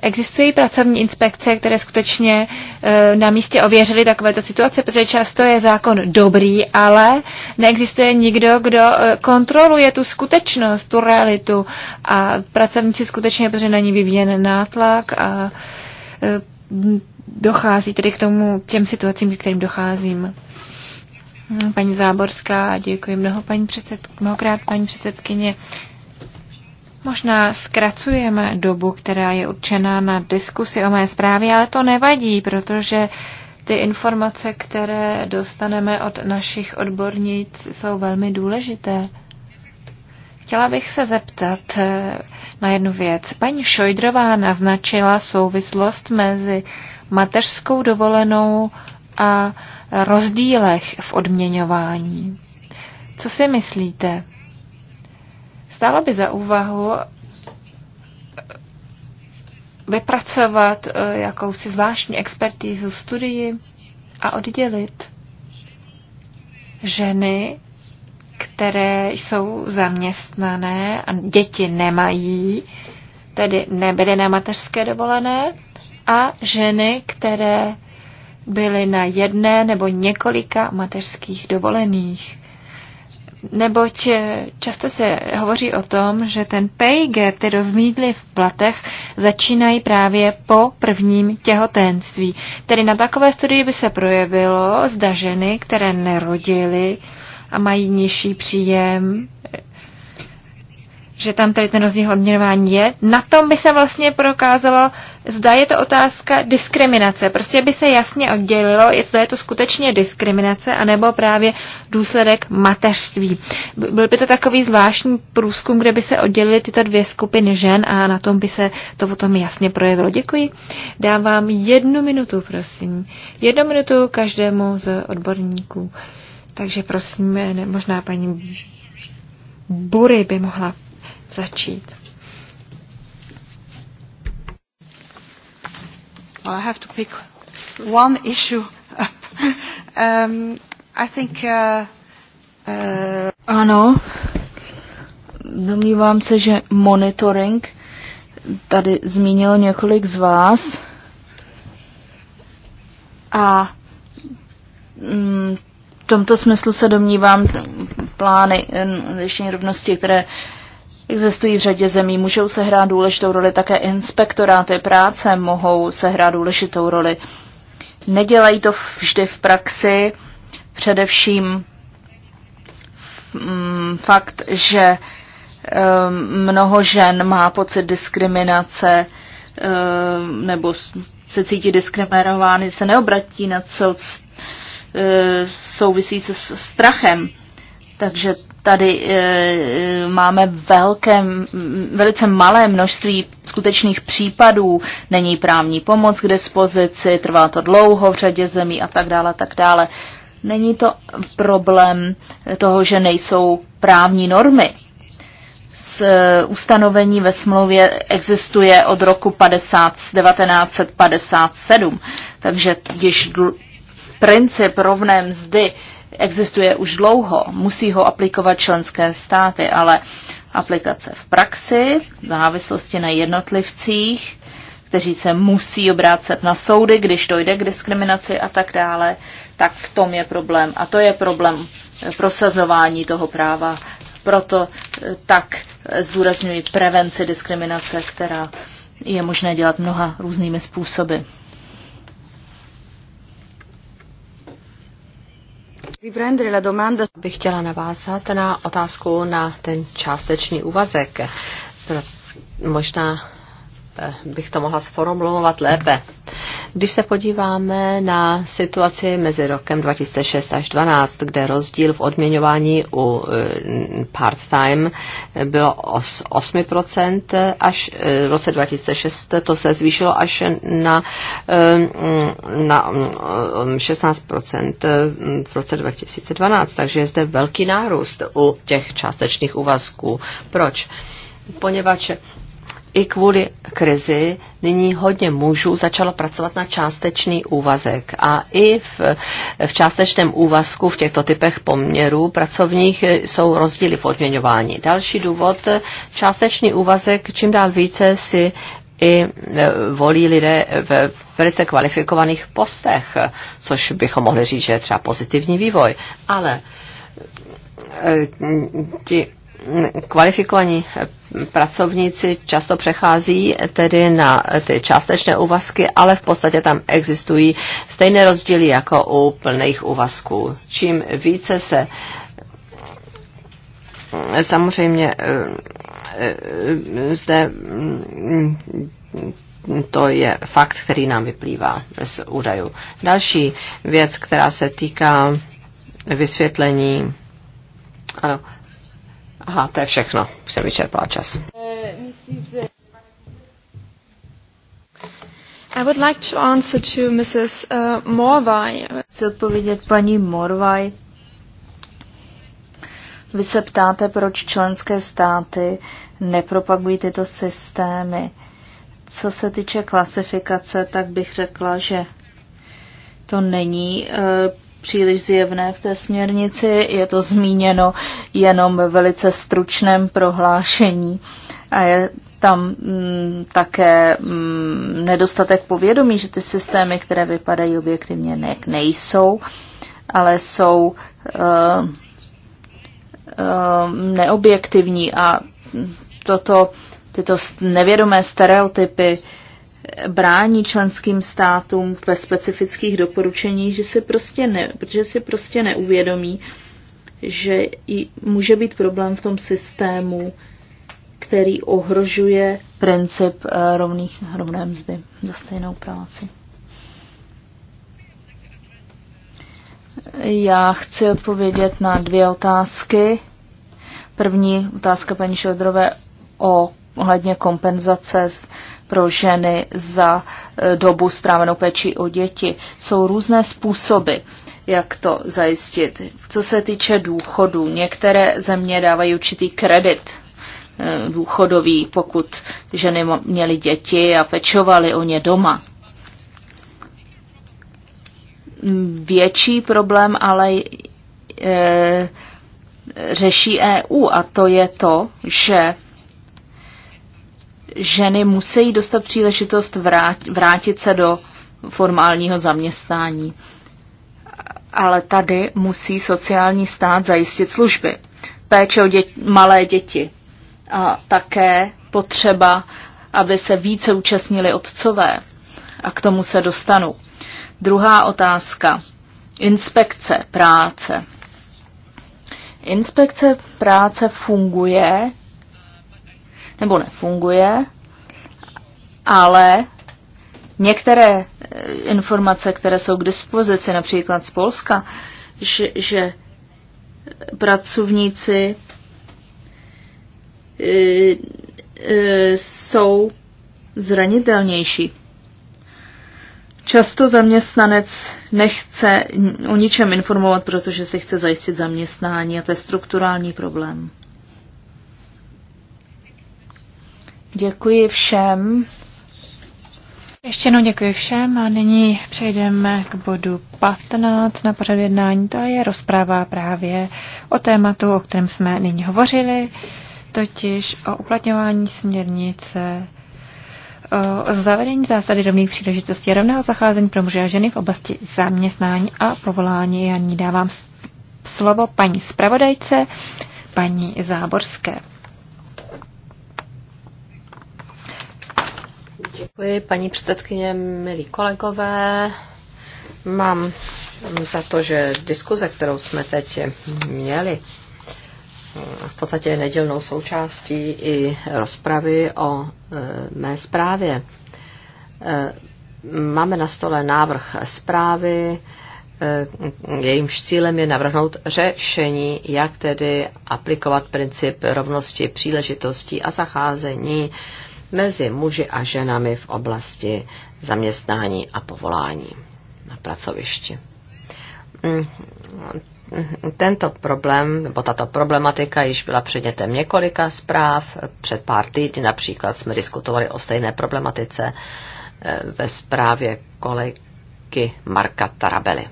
Existují pracovní inspekce, které skutečně e, na místě ověřily takovéto situace, protože často je zákon dobrý, ale neexistuje nikdo, kdo kontroluje tu skutečnost, tu realitu a pracovníci skutečně, protože na ní vyvíjen nátlak a e, dochází tedy k tomu, k těm situacím, k kterým docházím. No, paní Záborská, děkuji mnoho, paní předsed, mnohokrát paní předsedkyně. Možná zkracujeme dobu, která je určená na diskusi o mé zprávě, ale to nevadí, protože ty informace, které dostaneme od našich odbornic, jsou velmi důležité. Chtěla bych se zeptat eh, na jednu věc. Paní Šojdrová naznačila souvislost mezi mateřskou dovolenou a rozdílech v odměňování. Co si myslíte? Stálo by za úvahu eh, vypracovat eh, jakousi zvláštní expertízu studii a oddělit ženy, které jsou zaměstnané a děti nemají, tedy nebyly na mateřské dovolené, a ženy, které byly na jedné nebo několika mateřských dovolených. Neboť eh, často se hovoří o tom, že ten pay gap, ty rozmídly v platech, začínají právě po prvním těhotenství. Tedy na takové studii by se projevilo, zda ženy, které nerodily a mají nižší příjem, že tam tady ten rozdíl odměňování je. Na tom by se vlastně prokázalo, zda je to otázka diskriminace. Prostě by se jasně oddělilo, jestli je to skutečně diskriminace, anebo právě důsledek mateřství. Byl by to takový zvláštní průzkum, kde by se oddělily tyto dvě skupiny žen a na tom by se to potom jasně projevilo. Děkuji. Dávám jednu minutu, prosím. Jednu minutu každému z odborníků. Takže prosím, možná paní Bury by mohla začít. Well, I have to pick one issue up. [LAUGHS] um, I think, uh, uh... Ano, domnívám se, že monitoring tady zmínil několik z vás a mm, v tomto smyslu se domnívám plány rovnosti, které uh, Existují v řadě zemí, můžou sehrát důležitou roli také inspektoráty práce, mohou sehrát důležitou roli. Nedělají to vždy v praxi, především mm, fakt, že mm, mnoho žen má pocit diskriminace mm, nebo se cítí diskriminovány, se neobratí na co souvisí se strachem. Takže tady e, e máme velké, velice malé množství skutečných případů, není právní pomoc k dispozici, trvá to dlouho v řadě zemí a tak dále, a tak dále. Není to problém toho, že nejsou právní normy. Z e, ustanovení ve smlouvě existuje od roku 50, 1957, takže již princip rovné mzdy existuje už dlouho. Musí ho aplikovat členské státy, ale aplikace v praxi, v závislosti na jednotlivcích, kteří se musí obrácet na soudy, když dojde k diskriminaci a tak dále, tak v tom je problém. A to je problém prosazování toho práva. Proto eh, tak eh, zdůrazňuji prevenci diskriminace, která je možné dělat mnoha různými způsoby. Bych chtěla navázat na otázku na ten částečný úvazek. Možná Eh, bych to mohla sformulovat lépe. Když se podíváme na situaci mezi rokem 2006 až 2012, kde rozdíl v odměňování u eh, part-time bylo 8%, až eh, v roce 2006 to se zvýšilo až na, na 16% mm, v roce 2012, takže je zde velký nárůst u těch částečných úvazků. Proč? Poněvadž i kvůli krizi nyní hodně mužů začalo pracovat na částečný úvazek. A i v, v částečném úvazku v těchto typech poměrů pracovních jsou rozdíly v odměňování. Další důvod, částečný úvazek čím dál více si i e, volí lidé v velice kvalifikovaných postech, což bychom mohli říct, že je třeba pozitivní vývoj. Ale e, ti kvalifikovaní eh, pracovníci často přechází tedy na eh, ty částečné úvazky, ale v podstatě tam existují stejné rozdíly jako u plných úvazků. Čím více se eh, samozřejmě zde mm, to je fakt, který nám vyplývá z údajů. Další věc, která se týká vysvětlení ano, Aha, to je všechno. Už jsem vyčerpala čas. I would like to answer to Mrs. Uh, Morvaj. Chci odpovědět paní Morvaj. Vy se ptáte, proč členské státy nepropagují tyto systémy. Co se týče klasifikace, tak bych řekla, že to není uh, příliš zjevné v té směrnici, je to zmíněno jenom ve velice stručném prohlášení a je tam mm, také mm, nedostatek povědomí, že ty systémy, které vypadají objektivně, ne, nejsou, ale jsou uh, e, uh, e, neobjektivní a toto, tyto nevědomé stereotypy uh, brání členským státům ve specifických doporučeních, že si prostě ne, protože si prostě neuvědomí, že i může být problém v tom systému, který ohrožuje princip eh, rovných, rovné mzdy za stejnou práci. Já chci odpovědět na dvě otázky. První otázka paní Šodrové o ohledně kompenzace pro ženy za e, dobu strávenou péči o děti. Jsou různé způsoby, jak to zajistit. Co se týče důchodu, některé země dávají určitý kredit e, důchodový, pokud ženy měly děti a pečovaly o ně doma. Větší problém ale e, řeší EU a to je to, že ženy musí dostat příležitost vrátit se do formálního zaměstnání. Ale tady musí sociální stát zajistit služby. Péče o dět- malé děti. A také potřeba, aby se více účastnili otcové. A k tomu se dostanu. Druhá otázka. Inspekce práce. Inspekce práce funguje nebo nefunguje, ale některé eh, informace, které jsou k dispozici, například z Polska, že, že pracovníci eh, eh, jsou zranitelnější. Často zaměstnanec nechce o ničem informovat, protože si chce zajistit zaměstnání a to je strukturální problém. Děkuji všem. Ještě jednou děkuji všem a nyní přejdeme k bodu 15 na pořad jednání. To je rozpráva právě o tématu, o kterém jsme nyní hovořili, totiž o uplatňování směrnice o zavedení zásady rovných příležitostí a rovného zacházení pro muže a ženy v oblasti zaměstnání a povolání. Já ní dávám slovo paní zpravodajce, paní Záborské. Děkuji, paní předsedkyně, milí kolegové. Mám za to, že diskuze, kterou jsme teď měli, v podstatě je nedělnou součástí i rozpravy o e, mé zprávě. E, máme na stole návrh zprávy, e, jejímž cílem je navrhnout řešení, jak tedy aplikovat princip rovnosti příležitostí a zacházení mezi muži a ženami v oblasti zaměstnání a povolání na pracovišti. Mm, mm, tento problém, nebo tato problematika již byla předmětem několika zpráv. Před pár týdny například jsme diskutovali o stejné problematice eh, ve zprávě kolegy Marka Tarabely.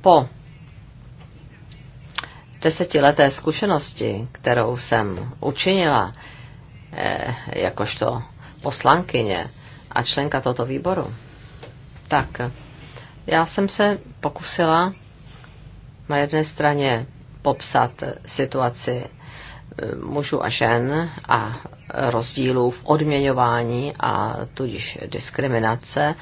Po desetileté zkušenosti, kterou jsem učinila eh, jakožto poslankyně a členka tohoto výboru, tak já jsem se pokusila na jedné straně popsat situaci eh, mužů a žen a rozdílů v odměňování a tudíž diskriminace,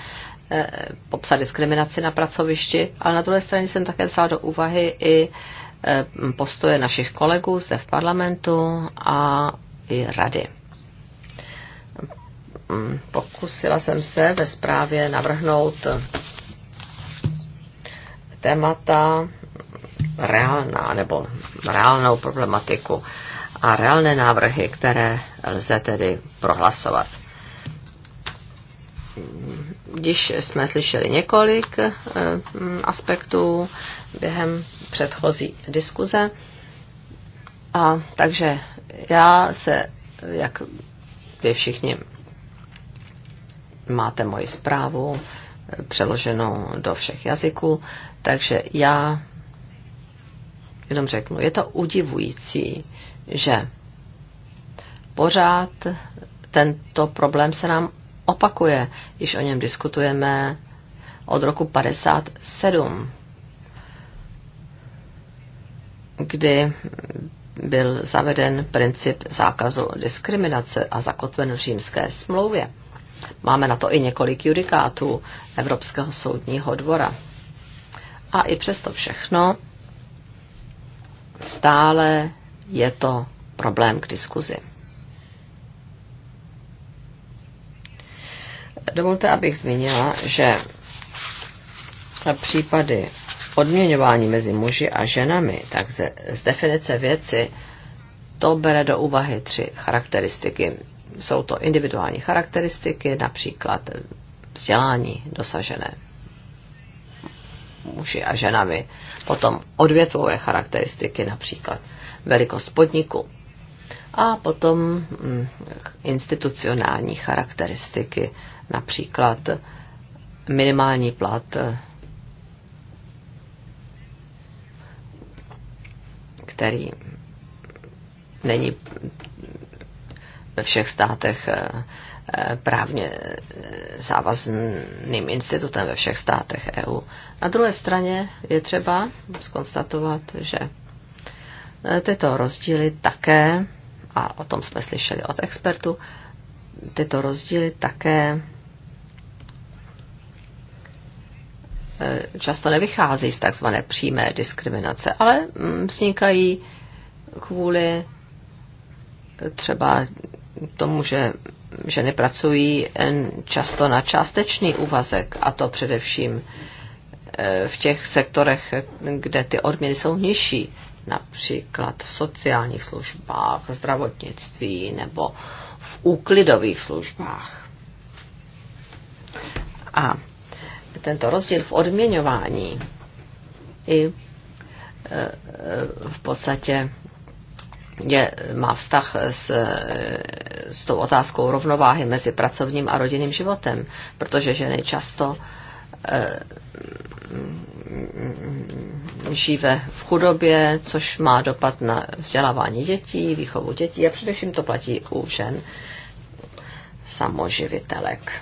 eh, popsat diskriminaci na pracovišti, ale na druhé straně jsem také vzala do úvahy i Eh, postoje našich kolegů zde v parlamentu a i rady. Mm, pokusila jsem se ve zprávě navrhnout témata reálná nebo reálnou problematiku a reálné návrhy, které lze tedy prohlasovat když jsme slyšeli několik eh, mm, aspektů během předchozí diskuze. A takže já se, jak vy všichni máte moji zprávu eh, přeloženou do všech jazyků, takže já jenom řeknu, je to udivující, že pořád tento problém se nám opakuje. Již o něm diskutujeme od roku 57, kdy byl zaveden princip zákazu diskriminace a zakotven v římské smlouvě. Máme na to i několik judikátů Evropského soudního dvora. A i přesto všechno stále je to problém k diskuzi. Dovolte, abych zmínila, že případy odměňování mezi muži a ženami, tak ze, z definice věci, to bere do úvahy tři charakteristiky. Jsou to individuální charakteristiky, například vzdělání dosažené muži a ženami, potom odvětvové charakteristiky, například velikost podniku a potom mm, institucionální charakteristiky, například minimální plat, který není ve všech státech eh, právně závazným institutem ve všech státech EU. Na druhé straně je třeba skonstatovat, že eh, tyto rozdíly také, a o tom jsme slyšeli od expertu, tyto rozdíly také Eh, často nevychází z takzvané přímé diskriminace, ale mm, vznikají kvůli eh, třeba tomu, že ženy pracují často na částečný úvazek, a to především eh, v těch sektorech, kde ty odměny jsou nižší, například v sociálních službách, zdravotnictví nebo v úklidových službách. A tento rozdíl v odměňování i e, e, v podstatě je, má vztah s, e, s tou otázkou rovnováhy mezi pracovním a rodinným životem, protože ženy často žive v chudobě, což má dopad na vzdělávání dětí, výchovu dětí a především to platí u žen samoživitelek.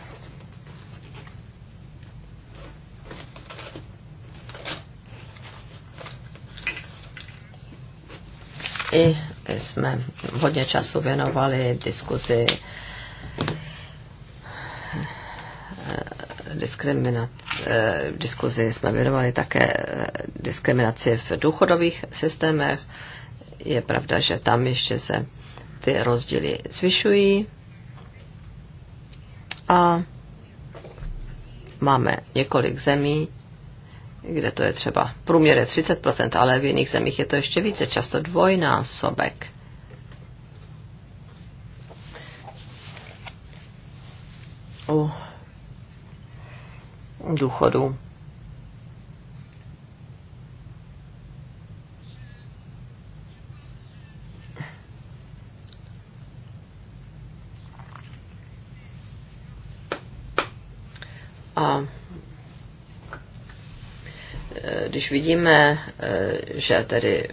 i jsme hodně času věnovali diskuzi eh, diskriminat, eh, diskuzi jsme věnovali také eh, diskriminaci v důchodových systémech. Je pravda, že tam ještě se ty rozdíly zvyšují. A máme několik zemí, kde to je třeba průměr je 30%, ale v jiných zemích je to ještě více, často dvojnásobek. U důchodu. A když vidíme, eh, že tedy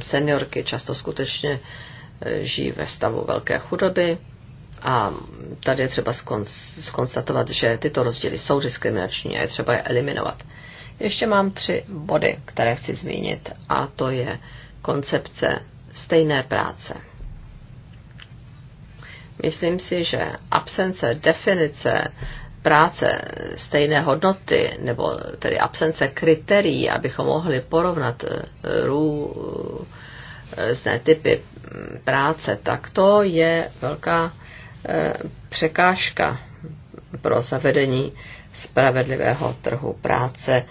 seniorky často skutečně eh, žijí ve stavu velké chudoby, a tady je třeba skonstatovat, že tyto rozdíly jsou diskriminační a je třeba je eliminovat. Ještě mám tři body, které chci zmínit, a to je koncepce stejné práce. Myslím si, že absence definice práce stejné hodnoty, nebo tedy absence kritérií, abychom mohli porovnat eh, eh, různé typy mm, práce, tak to je velká eh, překážka pro zavedení spravedlivého trhu práce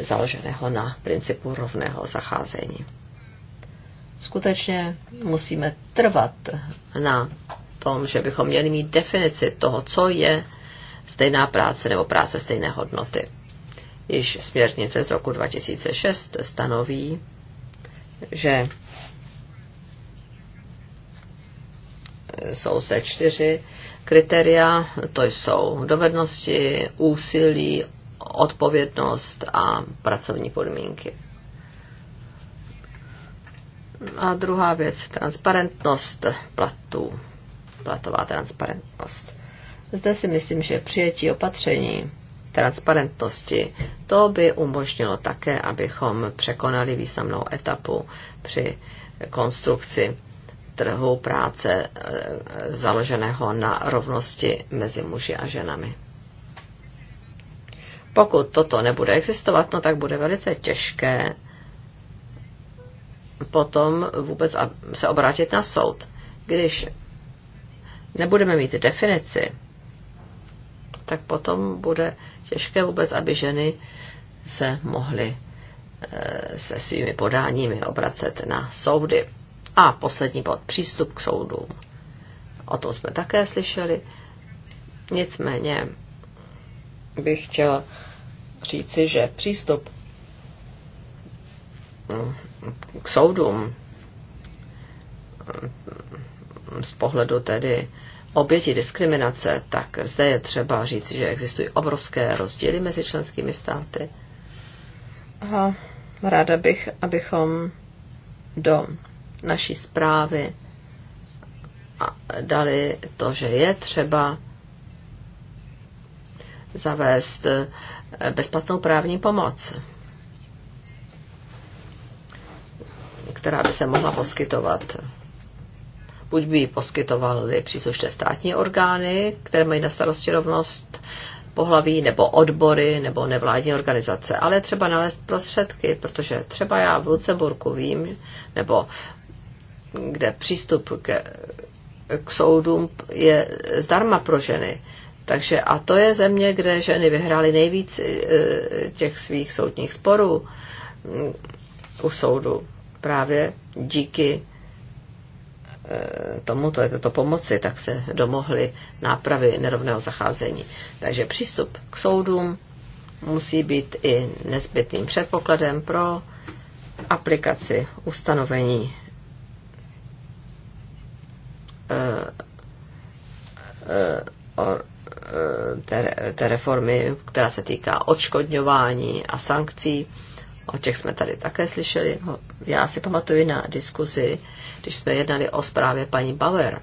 založeného na principu rovného zacházení. Skutečně musíme trvat na tom, že bychom měli mít definici toho, co je stejná práce nebo práce stejné hodnoty. Již směrnice z roku 2006 stanoví, že jsou se čtyři kritéria, to jsou dovednosti, úsilí, odpovědnost a pracovní podmínky. A druhá věc, transparentnost platů, platová transparentnost. Zde si myslím, že přijetí opatření transparentnosti, to by umožnilo také, abychom překonali významnou etapu při konstrukci trhu práce eh, založeného na rovnosti mezi muži a ženami. Pokud toto nebude existovat, no tak bude velice těžké potom vůbec se obrátit na soud. Když nebudeme mít definici tak potom bude těžké vůbec, aby ženy se mohly eh, se svými podáními obracet na soudy. A poslední bod, přístup k soudům. O tom jsme také slyšeli. Nicméně bych chtěla říci, že přístup mm, k soudům mm, z pohledu tedy oběti diskriminace, tak zde je třeba říci, že existují obrovské rozdíly mezi členskými státy. A ráda bych, abychom do naší zprávy dali to, že je třeba zavést eh, bezplatnou právní pomoc, která by se mohla poskytovat buď by ji poskytovaly příslušné státní orgány, které mají na starosti rovnost pohlaví, nebo odbory, nebo nevládní organizace, ale třeba nalézt prostředky, protože třeba já v Lucemburku vím, nebo kde přístup k, k soudům je zdarma pro ženy. Takže a to je země, kde ženy vyhrály nejvíc e, těch svých soudních sporů u soudu právě díky tomuto, této pomoci, tak se domohli nápravy nerovného zacházení. Takže přístup k soudům musí být i nezbytným předpokladem pro aplikaci ustanovení eh, eh, eh, té reformy, která se týká odškodňování a sankcí o těch jsme tady také slyšeli. No, já si pamatuju na diskuzi, když jsme jednali o zprávě paní Bauer,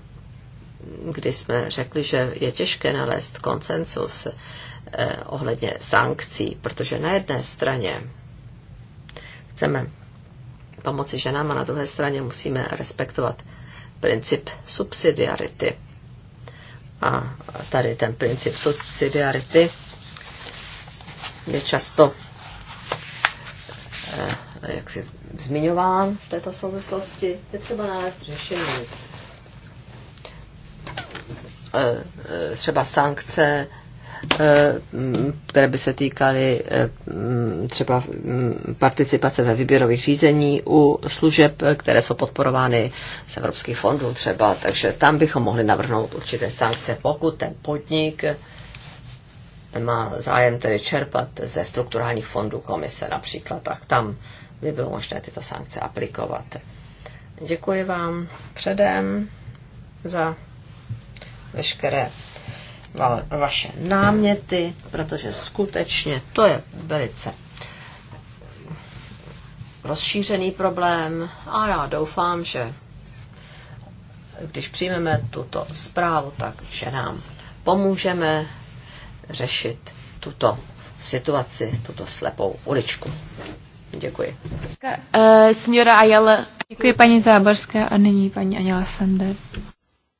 kdy jsme řekli, že je těžké nalézt konsensus eh, ohledně sankcí, protože na jedné straně chceme pomoci ženám a na druhé straně musíme respektovat princip subsidiarity. A tady ten princip subsidiarity je často Eh, jak si zmiňován v této souvislosti, je třeba nalézt řešení. Eh, eh, třeba sankce, které by se týkaly třeba participace ve výběrových řízení u služeb, které jsou podporovány z evropských fondů třeba. Takže tam bychom mohli navrhnout určité sankce, pokud ten podnik má zájem tedy čerpat ze strukturálních fondů komise například, tak tam by bylo možné tyto sankce aplikovat. Děkuji vám předem za veškeré vaše náměty, protože skutečně to je velice rozšířený problém a já doufám, že když přijmeme tuto zprávu, že nám pomůžeme řešit tuto situaci, tuto slepou uličku. Děkuji. Uh, signora Ayala. Děkuji paní Záborská a nyní paní Anjela Sender.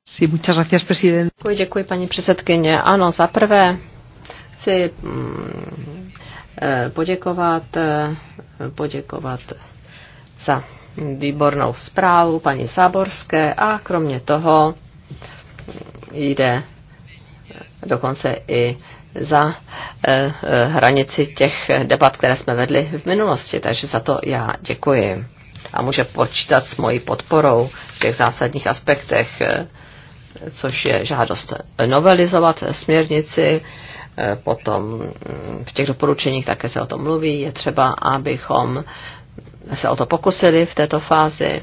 Sí, muchas gracias, presidente. Děkuji, děkuji paní předsedkyně. Ano, za prvé chci mm, eh, poděkovat, eh, poděkovat za výbornou zprávu paní Záborské a kromě toho jde dokonce i za eh, eh, hranici těch debat, které jsme vedli v minulosti. Takže za to já děkuji. A může počítat s mojí podporou v těch zásadních aspektech, eh, což je žádost novelizovat směrnici, potom mm, v těch doporučeních také se o tom mluví, je třeba, abychom se o to pokusili v této fázi.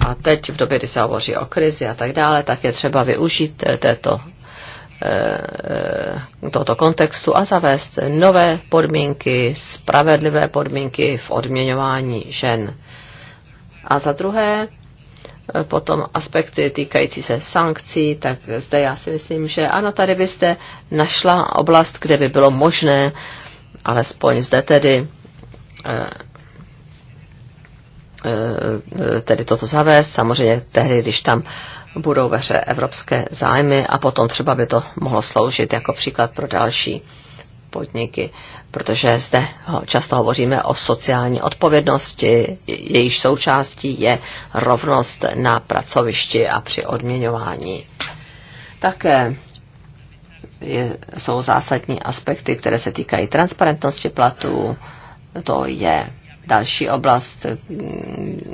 A teď v době, kdy se hovoří o krizi a tak dále, tak je třeba využít této Eh, eh, tohoto kontextu a zavést nové podmínky, spravedlivé podmínky v odměňování žen. A za druhé, eh, potom aspekty týkající se sankcí, tak zde já si myslím, že ano, tady byste našla oblast, kde by bylo možné, alespoň zde tedy, tedy toto zavést. Samozřejmě tehdy, když tam budou ve hře evropské zájmy a potom třeba by to mohlo sloužit jako příklad pro další podniky, protože zde často hovoříme o sociální odpovědnosti, jejíž součástí je rovnost na pracovišti a při odměňování. Také je, jsou zásadní aspekty, které se týkají transparentnosti platů. To je další oblast,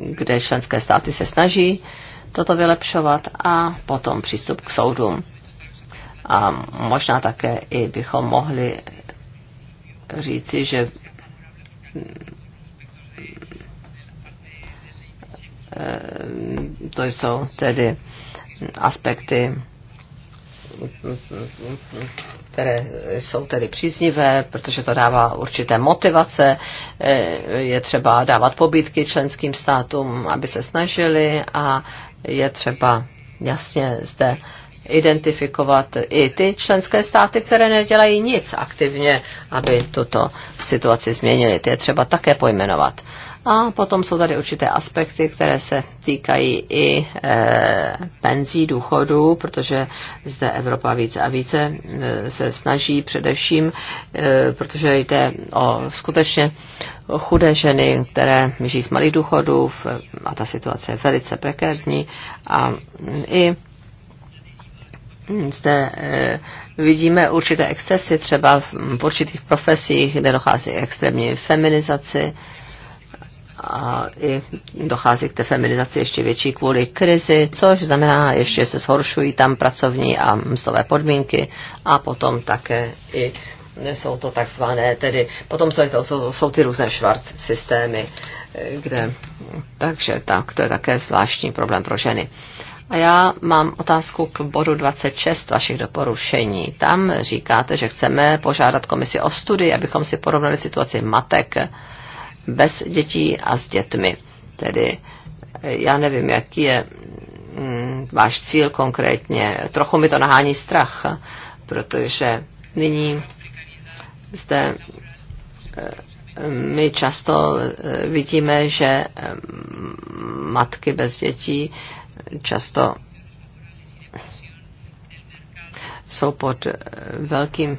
kde členské státy se snaží uh, toto vylepšovat a potom přístup k soudům. A možná také i bychom mohli říci, že eh, to jsou tedy aspekty, které jsou tedy příznivé, protože to dává určité motivace, eh, je třeba dávat pobídky členským státům, aby se snažili a je třeba jasně zde identifikovat i ty členské státy, které nedělají nic aktivně, aby tuto situaci změnili. Ty je třeba také pojmenovat. A potom jsou tady určité aspekty, které se týkají i e, penzí důchodů, protože zde Evropa více a více e, se snaží především, e, protože jde o skutečně o chudé ženy, které žijí z malých důchodů a ta situace je velice prekérní a i zde e, vidíme určité excesy třeba v určitých profesích, kde dochází extrémní feminizaci, a i dochází k té feminizaci ještě větší kvůli krizi, což znamená, ještě se zhoršují tam pracovní a mzdové podmínky a potom také i jsou to takzvané, tedy potom jsou, jsou, jsou ty různé švarc systémy, kde, takže tak, to je také zvláštní problém pro ženy. A já mám otázku k bodu 26 vašich doporušení. Tam říkáte, že chceme požádat komisi o studii, abychom si porovnali situaci matek bez dětí a s dětmi. Tedy eh, já nevím, jaký je mm, váš cíl konkrétně. Trochu mi to nahání strach, protože nyní zde eh, my často eh, vidíme, že mm, matky bez dětí často jsou pod velkým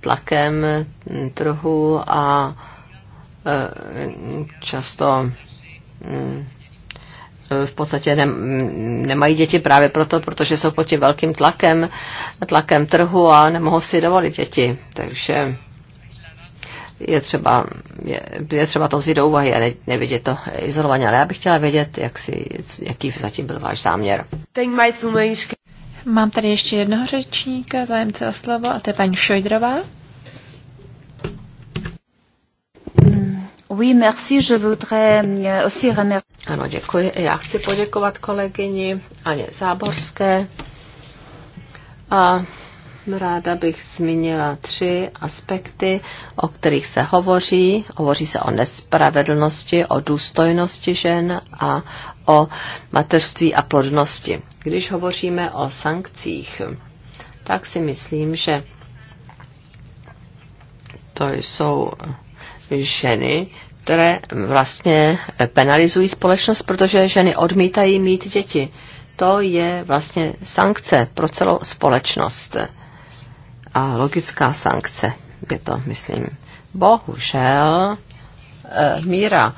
tlakem mm, trhu a Eh, často mm, v podstatě ne, nemají děti právě proto, protože jsou pod tím velkým tlakem, tlakem trhu a nemohou si dovolit děti. Takže je třeba, je, je třeba to vzít do úvahy a ne, nevidět to izolovaně. Ale já bych chtěla vědět, jak si, jaký zatím byl váš záměr. Mám tady ještě jednoho řečníka, zájemce o slovo, a to je paní Šojdrová. Oui, merci, je voudrais euh, aussi remercier. Ano, děkuji. Já chci poděkovat kolegyni Aně Záborské. A ráda bych zmínila tři aspekty, o kterých se hovoří. Hovoří se o nespravedlnosti, o důstojnosti žen a o mateřství a plodnosti. Když hovoříme o sankcích, tak si myslím, že to jsou ženy, které vlastně penalizují společnost, protože ženy odmítají mít děti. To je vlastně sankce pro celou společnost. A logická sankce je to, myslím. Bohužel eh, míra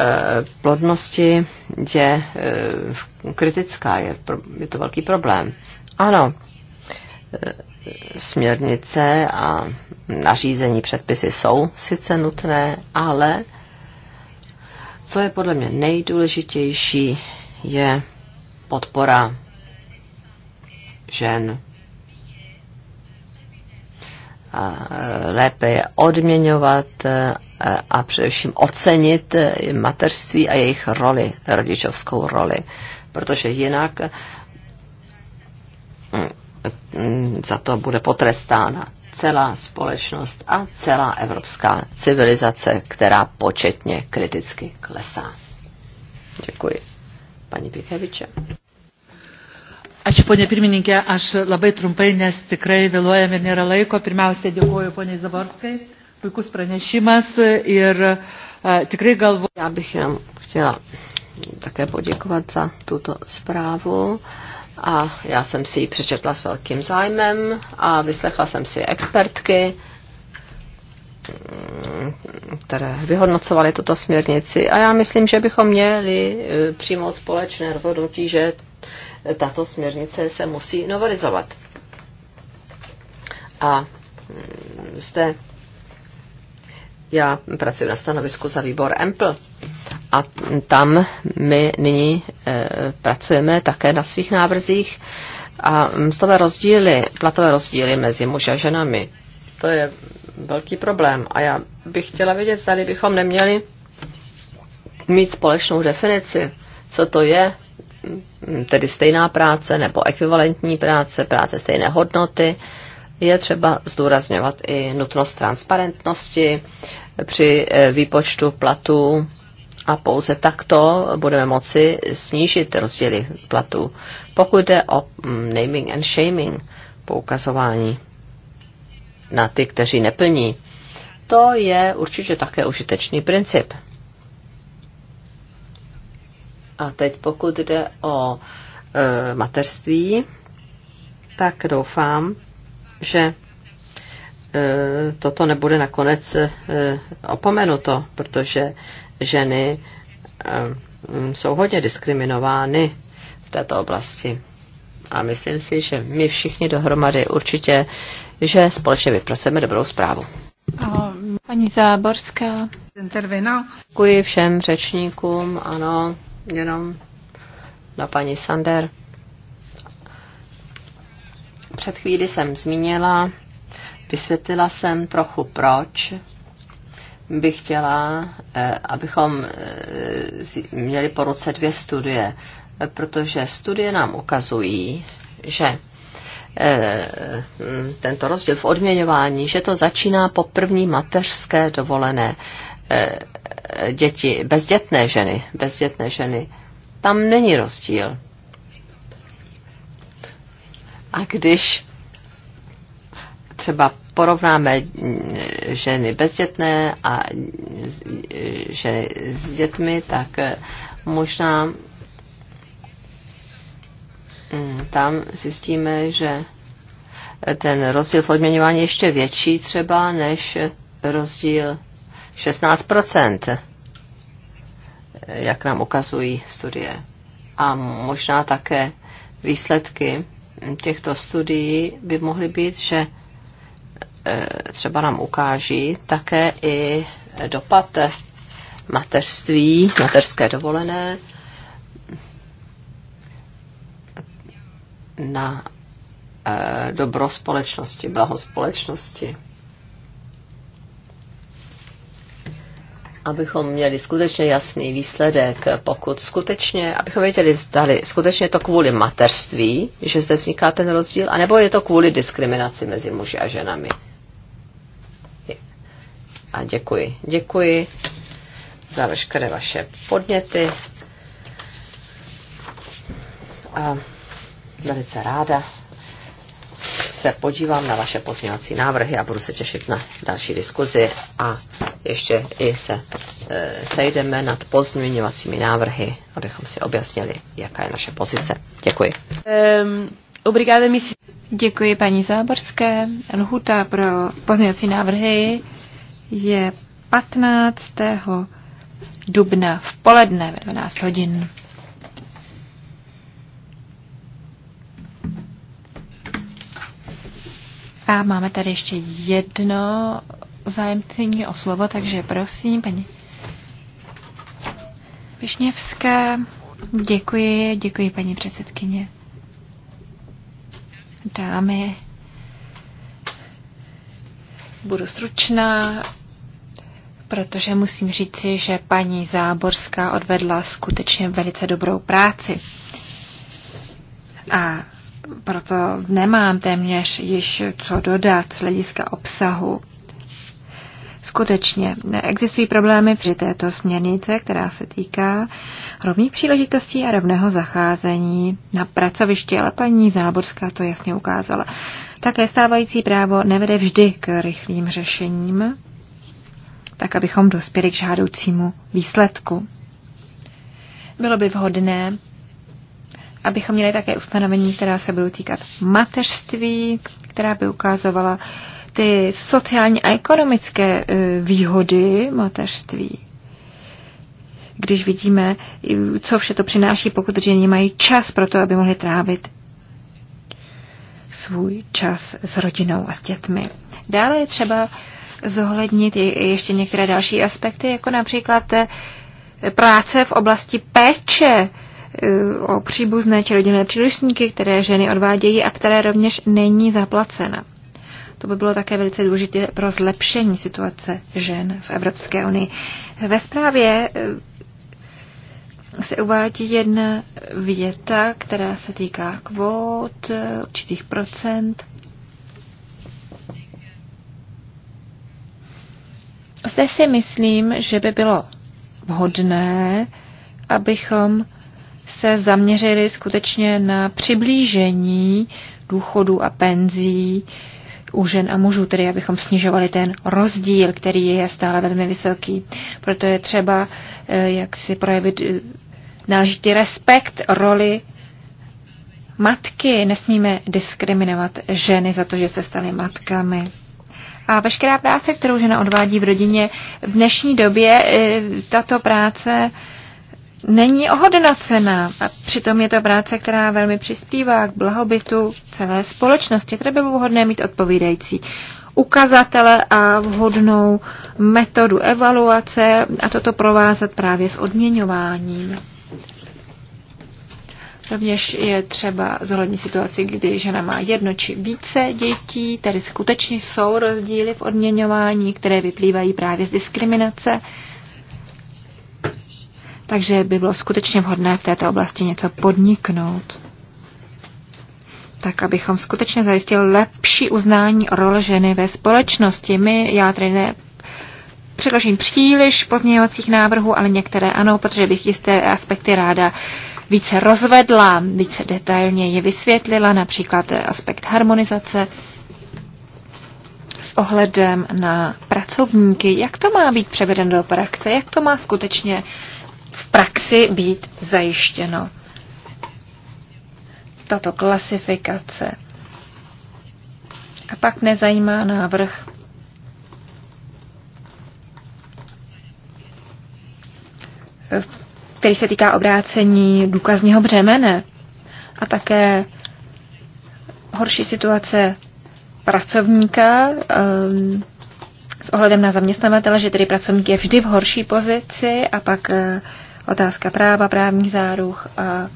eh, plodnosti je eh, kritická, je, je to velký problém. Ano, směrnice a nařízení předpisy jsou sice nutné, ale co je podle mě nejdůležitější, je podpora žen. A e, lépe je odměňovat e, a především ocenit mateřství a jejich roli, rodičovskou roli, protože jinak mm, za to bude potrestána celá společnost a celá evropská civilizace, která početně kriticky klesá. Děkuji. Paní Pikeviče. Ačiū, ponė pirmininkė, aš labai trumpai, nes tikrai vėluojame ir nėra laiko. Pirmiausia, dėkuoju poniai Zavorskai, puikus pranešimas ir a, e, tikrai galvoju. Já bych jenom chtěla také poděkovat za tuto zprávu a já jsem si ji přečetla s velkým zájmem a vyslechla jsem si expertky, které vyhodnocovaly tuto směrnici a já myslím, že bychom měli e, přijmout společné rozhodnutí, že tato směrnice se musí novelizovat. A mm, zde já pracuji na stanovisku za výbor EMPL a tam my nyní eh, pracujeme také na svých návrzích a mzdové rozdíly, platové rozdíly mezi muži a ženami, to je velký problém a já bych chtěla vědět, zda bychom neměli mít společnou definici, co to je, tedy stejná práce nebo ekvivalentní práce, práce stejné hodnoty, je třeba zdůrazňovat i nutnost transparentnosti při eh, výpočtu platů a pouze takto budeme moci snížit rozdíly platů. Pokud jde o mm, naming and shaming, poukazování na ty, kteří neplní, to je určitě také užitečný princip. A teď pokud jde o e, mateřství, tak doufám, že e, toto nebude nakonec e, opomenuto, protože ženy eh, mm, jsou hodně diskriminovány v této oblasti. A myslím si, že my všichni dohromady určitě, že společně vypracujeme dobrou zprávu. paní Záborská. Děkuji všem řečníkům, ano, jenom na paní Sander. Před chvíli jsem zmínila, vysvětlila jsem trochu proč bych chtěla, eh, abychom eh, měli po roce dvě studie, protože studie nám ukazují, že eh, tento rozdíl v odměňování, že to začíná po první mateřské dovolené děti, bezdětné ženy, bezdětné ženy. Tam není rozdíl. A když třeba porovnáme ženy bezdětné a ženy s dětmi, tak možná mm, tam zjistíme, že ten rozdíl v odměňování je ještě větší třeba než rozdíl 16%, jak nám ukazují studie. A možná také výsledky těchto studií by mohly být, že E, třeba nám ukáží také i dopad mateřství, mateřské dovolené na e, dobro společnosti, blaho společnosti. abychom měli skutečně jasný výsledek, pokud skutečně, abychom věděli, zdali skutečně je to kvůli mateřství, že zde vzniká ten rozdíl, anebo je to kvůli diskriminaci mezi muži a ženami a děkuji. Děkuji za veškeré vaše podněty a velice ráda se podívám na vaše pozměňovací návrhy a budu se těšit na další diskuzi a ještě i se e, sejdeme nad pozměňovacími návrhy, abychom si objasnili, jaká je naše pozice. Děkuji. Um, ehm, obrigada, Děkuji paní Záborské. Lhuta pro pozměňovací návrhy je 15. dubna v poledne ve 12 hodin. A máme tady ještě jedno zájemcení o slovo, takže prosím, paní Višněvská. Děkuji, děkuji paní předsedkyně. Dámy, budu stručná protože musím říci, že paní Záborská odvedla skutečně velice dobrou práci. A proto nemám téměř již co dodat z hlediska obsahu. Skutečně existují problémy při této směrnice, která se týká rovných příležitostí a rovného zacházení na pracovišti, ale paní Záborská to jasně ukázala. Také stávající právo nevede vždy k rychlým řešením tak abychom dospěli k žádoucímu výsledku. Bylo by vhodné, abychom měli také ustanovení, která se budou týkat mateřství, která by ukázovala ty sociální a ekonomické e, výhody mateřství když vidíme, co vše to přináší, pokud ženy mají čas pro to, aby mohly trávit svůj čas s rodinou a s dětmi. Dále je třeba zohlednit ještě některé další aspekty, jako například eh, práce v oblasti péče eh, o příbuzné či rodinné příručníky, které ženy odvádějí a které rovněž není zaplacena. To by bylo také velice důležité pro zlepšení situace žen v Evropské unii. Ve zprávě eh, se uvádí jedna věta, která se týká kvót, určitých procent. Zde si myslím, že by bylo vhodné, abychom se zaměřili skutečně na přiblížení důchodu a penzí u žen a mužů, tedy abychom snižovali ten rozdíl, který je stále velmi vysoký. Proto je třeba eh, jak si projevit eh, náležitý respekt roli matky. Nesmíme diskriminovat ženy za to, že se staly matkami. A veškerá práce, kterou žena odvádí v rodině, v dnešní době e, tato práce není ohodnocena. A přitom je to práce, která velmi přispívá k blahobytu celé společnosti. Tady by bylo vhodné mít odpovídající ukazatele a vhodnou metodu evaluace a toto provázat právě s odměňováním. Rovněž je třeba zohlednit situaci, kdy žena má jedno či více dětí, tedy skutečně jsou rozdíly v odměňování, které vyplývají právě z diskriminace. Takže by bylo skutečně vhodné v této oblasti něco podniknout. Tak, abychom skutečně zajistili lepší uznání role ženy ve společnosti. My, já tady ne, předložím příliš pozměňovacích návrhů, ale některé ano, protože bych jisté aspekty ráda uh, více rozvedla, více detailně je vysvětlila, například aspekt harmonizace s ohledem na pracovníky, jak to má být převedeno do praxe, jak to má skutečně v praxi být zajištěno. Tato klasifikace. A pak nezajímá návrh v který se týká obrácení důkazního břemene a také horší situace pracovníka um, s ohledem na zaměstnavatele, že tedy pracovník je vždy v horší pozici a pak uh, otázka práva, právních záruch a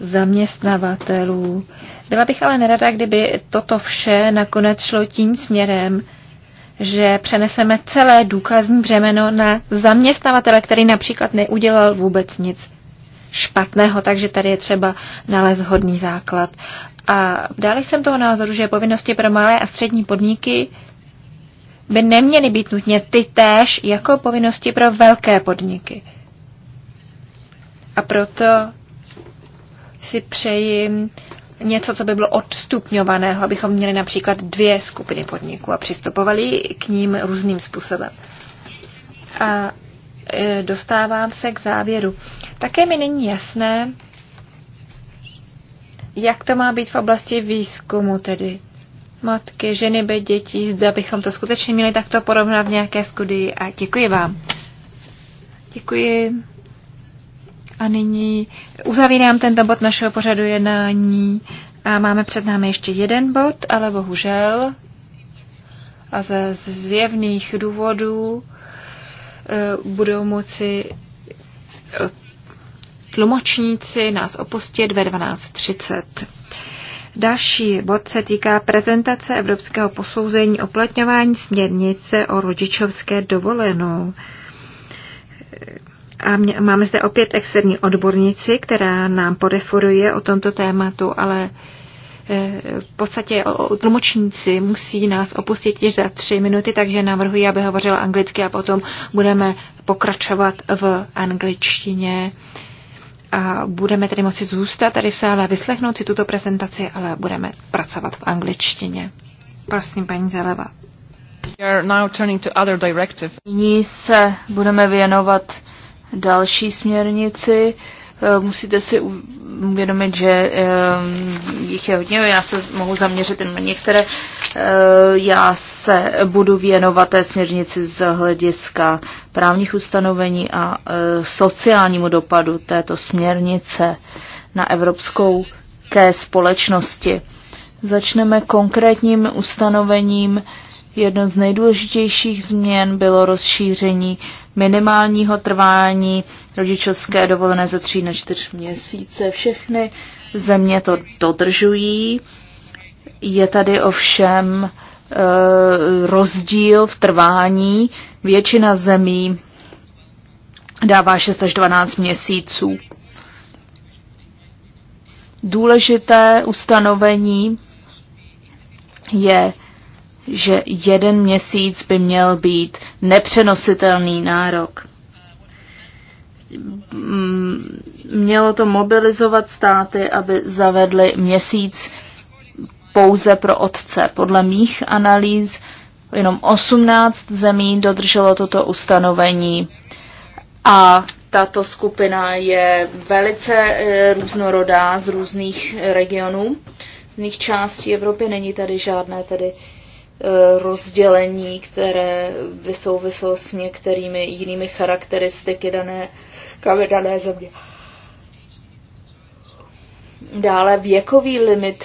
zaměstnavatelů. Byla bych ale nerada, kdyby toto vše nakonec šlo tím směrem, že přeneseme celé důkazní břemeno na zaměstnavatele, který například neudělal vůbec nic špatného, takže tady je třeba nalézt hodný základ. A dále jsem toho názoru, že povinnosti pro malé a střední podniky by neměly být nutně ty též jako povinnosti pro velké podniky. A proto si přeji něco, co by bylo odstupňovaného, abychom měli například dvě skupiny podniků a přistupovali k ním různým způsobem. A e, dostávám se k závěru. Také mi není jasné, jak to má být v oblasti výzkumu tedy. Matky, ženy, by děti, zde bychom to skutečně měli takto porovnat v nějaké studii a děkuji vám. Děkuji. A nyní uzavírám tento bod našeho pořadu jednání a máme před námi ještě jeden bod, ale bohužel a ze zjevných důvodů eh, budou moci eh, tlumočníci nás opustit ve 12.30. Další bod se týká prezentace Evropského posouzení oplatňování směrnice o rodičovské dovolenou a mě, máme zde opět externí odbornici, která nám poreforuje o tomto tématu, ale e, v podstatě tlumočníci musí nás opustit již za tři minuty, takže navrhuji, aby hovořila anglicky a potom budeme pokračovat v angličtině. A budeme tedy moci zůstat tady v sále vyslechnout si tuto prezentaci, ale budeme pracovat v angličtině. Prosím, paní Zeleva. Nyní se budeme věnovat další směrnici. Eh, musíte si uvědomit, že eh, jich je hodně, já se mohu zaměřit na některé. Eh, já se budu věnovat té směrnici z hlediska právních ustanovení a sociálnímu dopadu této směrnice na evropskou ke společnosti. Začneme konkrétním ustanovením. Jedno z nejdůležitějších změn bylo rozšíření minimálního trvání rodičovské dovolené ze tří na čtyř měsíce. Všechny země to dodržují. Je tady ovšem e, rozdíl v trvání. Většina zemí dává 6 až 12 měsíců. Důležité ustanovení je že jeden měsíc by měl být nepřenositelný nárok. Mělo to mobilizovat státy, aby zavedly měsíc pouze pro otce. Podle mých analýz jenom 18 zemí dodrželo toto ustanovení a tato skupina je velice eh, různorodá z různých regionů, z nich částí Evropy. Není tady žádné tedy Eh, rozdělení, které souviselo s některými jinými charakteristiky dané, dané země. Dále věkový limit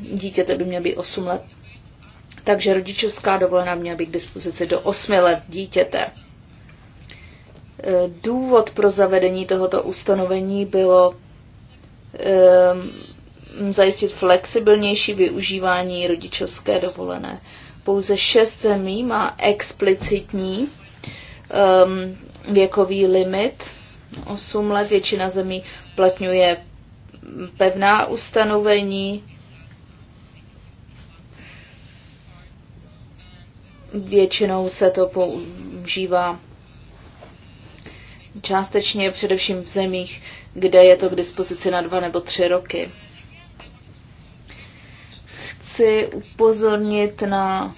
dítěte by měl být 8 let. Takže rodičovská dovolená měla být k dispozici do 8 let dítěte. Eh, důvod pro zavedení tohoto ustanovení bylo um, zajistit flexibilnější využívání rodičovské dovolené pouze šest zemí má explicitní um, věkový limit 8 let. Většina zemí platňuje pevná ustanovení. Většinou se to používá částečně především v zemích, kde je to k dispozici na dva nebo tři roky chci upozornit na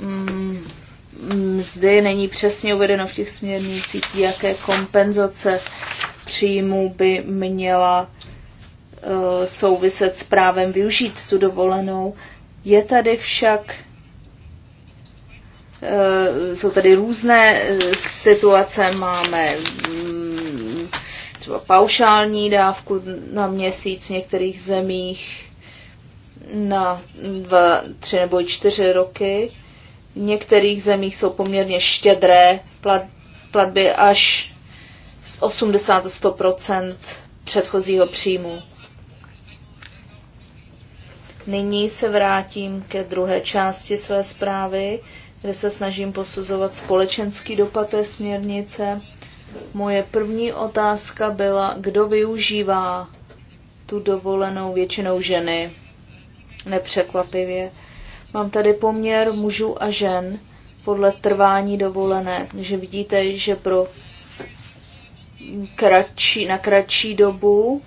mm, mzdy. Není přesně uvedeno v těch směrnicích, jaké kompenzace příjmů by měla eh, souviset s právem využít tu dovolenou. Je tady však eh, jsou tady různé eh, situace, máme mm, třeba paušální dávku na měsíc v některých zemích, na dva, tři nebo čtyři roky. V některých zemích jsou poměrně štědré platby až z 80 100 předchozího příjmu. Nyní se vrátím ke druhé části své zprávy, kde se snažím posuzovat společenský dopad té směrnice. Moje první otázka byla, kdo využívá tu dovolenou většinou ženy nepřekvapivě. Mám tady poměr mužů a žen podle trvání dovolené, takže vidíte, že pro kratší, na kratší dobu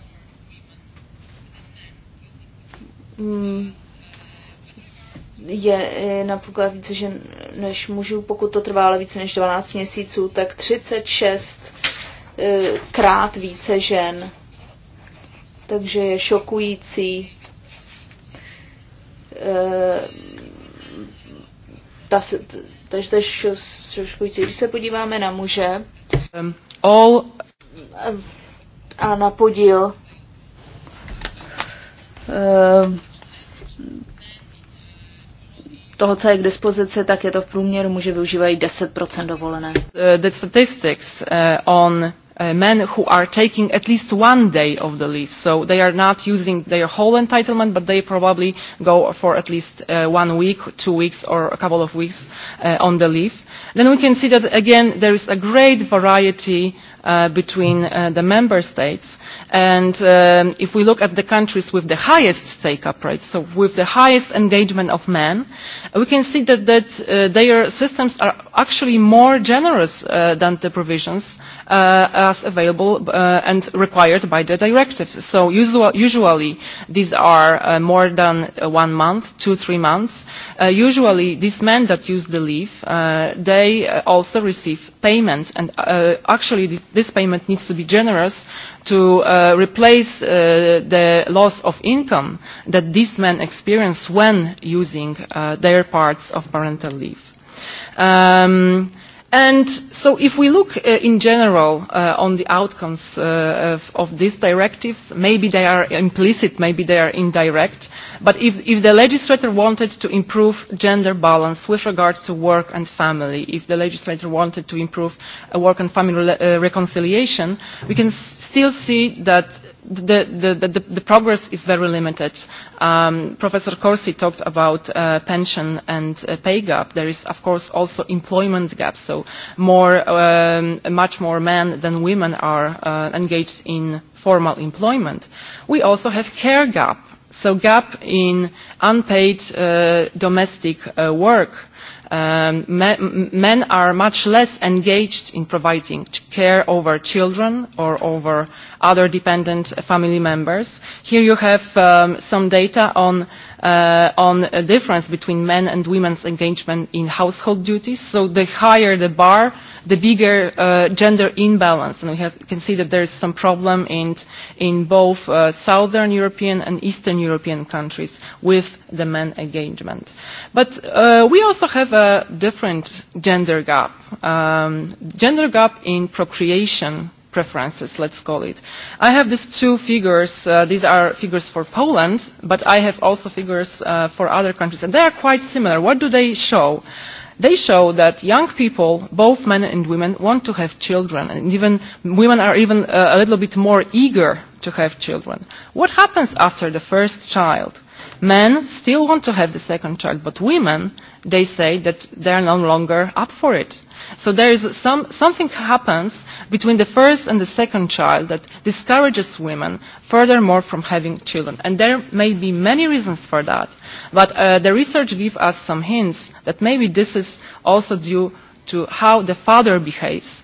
mm, je, je například více žen než mužů, pokud to trvá ale více než 12 měsíců, tak 36 eh, krát více žen. Takže je šokující, Eh, ta, takže to je Když se podíváme na muže um, all... a na podíl eh, toho, co je k dispozici, tak je to v průměru, muže využívají 10% dovolené. Uh, the statistics uh, on Uh, men who are taking at least one day of the leave. So they are not using their whole entitlement, but they probably go for at least uh, one week, two weeks, or a couple of weeks uh, on the leave. Then we can see that, again, there is a great variety uh, between uh, the member states. And um, if we look at the countries with the highest take-up rates, so with the highest engagement of men, we can see that, that uh, their systems are actually more generous uh, than the provisions uh, uh, as available uh, and required by the directive. So usual, usually these are uh, more than one month, two, three months. Uh, usually these men that use the leave, uh, they also receive payment and uh, actually this payment needs to be generous to uh, replace uh, the loss of income that these men experience when using uh, their parts of parental leave. Um, And so if we look uh, in general uh, on the outcomes uh, of, of these directives, maybe they are implicit, maybe they are indirect, but if, if the legislator wanted to improve gender balance with regards to work and family, if the legislator wanted to improve uh, work and family re uh, reconciliation, we can s still see that the, the, the, the progress is very limited. Um, Professor Corsi talked about uh, pension and uh, pay gap. There is, of course, also employment gap. So more, um, much more men than women are uh, engaged in formal employment. We also have care gap. So gap in unpaid uh, domestic uh, work. Um, men, men are much less engaged in providing care over children or over other dependent family members. Here you have um, some data on, uh, on a difference between men and women's engagement in household duties. So the higher the bar, the bigger uh, gender imbalance. And we have, can see that there is some problem in, in both uh, southern European and eastern European countries with the men engagement. But uh, we also have a different gender gap. Um, gender gap in procreation preferences, let's call it. I have these two figures. Uh, these are figures for Poland, but I have also figures uh, for other countries, and they are quite similar. What do they show? They show that young people, both men and women, want to have children, and even women are even uh, a little bit more eager to have children. What happens after the first child? Men still want to have the second child, but women, they say that they are no longer up for it So there is some, something happens between the first and the second child that discourages women furthermore from having children. And there may be many reasons for that, but uh, the research gives us some hints that maybe this is also due to how the father behaves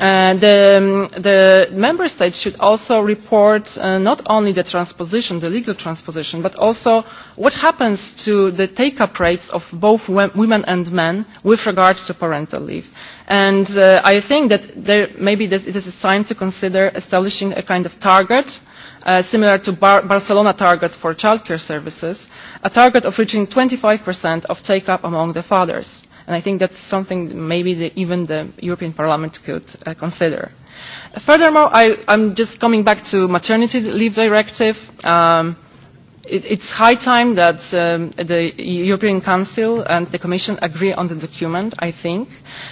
Uh, the, um, the member states should also report uh, not only the transposition, the legal transposition, but also what happens to the take-up rates of both women and men with regards to parental leave. And uh, I think that there, maybe this, it is a sign to consider establishing a kind of target Uh, similar to Bar Barcelona targets for childcare services, a target of reaching 25% of take-up among the fathers. And I think that's something maybe the, even the European Parliament could uh, consider. Furthermore, I, I'm just coming back to maternity leave directive. Um, it, it's high time that um, the European Council and the Commission agree on the document, I think.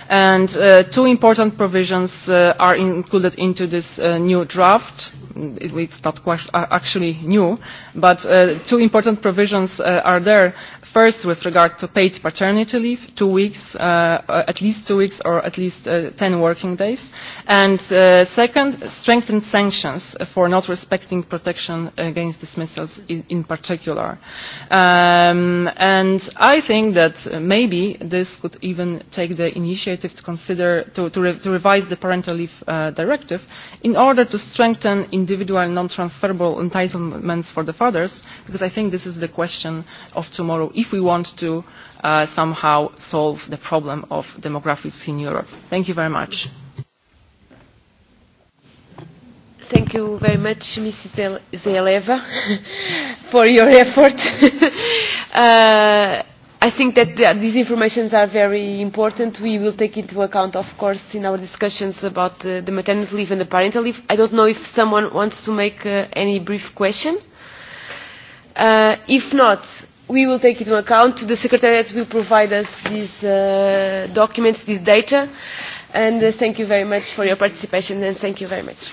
And uh, two important provisions uh, are included into this uh, new draft. it's not quite uh, actually new, but uh, two important provisions uh, are there First, with regard to paid paternity leave, two weeks, uh, uh at least two weeks or at least uh, 10 working days. And uh, second, strengthened sanctions for not respecting protection against dismissals in, in particular. Um, and I think that maybe this could even take the initiative to consider to, to, re to revise the parental leave uh, directive in order to strengthen individual non-transferable entitlements for the fathers, because I think this is the question of tomorrow if we want to uh, somehow solve the problem of demographics in Europe. Thank you very much. Thank you very much, Mrs. Zeleva, [LAUGHS] for your effort. [LAUGHS] uh, I think that the, these informations are very important. We will take into account, of course, in our discussions about uh, the maternity leave and the parental leave. I don't know if someone wants to make uh, any brief question. Uh, if not, we will take it into account. The Secretariat will provide us these uh, documents, these data. And uh, thank you very much for your participation and thank you very much.